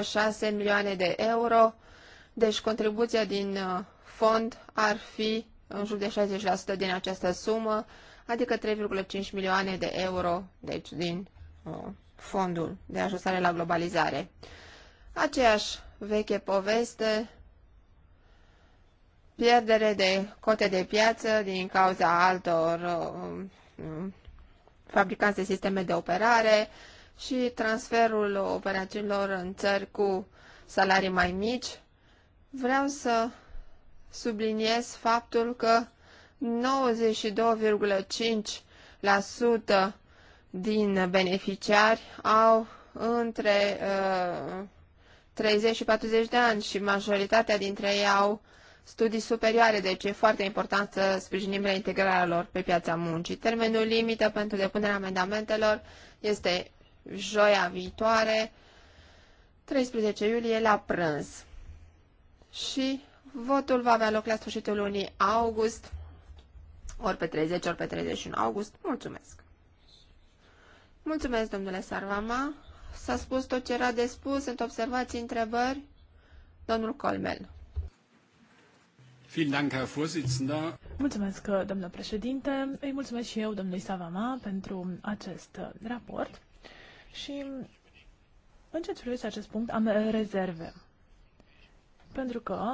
5,6 milioane de euro, deci contribuția din uh, fond ar fi în jur de 60% din această sumă, adică 3,5 milioane de euro, deci din uh, fondul de ajustare la globalizare. Aceeași veche poveste, pierdere de cote de piață din cauza altor uh, uh, fabricanți de sisteme de operare și transferul operațiunilor în țări cu salarii mai mici. Vreau să subliniez faptul că 92,5% din beneficiari au între uh, 30 și 40 de ani și majoritatea dintre ei au studii superioare, deci e foarte important să sprijinim reintegrarea lor pe piața muncii. Termenul limită pentru depunerea amendamentelor este joia viitoare, 13 iulie la prânz. Și Votul va avea loc la sfârșitul lunii august, ori pe 30, ori pe 31 august. Mulțumesc! Mulțumesc, domnule Sarvama. S-a spus tot ce era de spus. Sunt observații, întrebări? Domnul Colmel. Mulțumesc, domnule președinte. Îi mulțumesc și eu, domnului Savama, pentru acest uh, raport. Și în ce privește acest punct am rezerve. Pentru că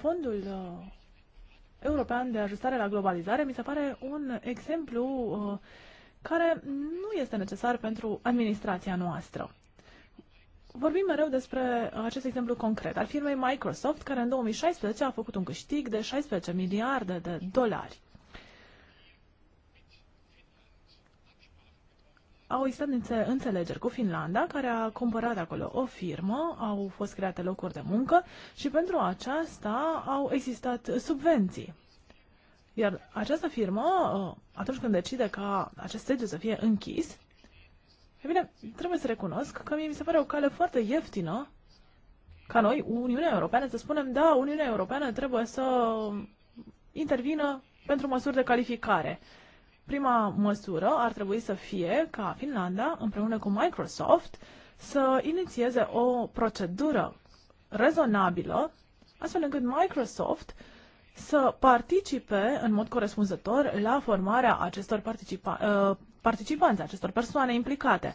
Fondul uh, European de Ajustare la Globalizare mi se pare un exemplu uh, care nu este necesar pentru administrația noastră. Vorbim mereu despre acest exemplu concret al firmei Microsoft, care în 2016 a făcut un câștig de 16 miliarde de dolari. au existat înțelegeri cu Finlanda, care a cumpărat acolo o firmă, au fost create locuri de muncă și pentru aceasta au existat subvenții. Iar această firmă, uh, atunci când decide ca acest sediu să fie închis, e bine, trebuie să recunosc că mie mi se pare o cale foarte ieftină ca noi, Uniunea Europeană, să spunem, da, Uniunea Europeană trebuie să intervină pentru măsuri de calificare. Prima măsură ar trebui să fie ca Finlanda, împreună cu Microsoft, să inițieze o procedură rezonabilă, astfel încât Microsoft să participe în mod corespunzător la formarea acestor participa- ă, participanți, acestor persoane implicate.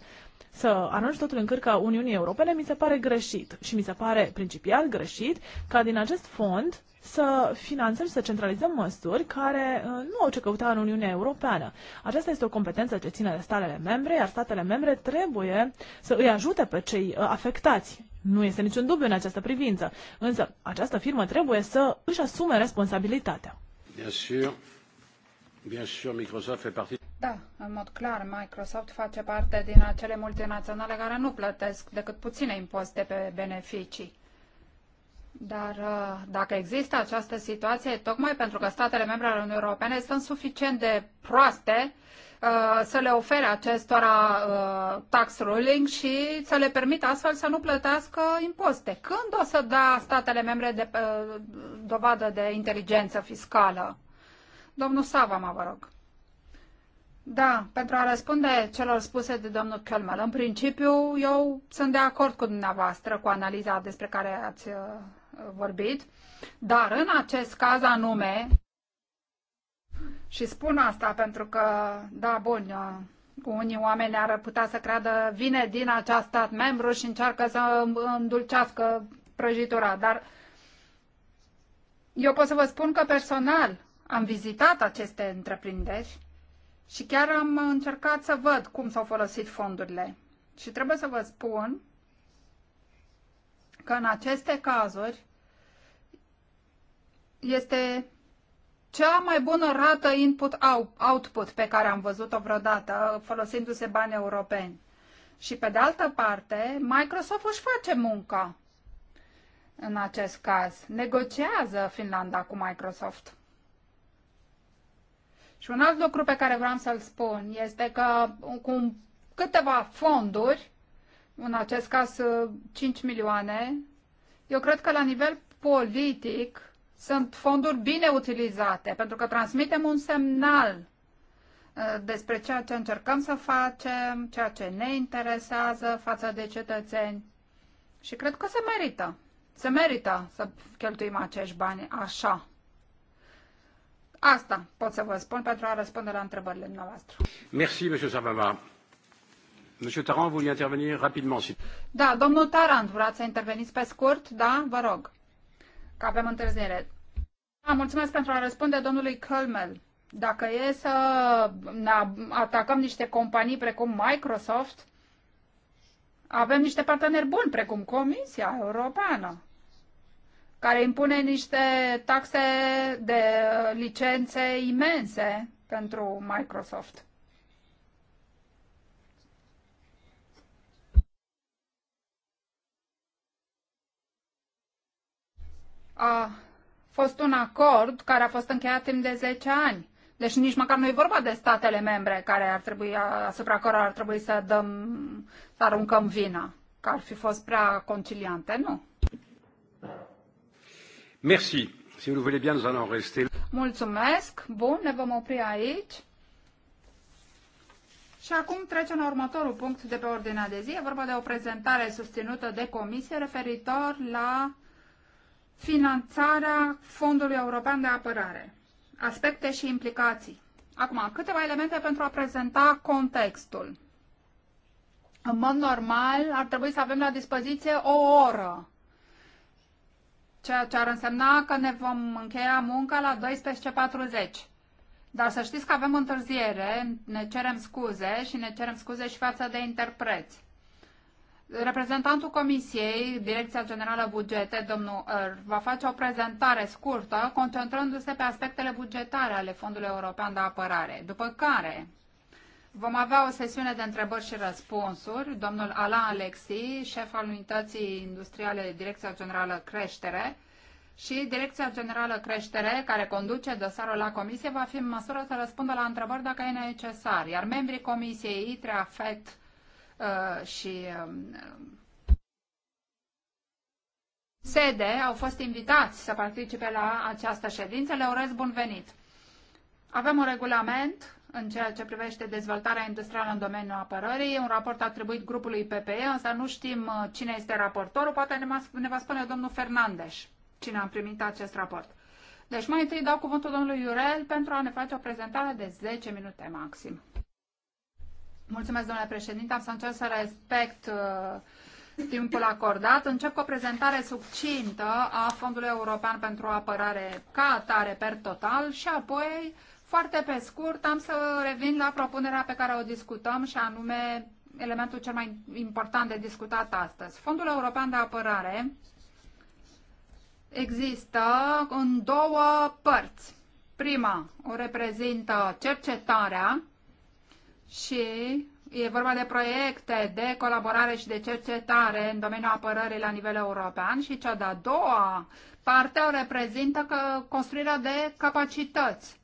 Să arunci totul în cârca Uniunii Europene mi se pare greșit și mi se pare principial greșit ca din acest fond să finanțăm și să centralizăm măsuri care uh, nu au ce căuta în Uniunea Europeană. Aceasta este o competență ce ține de statele membre, iar statele membre trebuie să îi ajute pe cei uh, afectați. Nu este niciun dubiu în această privință, însă această firmă trebuie să își asume responsabilitatea. Bien sûr. Bien sûr, Microsoft fait partie... Da, în mod clar, Microsoft face parte din acele multinaționale care nu plătesc decât puține impozite pe beneficii. Dar uh, dacă există această situație, tocmai pentru că statele membre ale Uniunii Europene sunt suficient de proaste uh, să le ofere acestora uh, tax ruling și să le permită astfel să nu plătească impozite. Când o să da statele membre de, dovadă de inteligență fiscală? Domnul mă vă rog. Da, pentru a răspunde celor spuse de domnul Kölmel, în principiu eu sunt de acord cu dumneavoastră, cu analiza despre care ați uh, vorbit, dar în acest caz anume, și spun asta pentru că, da, bun, uh, unii oameni ar putea să creadă vine din acest stat membru și încearcă să îndulcească prăjitura, dar eu pot să vă spun că personal am vizitat aceste întreprinderi și chiar am încercat să văd cum s-au folosit fondurile. Și trebuie să vă spun că în aceste cazuri este cea mai bună rată input-output pe care am văzut-o vreodată folosindu-se bani europeni. Și pe de altă parte, Microsoft își face munca în acest caz. Negociază Finlanda cu Microsoft. Și un alt lucru pe care vreau să-l spun este că cu câteva fonduri, în acest caz 5 uh, milioane, eu cred că la nivel politic sunt fonduri bine utilizate, pentru că transmitem un semnal uh, despre ceea ce încercăm să facem, ceea ce ne interesează față de cetățeni. Și cred că se merită. Se merită să cheltuim acești bani așa. Asta pot să vă spun pentru a răspunde la întrebările noastre. Merci, monsieur Savama. Monsieur Tarand, vous intervenir rapidement. Si... Da, domnul Tarand, vreați să interveniți pe scurt? Da, vă rog, că avem întârziere. Da, mulțumesc pentru a răspunde domnului Kölmel. Dacă e să ne atacăm niște companii precum Microsoft, avem niște parteneri buni, precum Comisia Europeană care impune niște taxe de licențe imense pentru Microsoft. A fost un acord care a fost încheiat timp de 10 ani. Deci nici măcar nu e vorba de statele membre care ar trebui, asupra cărora ar trebui să dăm, să aruncăm vina, că ar fi fost prea conciliante, nu. Merci. Si vous le voulez bien, nous allons rester. Mulțumesc. Bun, ne vom opri aici. Și acum trecem la următorul punct de pe ordinea de zi. E vorba de o prezentare susținută de comisie referitor la finanțarea Fondului European de Apărare. Aspecte și implicații. Acum, câteva elemente pentru a prezenta contextul. În mod normal, ar trebui să avem la dispoziție o oră ceea ce ar însemna că ne vom încheia munca la 12.40. Dar să știți că avem întârziere, ne cerem scuze și ne cerem scuze și față de interpreți. Reprezentantul Comisiei, Direcția Generală Bugete, domnul Er, va face o prezentare scurtă, concentrându-se pe aspectele bugetare ale Fondului European de Apărare, după care Vom avea o sesiune de întrebări și răspunsuri. Domnul Alain Alexi, șef al Unității Industriale Direcția Generală Creștere și Direcția Generală Creștere, care conduce dosarul la comisie, va fi în măsură să răspundă la întrebări dacă e necesar. Iar membrii comisiei ITRE, AFET uh, și uh, sede au fost invitați să participe la această ședință. Le urez bun venit! Avem un regulament în ceea ce privește dezvoltarea industrială în domeniul apărării. E un raport atribuit grupului PPE, însă nu știm uh, cine este raportorul. Poate ne va spune domnul Fernandes cine a primit acest raport. Deci mai întâi dau cuvântul domnului Iurel pentru a ne face o prezentare de 10 minute maxim. Mulțumesc, domnule președinte. Am să încerc să respect uh, timpul acordat. Încep cu o prezentare succintă a Fondului European pentru Apărare ca atare per total și apoi foarte pe scurt, am să revin la propunerea pe care o discutăm și anume elementul cel mai important de discutat astăzi. Fondul European de Apărare există în două părți. Prima o reprezintă cercetarea și e vorba de proiecte de colaborare și de cercetare în domeniul apărării la nivel european și cea de-a doua parte o reprezintă construirea de capacități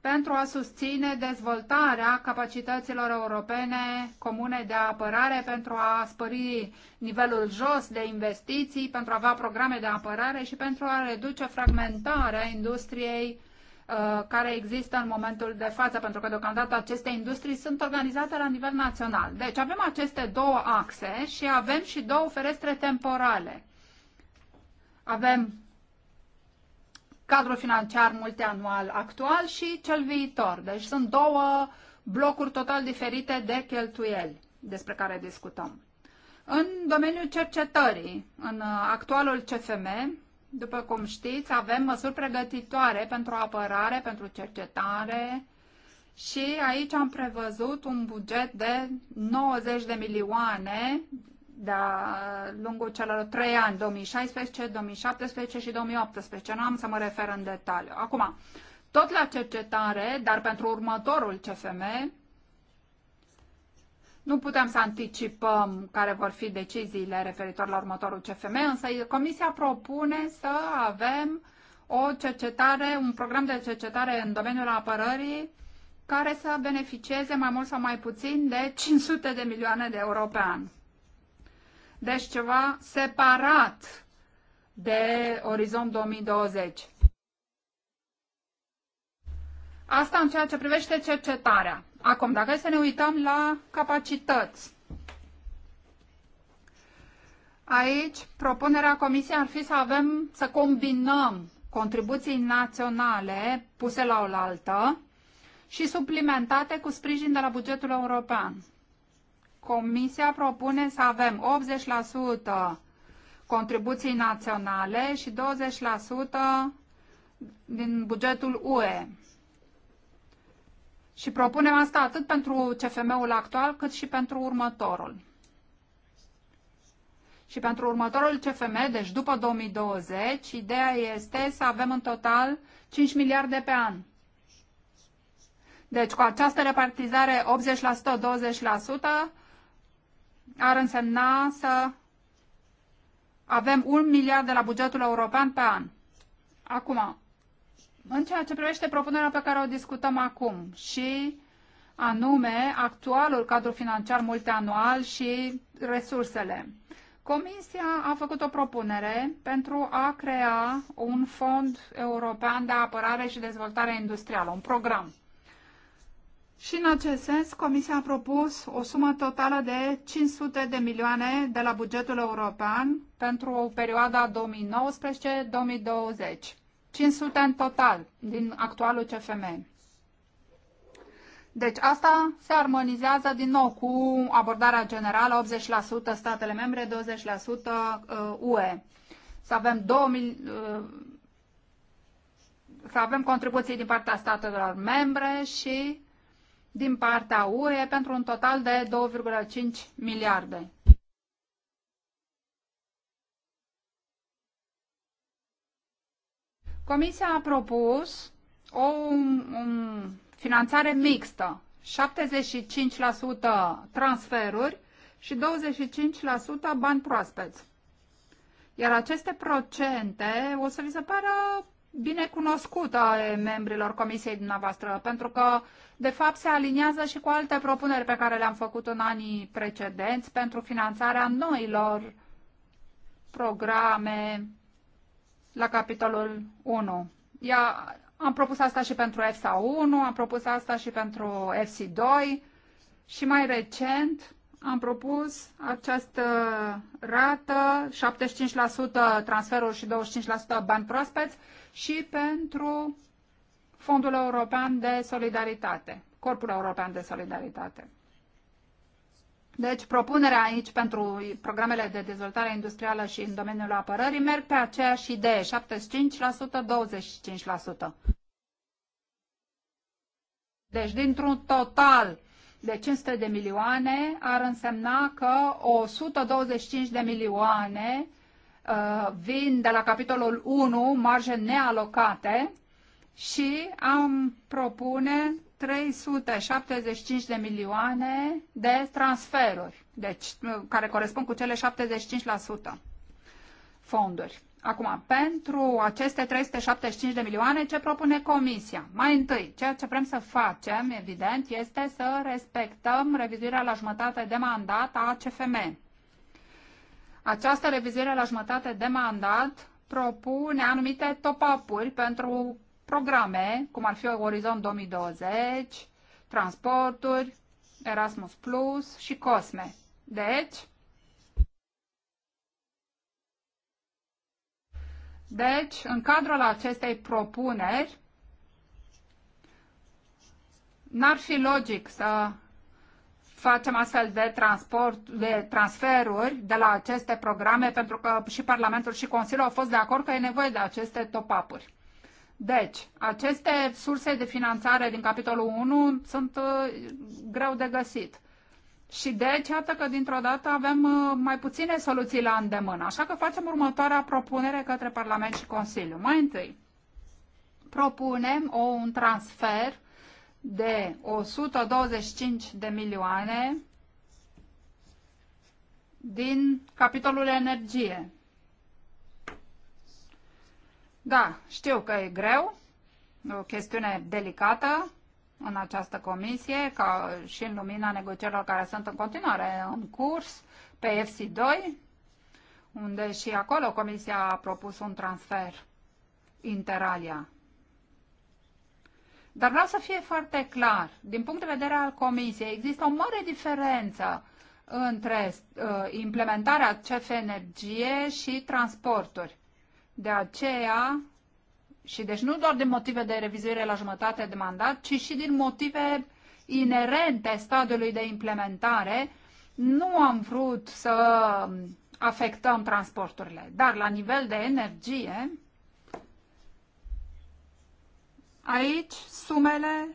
pentru a susține dezvoltarea capacităților europene comune de apărare, pentru a spări nivelul jos de investiții, pentru a avea programe de apărare și pentru a reduce fragmentarea industriei uh, care există în momentul de față, pentru că deocamdată aceste industrii sunt organizate la nivel național. Deci avem aceste două axe și avem și două ferestre temporale. Avem cadrul financiar multianual actual și cel viitor. Deci sunt două blocuri total diferite de cheltuieli despre care discutăm. În domeniul cercetării, în actualul CFM, după cum știți, avem măsuri pregătitoare pentru apărare, pentru cercetare și aici am prevăzut un buget de 90 de milioane de-a lungul celor trei ani, 2016, 2017 și 2018. Nu am să mă refer în detaliu. Acum, tot la cercetare, dar pentru următorul CFM, nu putem să anticipăm care vor fi deciziile referitor la următorul CFM, însă Comisia propune să avem o cercetare, un program de cercetare în domeniul apărării care să beneficieze mai mult sau mai puțin de 500 de milioane de euro pe an. Deci ceva separat de Orizont 2020. Asta în ceea ce privește cercetarea. Acum, dacă să ne uităm la capacități, aici propunerea Comisiei ar fi să avem, să combinăm contribuții naționale puse la oaltă și suplimentate cu sprijin de la bugetul european. Comisia propune să avem 80% contribuții naționale și 20% din bugetul UE. Și propunem asta atât pentru CFM-ul actual, cât și pentru următorul. Și pentru următorul CFM, deci după 2020, ideea este să avem în total 5 miliarde pe an. Deci cu această repartizare 80%-20%, ar însemna să avem un miliard de la bugetul european pe an. Acum, în ceea ce privește propunerea pe care o discutăm acum și anume actualul cadru financiar multianual și resursele. Comisia a făcut o propunere pentru a crea un fond european de apărare și dezvoltare industrială, un program. Și în acest sens, Comisia a propus o sumă totală de 500 de milioane de la bugetul european pentru perioada 2019-2020. 500 în total din actualul CFM. Deci asta se armonizează din nou cu abordarea generală 80% statele membre, 20% UE. Uh, să avem 2000, uh, să avem contribuții din partea statelor membre și din partea UE pentru un total de 2,5 miliarde. Comisia a propus o um, um, finanțare mixtă, 75% transferuri și 25% bani proaspeți. Iar aceste procente o să vi se pară binecunoscută membrilor comisiei dumneavoastră, pentru că, de fapt, se aliniază și cu alte propuneri pe care le-am făcut în anii precedenți pentru finanțarea noilor programe la capitolul 1. Ia, am propus asta și pentru EFSA 1, am propus asta și pentru EFSI 2 și mai recent am propus această rată, 75% transferuri și 25% bani proaspeți, și pentru Fondul European de Solidaritate, Corpul European de Solidaritate. Deci, propunerea aici pentru programele de dezvoltare industrială și în domeniul apărării merg pe aceeași idee, 75%, 25%. Deci, dintr-un total de 500 de milioane, ar însemna că 125 de milioane Uh, vin de la capitolul 1 marje nealocate și am propune 375 de milioane de transferuri, deci, uh, care corespund cu cele 75% fonduri. Acum, pentru aceste 375 de milioane, ce propune Comisia? Mai întâi, ceea ce vrem să facem, evident, este să respectăm revizuirea la jumătate de mandat a CFM. Această revizuire la jumătate de mandat propune anumite top-up-uri pentru programe, cum ar fi Orizont 2020, transporturi, Erasmus Plus și Cosme. Deci, deci, în cadrul acestei propuneri, n-ar fi logic să facem astfel de, transport, de transferuri de la aceste programe, pentru că și Parlamentul și Consiliul au fost de acord că e nevoie de aceste top-up-uri. Deci, aceste surse de finanțare din capitolul 1 sunt uh, greu de găsit. Și deci, iată că dintr-o dată avem uh, mai puține soluții la îndemână. Așa că facem următoarea propunere către Parlament și Consiliu. Mai întâi, propunem o, un transfer de 125 de milioane din capitolul energie. Da, știu că e greu, o chestiune delicată în această comisie, ca și în lumina negocierilor care sunt în continuare în curs pe FC2, unde și acolo comisia a propus un transfer interalia dar vreau să fie foarte clar, din punct de vedere al Comisiei, există o mare diferență între uh, implementarea CF energie și transporturi. De aceea, și deci nu doar din motive de revizuire la jumătate de mandat, ci și din motive inerente stadiului de implementare, nu am vrut să afectăm transporturile. Dar la nivel de energie, Aici sumele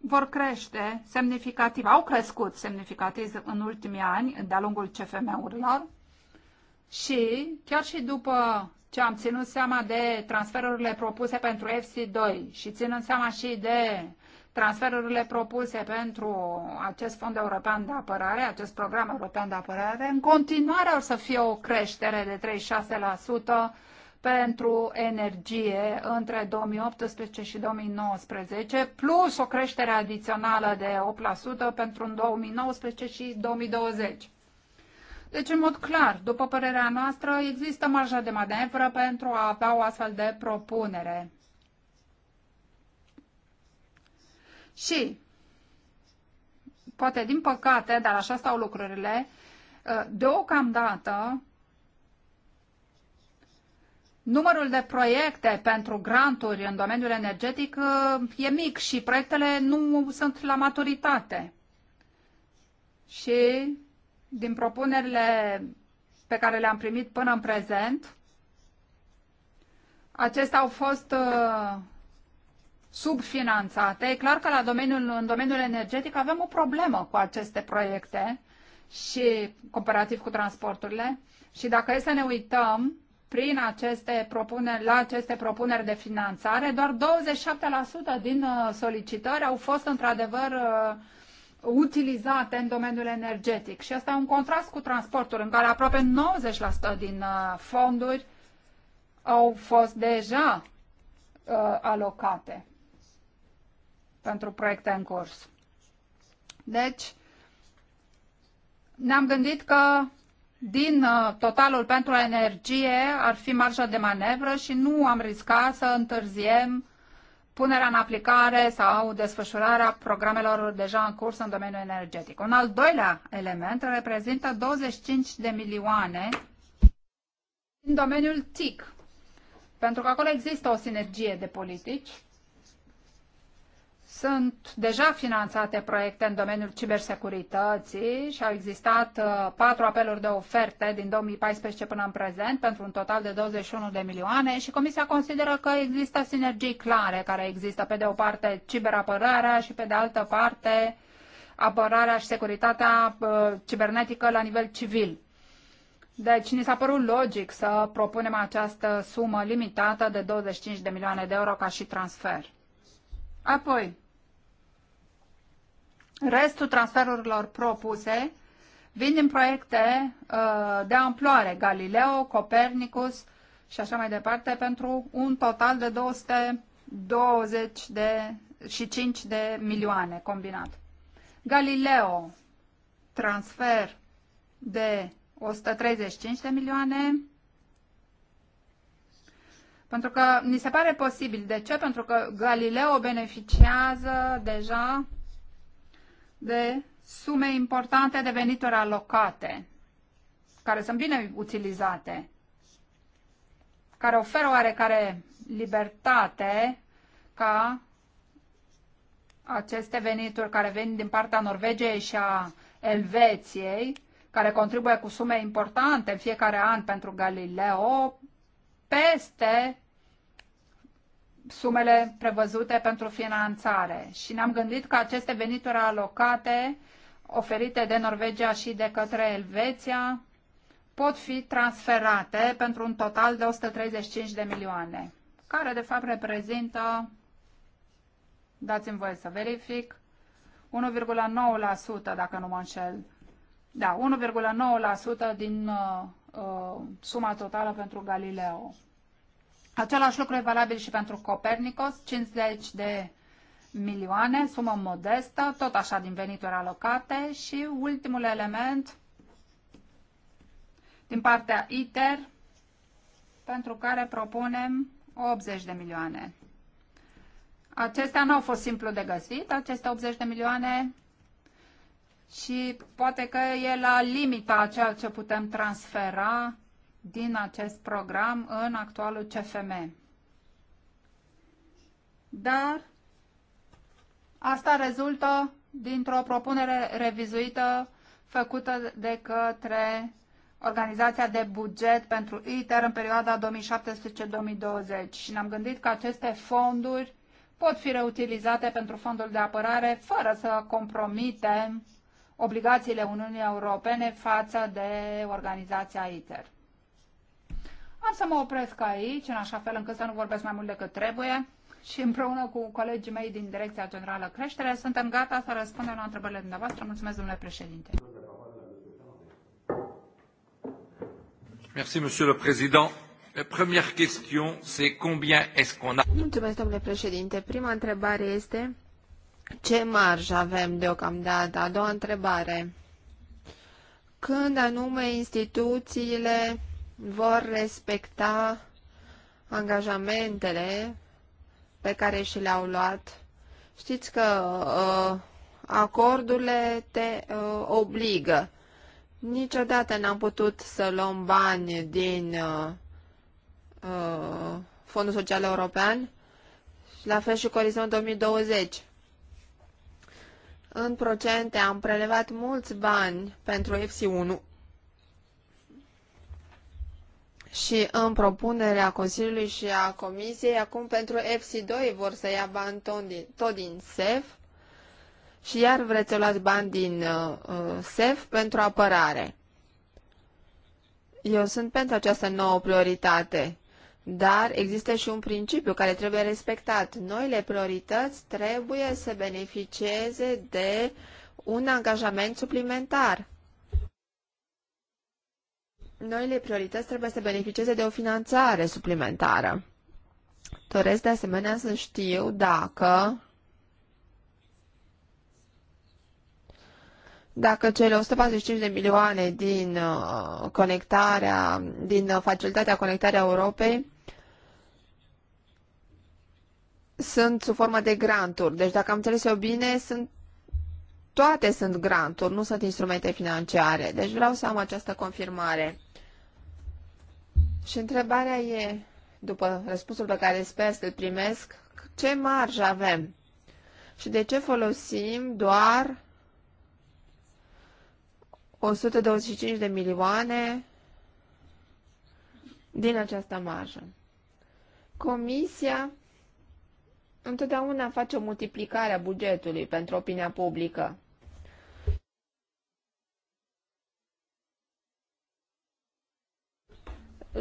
vor crește semnificativ, au crescut semnificativ în ultimii ani de-a lungul CFM-urilor și chiar și după ce am ținut seama de transferurile propuse pentru FC2 și ținând seama și de transferurile propuse pentru acest fond european de apărare, acest program european de apărare, în continuare o să fie o creștere de 36% pentru energie între 2018 și 2019, plus o creștere adițională de 8% pentru 2019 și 2020. Deci, în mod clar, după părerea noastră, există marja de manevră pentru a avea o astfel de propunere. Și, poate din păcate, dar așa stau lucrurile, deocamdată numărul de proiecte pentru granturi în domeniul energetic uh, e mic și proiectele nu sunt la maturitate. Și din propunerile pe care le-am primit până în prezent, acestea au fost uh, subfinanțate. E clar că la domeniul, în domeniul energetic avem o problemă cu aceste proiecte și comparativ cu transporturile. Și dacă e să ne uităm, prin aceste propuneri, la aceste propuneri de finanțare, doar 27% din uh, solicitări au fost într-adevăr uh, utilizate în domeniul energetic. Și asta e un contrast cu transportul, în care aproape 90% din uh, fonduri au fost deja alocate pentru proiecte în curs. Deci, ne-am gândit că din uh, totalul pentru energie ar fi marja de manevră și nu am riscat să întârziem punerea în aplicare sau desfășurarea programelor deja în curs în domeniul energetic. Un al doilea element reprezintă 25 de milioane în domeniul TIC, pentru că acolo există o sinergie de politici sunt deja finanțate proiecte în domeniul cibersecurității și au existat uh, patru apeluri de oferte din 2014 până în prezent pentru un total de 21 de milioane și Comisia consideră că există sinergii clare care există pe de o parte ciberapărarea și pe de altă parte apărarea și securitatea uh, cibernetică la nivel civil. Deci ni s-a părut logic să propunem această sumă limitată de 25 de milioane de euro ca și transfer. Apoi, Restul transferurilor propuse vin din proiecte uh, de amploare, Galileo, Copernicus și așa mai departe, pentru un total de 220 de și 5 de milioane combinat. Galileo, transfer de 135 de milioane, pentru că ni se pare posibil. De ce? Pentru că Galileo beneficiază deja de sume importante de venituri alocate, care sunt bine utilizate, care oferă oarecare libertate ca aceste venituri care vin din partea Norvegiei și a Elveției, care contribuie cu sume importante în fiecare an pentru Galileo, peste sumele prevăzute pentru finanțare și ne-am gândit că aceste venituri alocate oferite de Norvegia și de către Elveția pot fi transferate pentru un total de 135 de milioane, care de fapt reprezintă, dați-mi voie să verific, 1,9% dacă nu mă înșel. Da, 1,9% din uh, uh, suma totală pentru Galileo. Același lucru e valabil și pentru Copernicus, 50 de milioane, sumă modestă, tot așa din venituri alocate și ultimul element din partea ITER, pentru care propunem 80 de milioane. Acestea nu au fost simplu de găsit, aceste 80 de milioane și poate că e la limita a ceea ce putem transfera din acest program în actualul CFM. Dar asta rezultă dintr-o propunere revizuită făcută de către Organizația de Buget pentru ITER în perioada 2017-2020 și ne-am gândit că aceste fonduri pot fi reutilizate pentru fondul de apărare fără să compromitem obligațiile Uniunii Europene față de organizația ITER. Am să mă opresc aici, în așa fel încât să nu vorbesc mai mult decât trebuie și împreună cu colegii mei din Direcția Generală Creștere suntem gata să răspundem la întrebările dumneavoastră. Mulțumesc, domnule președinte. Merci, monsieur le président. La première question, c'est combien est-ce qu'on a... Mulțumesc, domnule președinte. Prima întrebare este ce marj avem deocamdată? A doua întrebare. Când anume instituțiile vor respecta angajamentele pe care și le-au luat. Știți că uh, acordurile te uh, obligă. Niciodată n-am putut să luăm bani din uh, uh, Fondul Social European și la fel și cu Orizont 2020. În procente am prelevat mulți bani pentru FC1 și în propunerea Consiliului și a Comisiei, acum pentru EFSI 2 vor să ia bani tot din SEF și iar vreți să luați bani din uh, uh SEF pentru apărare. Eu sunt pentru această nouă prioritate, dar există și un principiu care trebuie respectat. Noile priorități trebuie să beneficieze de un angajament suplimentar noile priorități trebuie să beneficieze de o finanțare suplimentară. Doresc de asemenea să știu dacă dacă cele 145 de milioane din uh, conectarea, din uh, facilitatea conectarea Europei sunt sub formă de granturi. Deci dacă am înțeles eu bine, sunt toate sunt granturi, nu sunt instrumente financiare. Deci vreau să am această confirmare. Și întrebarea e, după răspunsul pe care sper să-l primesc, ce marjă avem? Și de ce folosim doar 125 de milioane din această marjă? Comisia întotdeauna face o multiplicare a bugetului pentru opinia publică.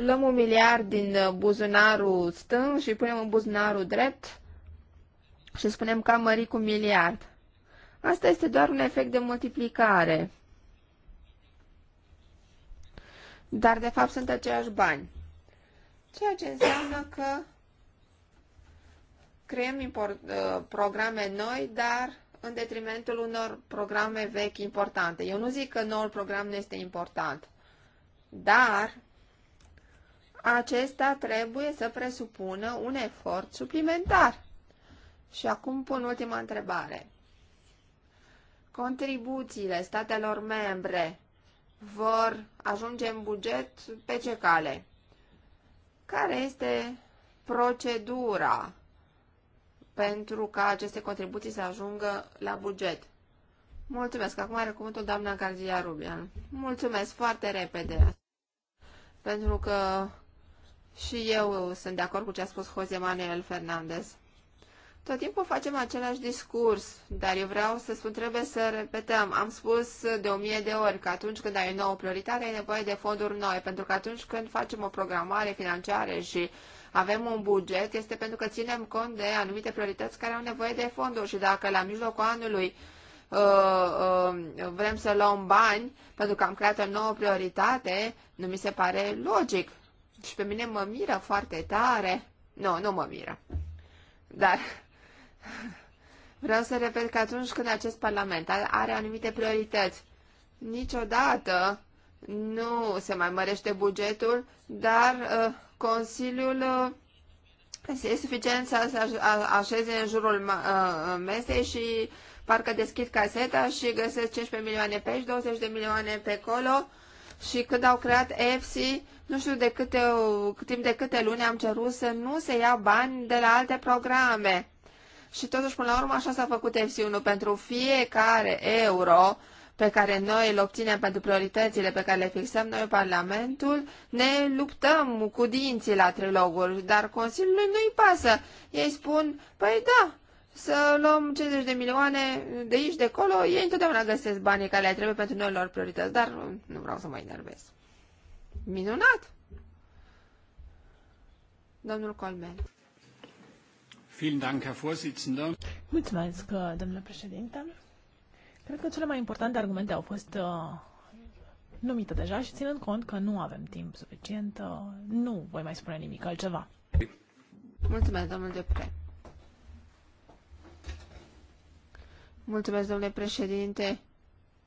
luăm un miliard din uh, buzunarul stâng și punem în buzunarul drept și spunem că am mărit cu un miliard. Asta este doar un efect de multiplicare. Dar, de fapt, sunt aceiași bani. Ceea ce înseamnă că creăm import, uh, programe noi, dar în detrimentul unor programe vechi importante. Eu nu zic că noul program nu este important, dar acesta trebuie să presupună un efort suplimentar. Și acum pun ultima întrebare. Contribuțiile statelor membre vor ajunge în buget pe ce cale? Care este procedura pentru ca aceste contribuții să ajungă la buget? Mulțumesc. Acum are cuvântul doamna Garzia Rubian. Mulțumesc foarte repede pentru că și eu sunt de acord cu ce a spus Jose Manuel Fernandez. Tot timpul facem același discurs, dar eu vreau să spun, trebuie să repetăm. Am spus de o mie de ori că atunci când ai o nouă prioritate, ai nevoie de fonduri noi, pentru că atunci când facem o programare financiară și avem un buget, este pentru că ținem cont de anumite priorități care au nevoie de fonduri și dacă la mijlocul anului uh, uh, vrem să luăm bani pentru că am creat o nouă prioritate, nu mi se pare logic și pe mine mă miră foarte tare. Nu, nu mă miră. Dar vreau să repet că atunci când acest parlament are anumite priorități, niciodată nu se mai mărește bugetul, dar uh, Consiliul uh, este suficient să se așeze în jurul uh, mesei și parcă deschid caseta și găsesc 15 milioane pe aici, 20 de milioane pe acolo și când au creat EFSI, nu știu de câte, timp de câte luni am cerut să nu se ia bani de la alte programe. Și totuși, până la urmă, așa s-a făcut EFSI 1 pentru fiecare euro pe care noi îl obținem pentru prioritățile pe care le fixăm noi Parlamentul, ne luptăm cu dinții la triloguri, dar Consiliului nu-i pasă. Ei spun, păi da, să luăm 50 de milioane de aici, de acolo, ei întotdeauna găsesc banii care le trebuie pentru noi lor priorități, dar nu vreau să mă enervez. Minunat! Domnul Colmen. Mulțumesc, domnule președinte. Cred că cele mai importante argumente au fost uh, numite deja și ținând cont că nu avem timp suficient, uh, nu voi mai spune nimic altceva. Mulțumesc, domnul Depre. Mulțumesc, domnule președinte.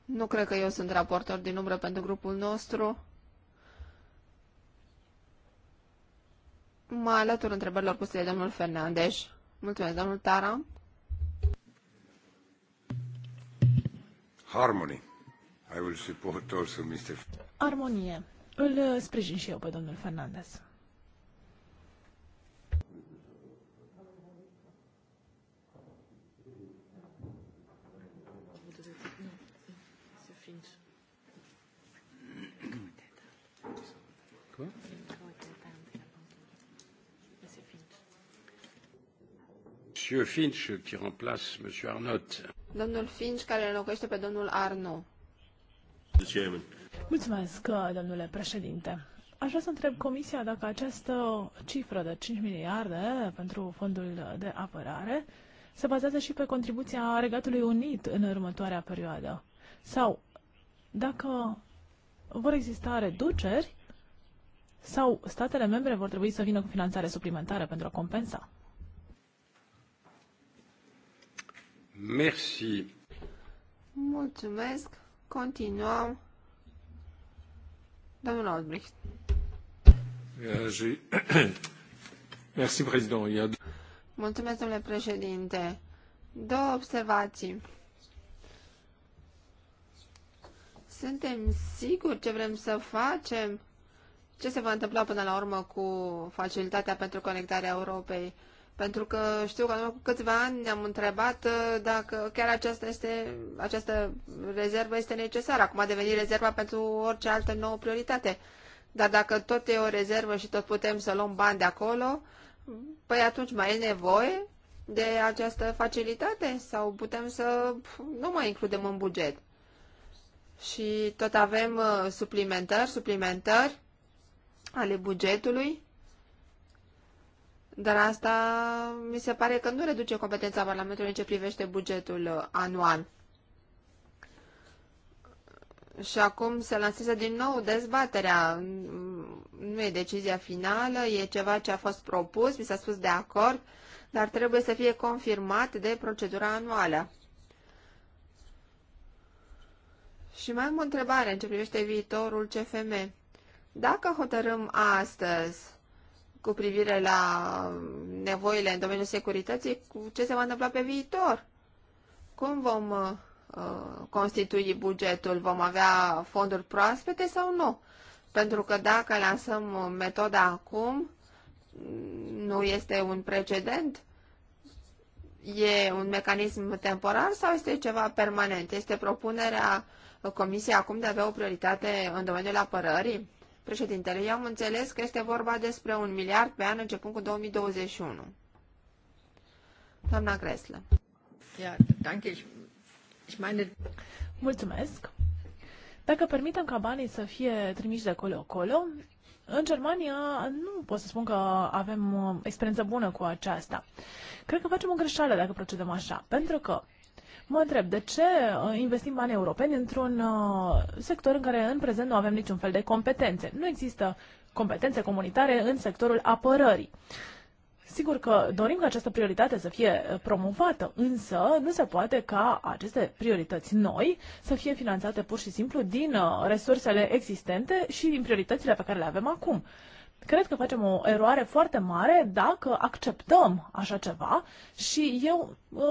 Nu cred că eu sunt raportor din umbră pentru grupul nostru. Mă alătur întrebărilor puse de domnul Fernandez. Mulțumesc, domnul Tara. Harmony. I will support also Mr. Armonie. Îl sprijin și eu pe domnul Fernandez. Monsieur Finch, qui remplace Monsieur Arnott. Domnul Finch, care înlocuiește pe domnul Arnott. Mulțumesc, domnule președinte. Aș vrea să întreb Comisia dacă această cifră de 5 miliarde pentru fondul de apărare se bazează și pe contribuția Regatului Unit în următoarea perioadă. Sau dacă vor exista reduceri sau statele membre vor trebui să vină cu finanțare suplimentară pentru a compensa. Merci. Mulțumesc. Continuăm. Domnul Albrecht. Euh, Merci, président. Mulțumesc, domnule președinte. Două observații. Suntem siguri ce vrem să facem? Ce se va întâmpla până la urmă cu facilitatea pentru conectarea Europei? Pentru că știu că cu câțiva ani ne-am întrebat uh, dacă chiar aceasta este, această rezervă este necesară. Acum a devenit rezerva pentru orice altă nouă prioritate. Dar dacă tot e o rezervă și tot putem să luăm bani de acolo, păi atunci mai e nevoie de această facilitate sau putem să nu mai includem în buget. Și tot avem uh, suplimentări, suplimentări ale bugetului dar asta mi se pare că nu reduce competența Parlamentului în ce privește bugetul uh, anual. Și acum se lansează din nou dezbaterea. Mm, nu e decizia finală, e ceva ce a fost propus, mi s-a spus de acord, dar trebuie să fie confirmat de procedura anuală. Și mai am o întrebare în ce privește viitorul CFM. Dacă hotărâm astăzi cu privire la nevoile în domeniul securității, cu ce se va întâmpla pe viitor. Cum vom uh, constitui bugetul? Vom avea fonduri proaspete sau nu? Pentru că dacă lansăm metoda acum, nu este un precedent? E un mecanism temporar sau este ceva permanent? Este propunerea Comisiei acum de a avea o prioritate în domeniul apărării? Președintele, eu am înțeles că este vorba despre un miliard pe an începând cu 2021. Doamna Greslă. danke. Ich, ich meine... Mulțumesc. Dacă permitem ca banii să fie trimiși de acolo-acolo, în Germania nu pot să spun că avem experiență bună cu aceasta. Cred că facem o greșeală dacă procedăm așa, pentru că Mă întreb, de ce uh, investim bani europeni într-un uh, sector în care în prezent nu avem niciun fel de competențe? Nu există competențe comunitare în sectorul apărării. Sigur că dorim ca această prioritate să fie uh, promovată, însă nu se poate ca aceste priorități noi să fie finanțate pur și simplu din resursele existente și din prioritățile pe care le avem acum. Cred că facem o eroare foarte mare dacă acceptăm așa ceva și eu ă,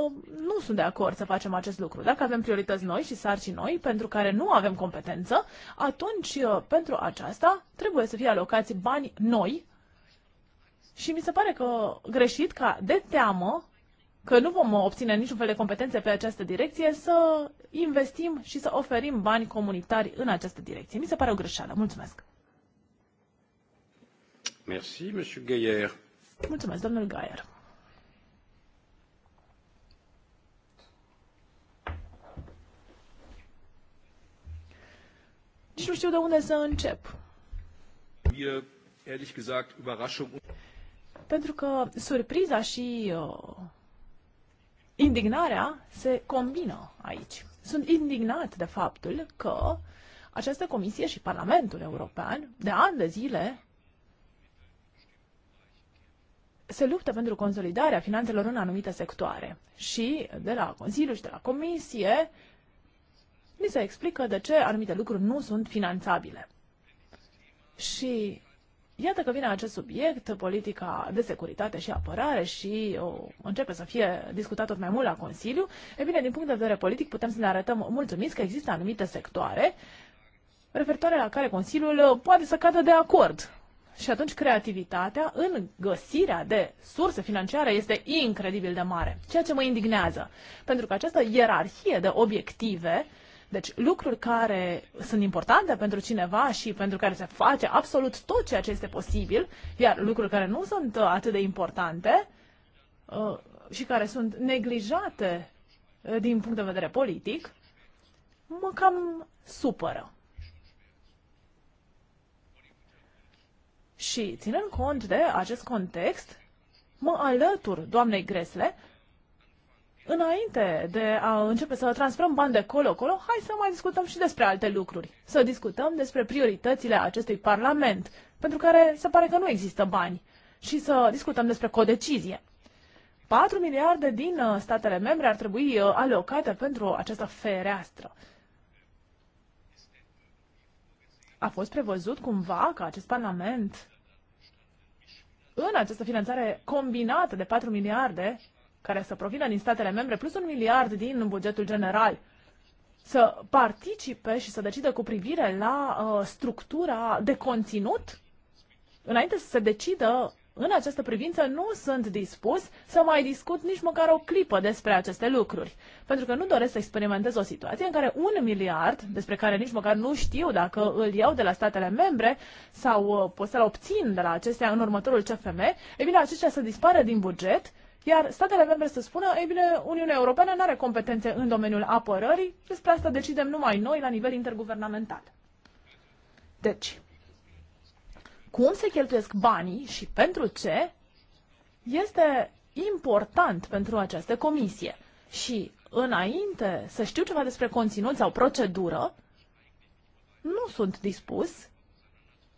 nu sunt de acord să facem acest lucru. Dacă avem priorități noi și sarcini noi pentru care nu avem competență, atunci ă, pentru aceasta trebuie să fie alocați bani noi și mi se pare că greșit ca de teamă că nu vom obține niciun fel de competențe pe această direcție, să investim și să oferim bani comunitari în această direcție. Mi se pare o greșeală. Mulțumesc! Gaier. Nici nu știu de unde să încep. Pentru că surpriza și uh, indignarea se combină aici. Sunt indignat de faptul că această comisie și Parlamentul European de ani de zile se luptă pentru consolidarea finanțelor în anumite sectoare. Și de la Consiliu și de la Comisie mi se explică de ce anumite lucruri nu sunt finanțabile. Și iată că vine acest subiect, politica de securitate și apărare și o, începe să fie discutat tot mai mult la Consiliu. E bine, din punct de vedere politic putem să ne arătăm mulțumiți că există anumite sectoare referitoare la care Consiliul poate să cadă de acord. Și atunci creativitatea în găsirea de surse financiare este incredibil de mare, ceea ce mă indignează. Pentru că această ierarhie de obiective deci lucruri care sunt importante pentru cineva și pentru care se face absolut tot ceea ce este posibil, iar lucruri care nu sunt atât de importante uh, și care sunt neglijate uh, din punct de vedere politic, mă cam supără. Și ținând cont de acest context, mă alătur doamnei Gresle înainte de a începe să transferăm bani de colo-colo, hai să mai discutăm și despre alte lucruri. Să discutăm despre prioritățile acestui Parlament, pentru care se pare că nu există bani, și să discutăm despre codecizie. 4 miliarde din uh, statele membre ar trebui uh, alocate pentru această fereastră a fost prevăzut cumva ca acest Parlament în această finanțare combinată de 4 miliarde care să provină din statele membre plus un miliard din bugetul general să participe și să decidă cu privire la uh, structura de conținut înainte să se decidă în această privință nu sunt dispus să mai discut nici măcar o clipă despre aceste lucruri. Pentru că nu doresc să experimentez o situație în care un miliard, despre care nici măcar nu știu dacă îl iau de la statele membre sau uh, pot să-l obțin de la acestea în următorul CFM, e bine, aceștia să dispară din buget iar statele membre să spună, ei bine, Uniunea Europeană nu are competențe în domeniul apărării, despre asta decidem numai noi la nivel interguvernamental. Deci, cum se cheltuiesc banii și pentru ce, este important pentru această comisie. Și înainte să știu ceva despre conținut sau procedură, nu sunt dispus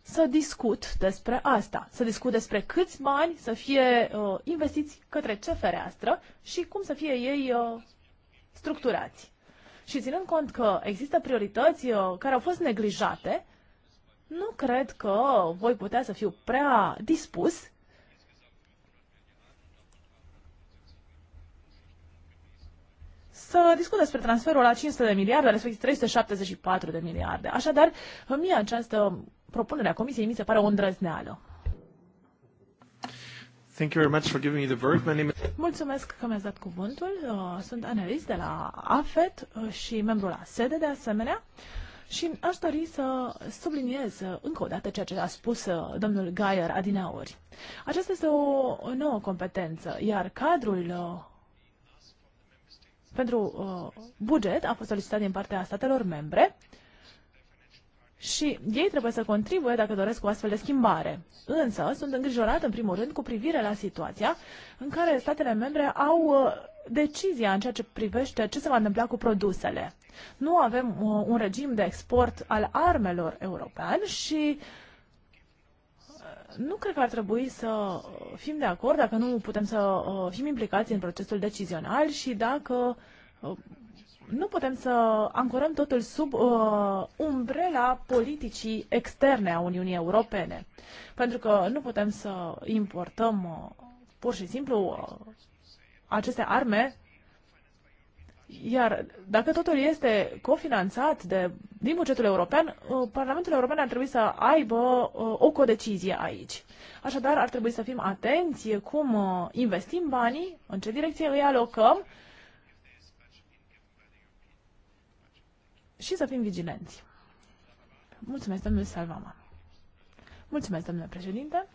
să discut despre asta, să discut despre câți bani să fie uh, investiți către ce fereastră și cum să fie ei uh, structurați. Și ținând cont că există priorități uh, care au fost neglijate, nu cred că voi putea să fiu prea dispus să discut despre transferul la 500 de miliarde, respectiv 374 de miliarde. Așadar, mie această propunere a Comisiei mi se pare o îndrăzneală. Thank you very much for giving me the word. My name is... Mulțumesc că mi-ați dat cuvântul. Uh, sunt analist de la AFET uh, și membru la SEDE de asemenea. Și aș dori să subliniez uh, încă o dată ceea ce a spus uh, domnul Gaier adineauri. Aceasta este o nouă competență, iar cadrul uh, pentru buget a fost solicitat din partea statelor membre și ei trebuie să contribuie dacă doresc o astfel de schimbare. Însă sunt îngrijorat în primul rând cu privire la situația în care statele membre au decizia în ceea ce privește ce se va întâmpla cu produsele. Nu avem uh, un regim de export al armelor european și uh, nu cred că ar trebui să uh, fim de acord dacă nu putem să uh, fim implicați în procesul decizional și dacă nu putem să ancorăm totul sub uh, umbrela politicii externe a Uniunii Europene. Pentru că nu putem să importăm uh, pur și simplu uh, aceste arme iar dacă totul este cofinanțat de, din bugetul european, uh, Parlamentul European ar trebui să aibă uh, o codecizie aici. Așadar, ar trebui să fim atenți cum uh, investim banii, în ce direcție îi alocăm și să fim vigilenți. Mulțumesc, domnule Salvama. Mulțumesc, domnule președinte.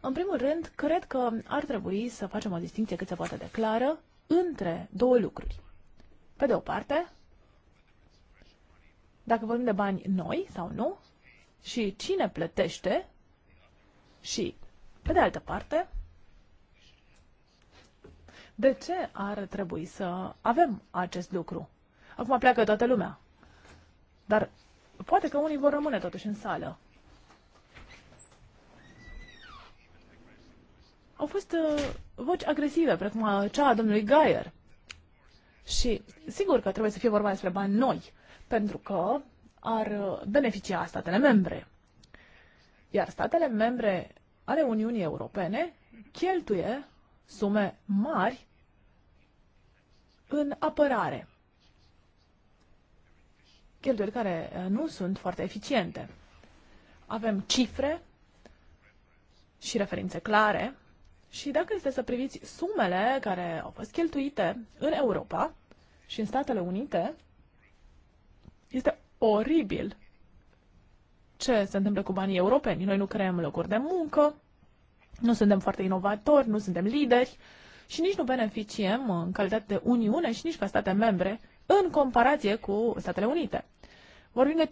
În primul rând, cred că ar trebui să facem o distinție cât se poate de clară între două lucruri. Pe de o parte, dacă vorbim de bani noi sau nu, și cine plătește, și, pe de altă parte, de ce ar trebui să avem acest lucru? Acum pleacă toată lumea. Dar poate că unii vor rămâne totuși în sală. au fost uh, voci agresive, precum uh, cea a domnului Gaier. Și sigur că trebuie să fie vorba despre bani noi, pentru că ar uh, beneficia statele membre. Iar statele membre ale Uniunii Europene cheltuie sume mari în apărare. Cheltuieli care uh, nu sunt foarte eficiente. Avem cifre și referințe clare și dacă este să priviți sumele care au fost cheltuite în Europa și în Statele Unite, este oribil ce se întâmplă cu banii europeni. Noi nu creăm locuri de muncă, nu suntem foarte inovatori, nu suntem lideri și nici nu beneficiem în calitate de Uniune și nici ca state membre în comparație cu Statele Unite. Vorbim de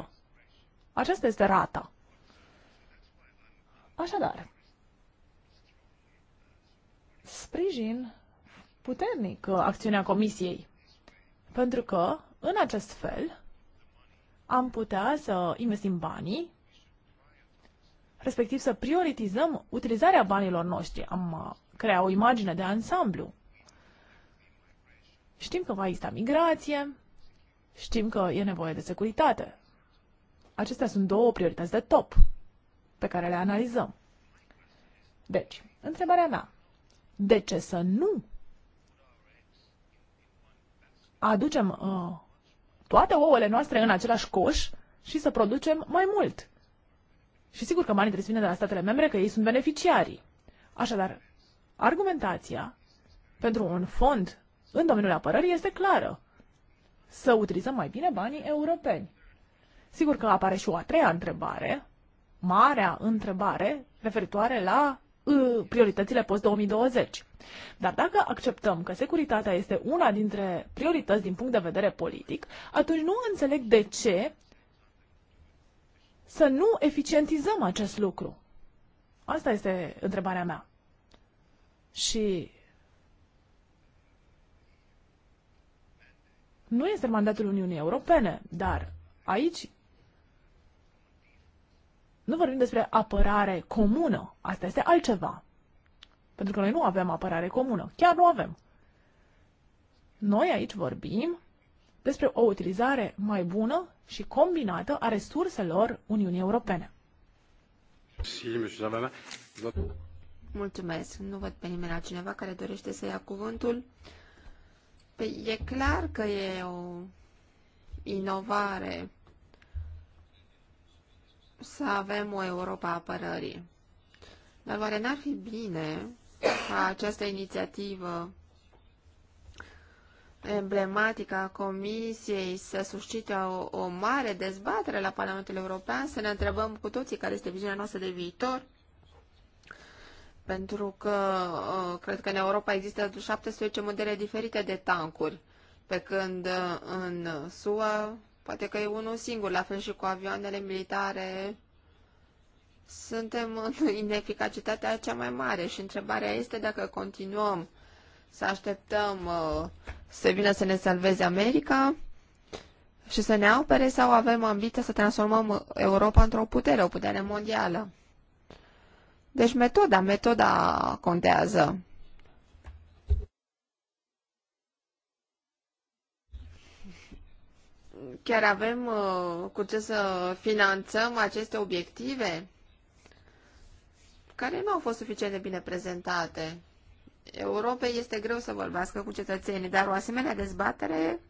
15%. Aceasta este rata. Așadar, sprijin puternic uh, acțiunea Comisiei, pentru că, în acest fel, am putea să investim banii, respectiv să prioritizăm utilizarea banilor noștri. Am uh, crea o imagine de ansamblu. Știm că va exista migrație, știm că e nevoie de securitate. Acestea sunt două priorități de top pe care le analizăm. Deci, întrebarea mea. De ce să nu? Aducem uh, toate ouăle noastre în același coș și să producem mai mult. Și sigur că banii trebuie să vină de la statele membre, că ei sunt beneficiarii. Așadar, argumentația pentru un fond în domeniul apărării este clară. Să utilizăm mai bine banii europeni. Sigur că apare și o a treia întrebare, marea întrebare, referitoare la Uh, prioritățile post-2020. Dar dacă acceptăm că securitatea este una dintre priorități din punct de vedere politic, atunci nu înțeleg de ce să nu eficientizăm acest lucru. Asta este întrebarea mea. Și nu este mandatul Uniunii Europene, dar aici nu vorbim despre apărare comună. Asta este altceva. Pentru că noi nu avem apărare comună. Chiar nu avem. Noi aici vorbim despre o utilizare mai bună și combinată a resurselor Uniunii Europene. Mulțumesc. Nu văd pe nimeni altcineva care dorește să ia cuvântul. Păi e clar că e o inovare să avem o Europa a apărării. Dar oare n-ar fi bine ca această inițiativă emblematică a Comisiei să suscite o, o mare dezbatere la Parlamentul European, să ne întrebăm cu toții care este viziunea noastră de viitor? Pentru că uh, cred că în Europa există 17 modele diferite de tancuri, pe când uh, în SUA Poate că e unul singur, la fel și cu avioanele militare. Suntem în ineficacitatea cea mai mare și întrebarea este dacă continuăm să așteptăm uh, să vină să ne salveze America și să ne apere sau avem ambiția să transformăm Europa într-o putere, o putere mondială. Deci metoda, metoda contează. Chiar avem uh, cu ce să finanțăm aceste obiective? care nu au fost suficient de bine prezentate. Europei este greu să vorbească cu cetățenii, dar o asemenea dezbatere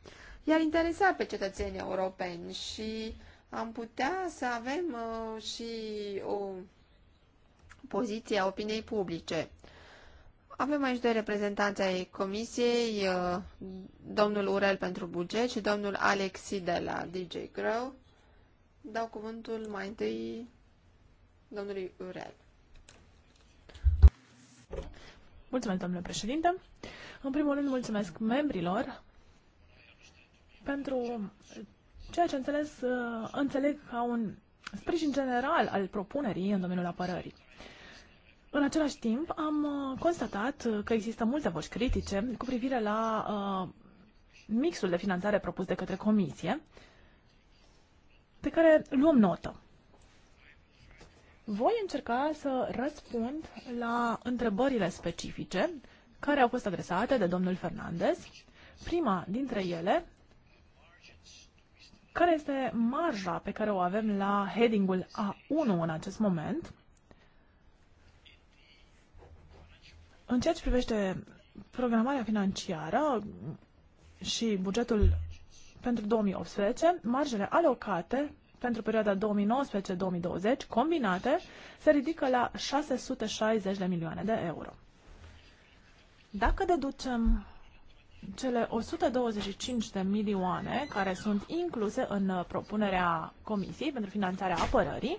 i-ar interesa pe cetățenii europeni și am putea să avem uh, și o poziție a opiniei publice. Avem aici doi reprezentanți ai comisiei, uh, domnul Urel pentru buget și domnul Alexi de la DJ Grow. Dau cuvântul mai întâi domnului Urel. Mulțumesc, domnule președinte. În primul rând, mulțumesc membrilor pentru ceea ce înțeles, uh, înțeleg ca un sprijin general al propunerii în domeniul apărării. În același timp, am uh, constatat uh, că există multe voci critice cu privire la uh, mixul de finanțare propus de către Comisie, pe care luăm notă. Voi încerca să răspund la întrebările specifice care au fost adresate de domnul Fernandez. Prima dintre ele, care este marja pe care o avem la headingul A1 în acest moment, În ceea ce privește programarea financiară și bugetul pentru 2018, marjele alocate pentru perioada 2019-2020 combinate se ridică la 660 de milioane de euro. Dacă deducem cele 125 de milioane care sunt incluse în uh, propunerea Comisiei pentru finanțarea apărării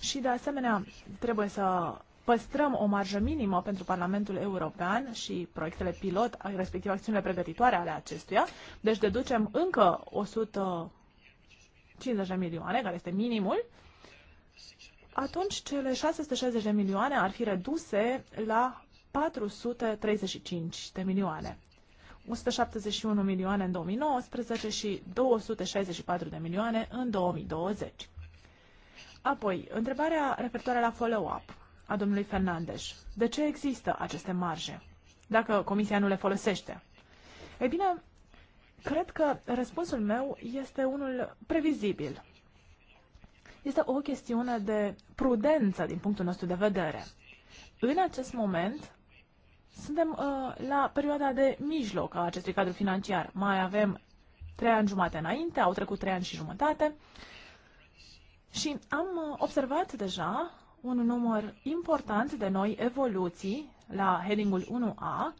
și de asemenea trebuie să păstrăm o marjă minimă pentru Parlamentul European și proiectele pilot, respectiv acțiunile pregătitoare ale acestuia, deci deducem încă 150 de milioane, care este minimul, atunci cele 660 de milioane ar fi reduse la 435 de milioane. 171 milioane în 2019 și 264 de milioane în 2020. Apoi, întrebarea referitoare la follow-up a domnului Fernandes. De ce există aceste marje, dacă Comisia nu le folosește? Ei bine, cred că răspunsul meu este unul previzibil. Este o chestiune de prudență din punctul nostru de vedere. În acest moment, suntem uh, la perioada de mijloc a acestui cadru financiar. Mai avem trei ani jumate înainte, au trecut trei ani și jumătate. Și am uh, observat deja un număr important de noi evoluții la headingul 1A,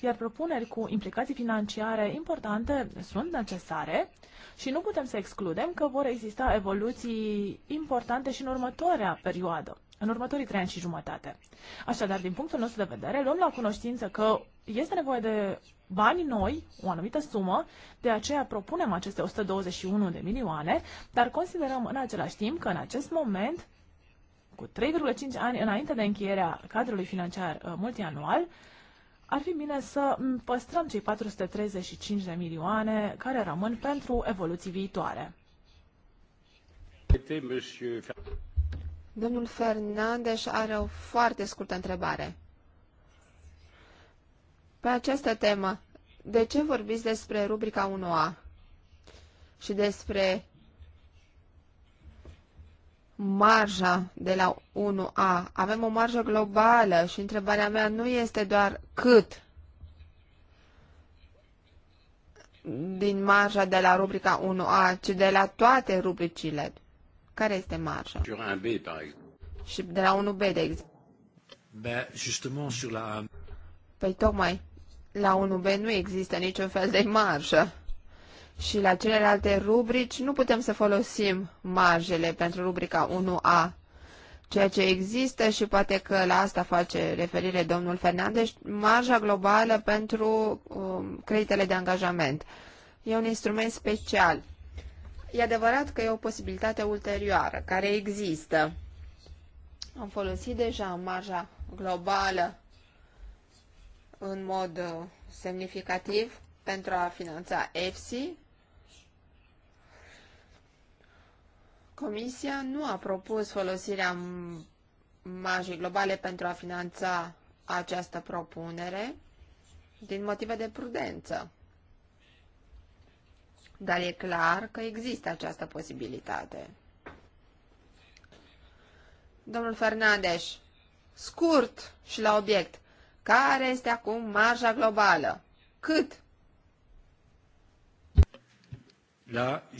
iar propuneri cu implicații financiare importante sunt necesare și nu putem să excludem că vor exista evoluții importante și în următoarea perioadă, în următorii trei ani și jumătate. Așadar, din punctul nostru de vedere, luăm la cunoștință că este nevoie de bani noi, o anumită sumă, de aceea propunem aceste 121 de milioane, dar considerăm în același timp că în acest moment cu 3,5 ani înainte de încheierea cadrului financiar uh, multianual, ar fi bine să păstrăm cei 435 de milioane care rămân pentru evoluții viitoare. Domnul Fernandes are o foarte scurtă întrebare. Pe această temă, de ce vorbiți despre rubrica 1A și despre marja de la 1A. Avem o marjă globală și întrebarea mea nu este doar cât din marja de la rubrica 1A, ci de la toate rubricile. Care este marja? Sur 1B, par exemple. Și de la 1B, de exemplu. Păi tocmai, la 1B nu există niciun fel de marjă și la celelalte rubrici nu putem să folosim marjele pentru rubrica 1A. Ceea ce există și poate că la asta face referire domnul Fernandez, marja globală pentru um, creditele de angajament. E un instrument special. E adevărat că e o posibilitate ulterioară care există. Am folosit deja marja globală în mod uh, semnificativ pentru a finanța EFSI Comisia nu a propus folosirea marjei globale pentru a finanța această propunere din motive de prudență. Dar e clar că există această posibilitate. Domnul Fernandes, scurt și la obiect, care este acum marja globală? Cât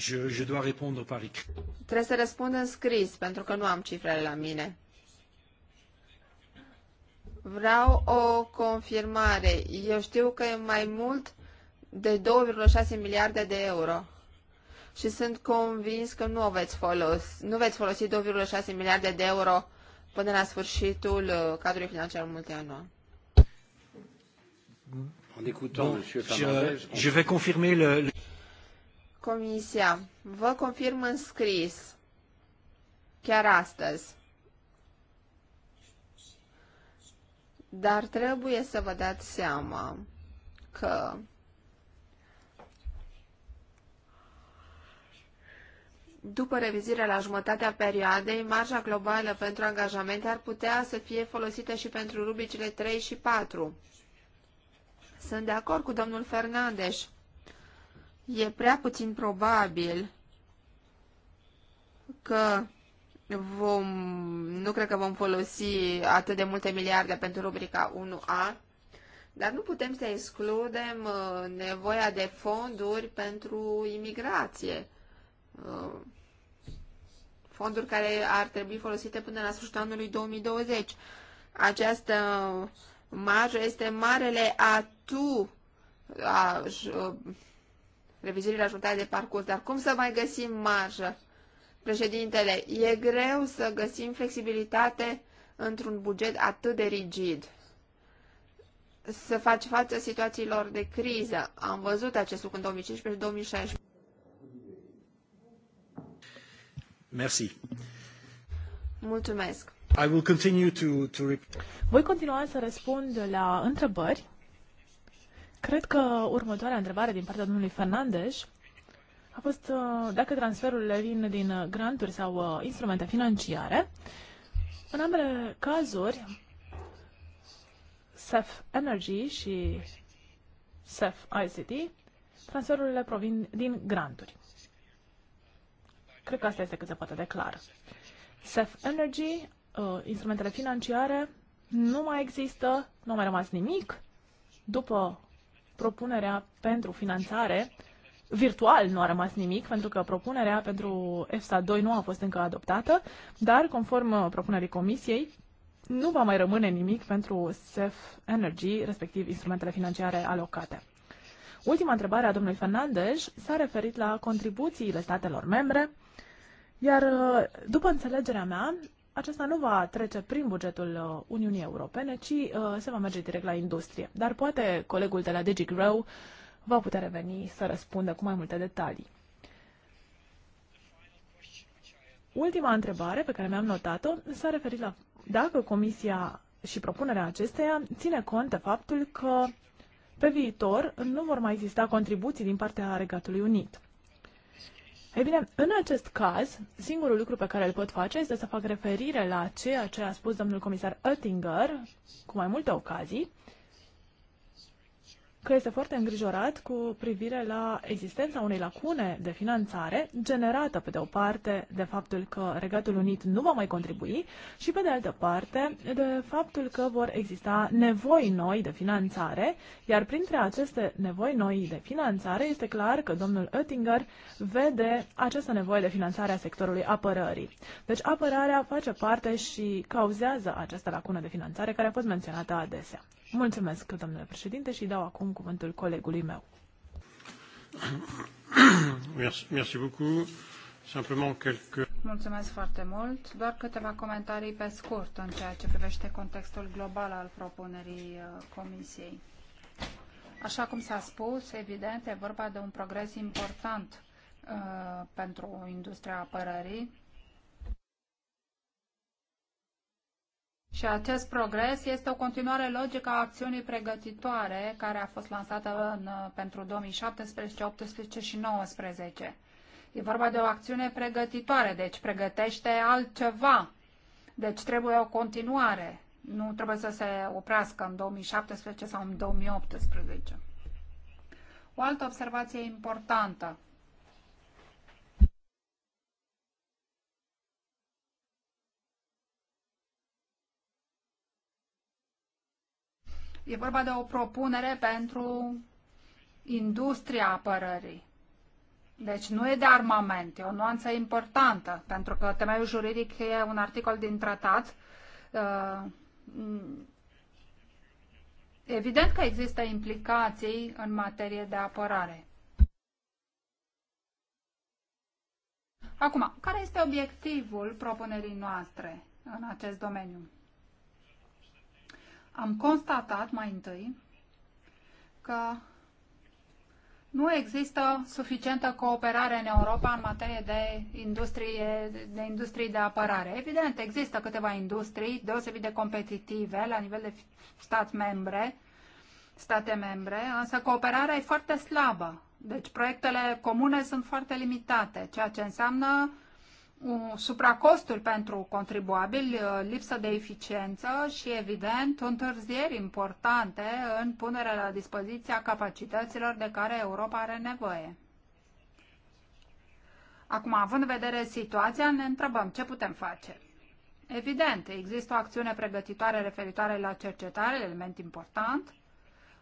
je, je dois répondre par écrit. Trebuie să răspund în scris, pentru că nu am cifrele la mine. Vreau o confirmare. Eu știu că e mai mult de 2,6 miliarde de euro. Și sunt convins că nu, o veți, folosi, nu veți folosi 2,6 miliarde de euro până la sfârșitul uh, cadrului financiar multianual. En écoutant bon, je, je vais confirmer le... Comisia, vă confirm în scris, chiar astăzi. Dar trebuie să vă dați seama că după revizirea la jumătatea perioadei, marja globală pentru angajamente ar putea să fie folosită și pentru rubricile 3 și 4. Sunt de acord cu domnul Fernandes E prea puțin probabil că vom, nu cred că vom folosi atât de multe miliarde pentru rubrica 1A, dar nu putem să excludem uh, nevoia de fonduri pentru imigrație. Uh, fonduri care ar trebui folosite până la sfârșitul anului 2020. Această marjă este marele atu a uh, revizuirile la jumătate de parcurs, dar cum să mai găsim marjă? Președintele, e greu să găsim flexibilitate într-un buget atât de rigid. Să faci față situațiilor de criză. Am văzut acest lucru în 2015-2016. Merci. Mulțumesc. I will continue to, to... Voi continua să răspund la întrebări Cred că următoarea întrebare din partea domnului Fernandez a fost uh, dacă transferurile vin din granturi sau uh, instrumente financiare. În ambele cazuri, SEF Energy și SEF ICT, transferurile provin din granturi. Cred că asta este cât se poate de clar. SEF Energy, uh, instrumentele financiare, nu mai există, nu a mai rămas nimic după propunerea pentru finanțare, virtual nu a rămas nimic, pentru că propunerea pentru EFSA 2 nu a fost încă adoptată, dar conform propunerii comisiei, nu va mai rămâne nimic pentru SEF Energy, respectiv instrumentele financiare alocate. Ultima întrebare a domnului Fernandez s-a referit la contribuțiile statelor membre, iar după înțelegerea mea, acesta nu va trece prin bugetul uh, Uniunii Europene, ci uh, se va merge direct la industrie. Dar poate colegul de la DigiGrow va putea reveni să răspundă cu mai multe detalii. Ultima întrebare pe care mi-am notat-o s-a referit la dacă Comisia și propunerea acesteia ține cont de faptul că pe viitor nu vor mai exista contribuții din partea Regatului Unit. Ei bine, în acest caz, singurul lucru pe care îl pot face este să fac referire la ceea ce a spus domnul comisar Oettinger cu mai multe ocazii, că este foarte îngrijorat cu privire la existența unei lacune de finanțare generată, pe de o parte, de faptul că Regatul Unit nu va mai contribui și, pe de altă parte, de faptul că vor exista nevoi noi de finanțare, iar printre aceste nevoi noi de finanțare este clar că domnul Oettinger vede această nevoie de finanțare a sectorului apărării. Deci apărarea face parte și cauzează această lacună de finanțare care a fost menționată adesea. Mulțumesc, domnule președinte, și dau acum cuvântul colegului meu. Merci quelques... Mulțumesc foarte mult. Doar câteva comentarii pe scurt în ceea ce privește contextul global al propunerii uh, Comisiei. Așa cum s-a spus, evident, e vorba de un progres important uh, pentru industria apărării, Și acest progres este o continuare logică a acțiunii pregătitoare care a fost lansată în, pentru 2017, 18 și 19. E vorba de o acțiune pregătitoare, deci pregătește altceva. Deci trebuie o continuare. Nu trebuie să se oprească în 2017 sau în 2018. O altă observație importantă E vorba de o propunere pentru industria apărării. Deci nu e de armament, e o nuanță importantă, pentru că temeiul juridic e un articol din tratat. Uh, evident că există implicații în materie de apărare. Acum, care este obiectivul propunerii noastre în acest domeniu? am constatat mai întâi că nu există suficientă cooperare în Europa în materie de industrie de, industrie de apărare. Evident, există câteva industrii deosebit de competitive la nivel de stat membre, state membre, însă cooperarea e foarte slabă. Deci proiectele comune sunt foarte limitate, ceea ce înseamnă supracostul pentru contribuabil, uh, lipsă de eficiență și, evident, întârzieri importante în punerea la dispoziția capacităților de care Europa are nevoie. Acum, având în vedere situația, ne întrebăm ce putem face. Evident, există o acțiune pregătitoare referitoare la cercetare, element important,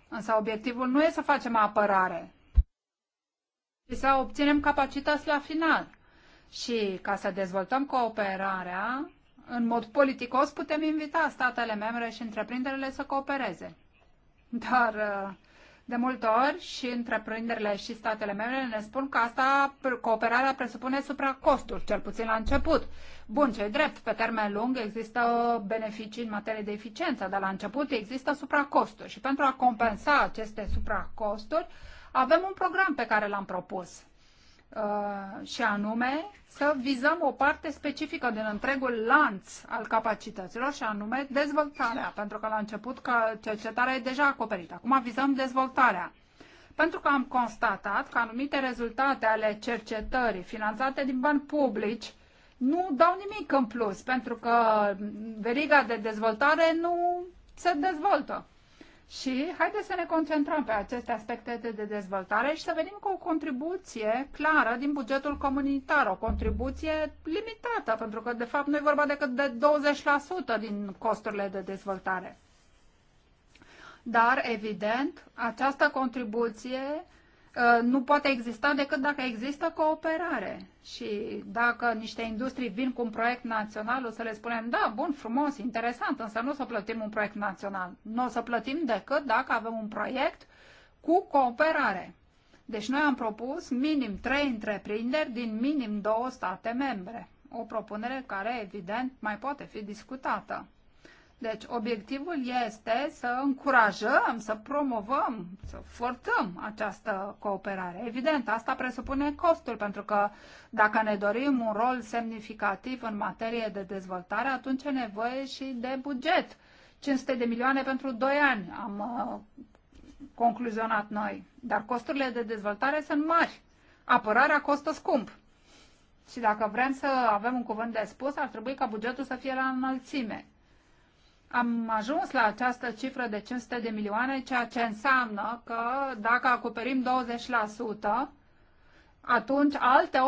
însă obiectivul nu e să facem apărare, ci să obținem capacități la final. Și ca să dezvoltăm cooperarea, în mod politicos putem invita statele membre și întreprinderile să coopereze. Dar uh, de multe ori și întreprinderile și statele membre ne spun că asta, cooperarea presupune supracosturi, cel puțin la început. Bun, ce drept, pe termen lung există beneficii în materie de eficiență, dar la început există supracosturi și pentru a compensa aceste supracosturi avem un program pe care l-am propus Uh, și anume să vizăm o parte specifică din întregul lanț al capacităților și anume dezvoltarea, pentru că la început că cercetarea e deja acoperită. Acum vizăm dezvoltarea. Pentru că am constatat că anumite rezultate ale cercetării finanțate din bani publici nu dau nimic în plus, pentru că veriga de dezvoltare nu se dezvoltă. Și haideți să ne concentrăm pe aceste aspecte de dezvoltare și să venim cu o contribuție clară din bugetul comunitar, o contribuție limitată, pentru că de fapt nu e vorba decât de 20% din costurile de dezvoltare. Dar, evident, această contribuție Uh, nu poate exista decât dacă există cooperare. Și dacă niște industrii vin cu un proiect național, o să le spunem, da, bun, frumos, interesant, însă nu o să plătim un proiect național. Nu o să plătim decât dacă avem un proiect cu cooperare. Deci noi am propus minim trei întreprinderi din minim două state membre. O propunere care, evident, mai poate fi discutată. Deci, obiectivul este să încurajăm, să promovăm, să forțăm această cooperare. Evident, asta presupune costul, pentru că dacă ne dorim un rol semnificativ în materie de dezvoltare, atunci e nevoie și de buget. 500 de milioane pentru 2 ani am uh, concluzionat noi. Dar costurile de dezvoltare sunt mari. Apărarea costă scump. Și dacă vrem să avem un cuvânt de spus, ar trebui ca bugetul să fie la înălțime am ajuns la această cifră de 500 de milioane, ceea ce înseamnă că dacă acoperim 20%, atunci alte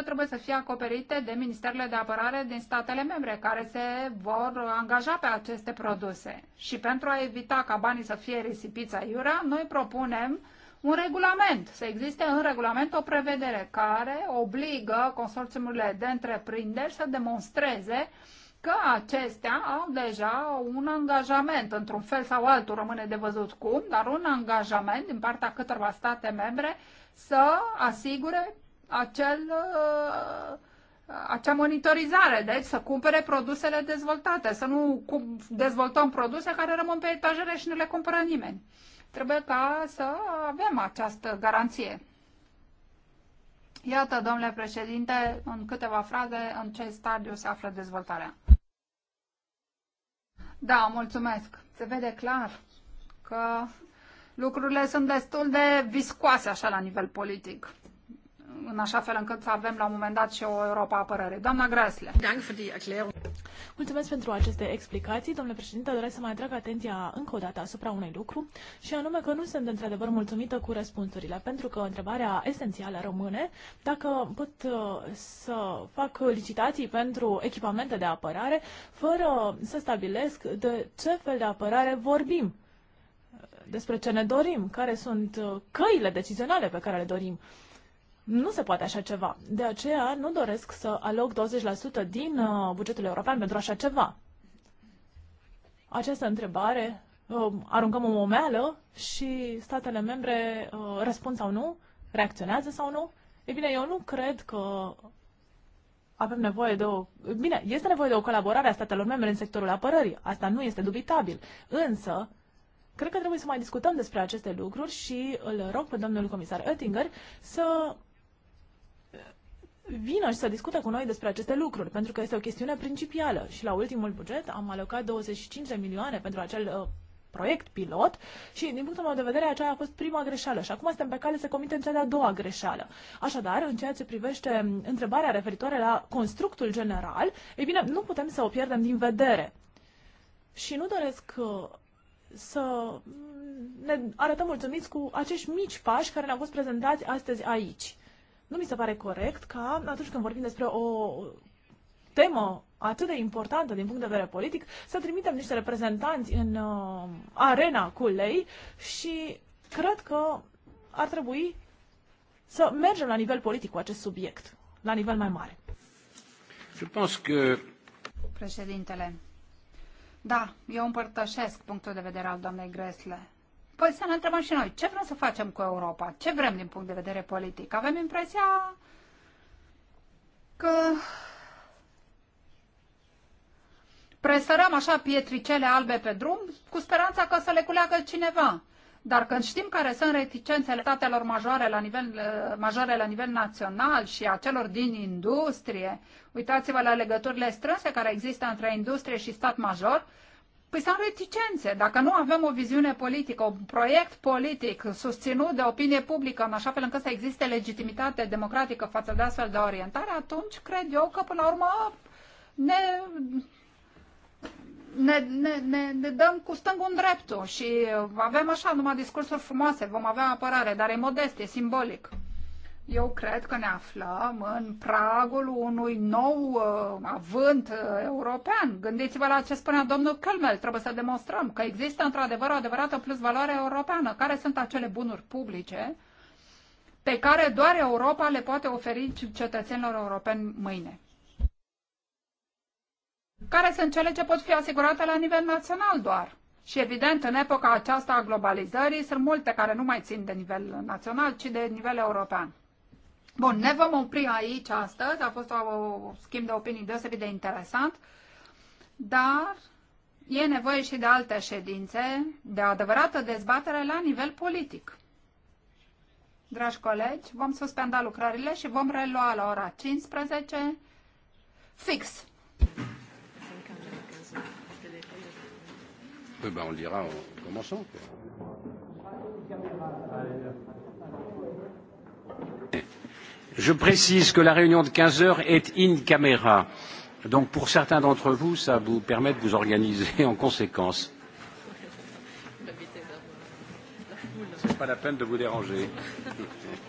80% trebuie să fie acoperite de ministerele de apărare din statele membre care se vor angaja pe aceste produse. Și pentru a evita ca banii să fie risipiți aiurea, noi propunem un regulament, să existe în regulament o prevedere care obligă consorțiumurile de întreprinderi să demonstreze uh, că acestea au deja un angajament, într-un fel sau altul rămâne de văzut cum, dar un angajament din partea câtorva state membre să asigure acel, uh, acea monitorizare, deci să cumpere produsele dezvoltate, să nu dezvoltăm produse care rămân pe etajere și nu le cumpără nimeni. Trebuie ca să avem această garanție. Iată, domnule președinte, în câteva fraze, în ce stadiu se află dezvoltarea. Da, mulțumesc. Se vede clar că lucrurile sunt destul de viscoase așa la nivel politic în așa fel încât să avem la un moment dat și o Europa apărării. Doamna Grasle. Mulțumesc pentru aceste explicații. Domnule președinte, doresc să mai atrag atenția încă o dată asupra unui lucru și anume că nu sunt într-adevăr mulțumită cu răspunsurile, pentru că întrebarea esențială rămâne dacă pot uh, să fac licitații pentru echipamente de apărare fără să stabilesc de ce fel de apărare vorbim despre ce ne dorim, care sunt uh, căile decizionale pe care le dorim. Nu se poate așa ceva. De aceea nu doresc să aloc 20% din uh, bugetul european pentru așa ceva. Această întrebare uh, aruncăm o momeală și statele membre uh, răspund sau nu, reacționează sau nu. E bine, eu nu cred că avem nevoie de o... Bine, este nevoie de o colaborare a statelor membre în sectorul apărării. Asta nu este dubitabil. Însă, cred că trebuie să mai discutăm despre aceste lucruri și îl rog pe domnul comisar Oettinger să vină și să discute cu noi despre aceste lucruri, pentru că este o chestiune principială. Și la ultimul buget am alocat 25 de milioane pentru acel uh, proiect pilot și, din punctul meu de vedere, aceea a fost prima greșeală și acum suntem pe cale să comitem cea de-a doua greșeală. Așadar, în ceea ce privește um, întrebarea referitoare la constructul general, ei bine, nu putem să o pierdem din vedere. Și nu doresc uh, să ne arătăm mulțumiți cu acești mici pași care ne-au fost prezentați astăzi aici. Nu mi se pare corect ca atunci când vorbim despre o temă atât de importantă din punct de vedere politic, să trimitem niște reprezentanți în uh, arena cu lei și cred că ar trebui să mergem la nivel politic cu acest subiect, la nivel mai mare. că... Președintele, da, eu împărtășesc punctul de vedere al doamnei Gresle. Păi să ne întrebăm și noi, ce vrem să facem cu Europa? Ce vrem din punct de vedere politic? Avem impresia că presărăm așa pietricele albe pe drum cu speranța că să le culeagă cineva. Dar când știm care sunt reticențele statelor majore la nivel, eh, majore la nivel național și a celor din industrie, uitați-vă la legăturile strânse care există între industrie și stat major, Păi sunt reticențe. Dacă nu avem o viziune politică, un proiect politic susținut de opinie publică, în așa fel încât să existe legitimitate democratică față de astfel de orientare, atunci cred eu că, până la urmă, ne, ne, ne, ne, ne dăm cu stângul în dreptul și avem așa numai discursuri frumoase, vom avea apărare, dar e modest, e simbolic. Eu cred că ne aflăm în pragul unui nou uh, avânt uh, european. Gândiți-vă la ce spunea domnul Kelmel. Trebuie să demonstrăm că există într-adevăr o adevărată plus valoare europeană. Care sunt acele bunuri publice pe care doar Europa le poate oferi cetățenilor europeni mâine? Care sunt cele ce pot fi asigurate la nivel național doar? Și evident, în epoca aceasta a globalizării, sunt multe care nu mai țin de nivel național, ci de nivel european. Bun, ne vom opri aici astăzi. A fost un schimb de opinii deosebit de interesant, dar e nevoie și de alte ședințe, de adevărată dezbatere la nivel politic. Dragi colegi, vom suspenda lucrările și vom relua la ora 15 fix. Eh ben, on dira en commençant. Quoi. Je précise que la réunion de quinze heures est in camera. Donc pour certains d'entre vous, cela vous permet de vous organiser en conséquence. Ce n'est pas la peine de vous déranger.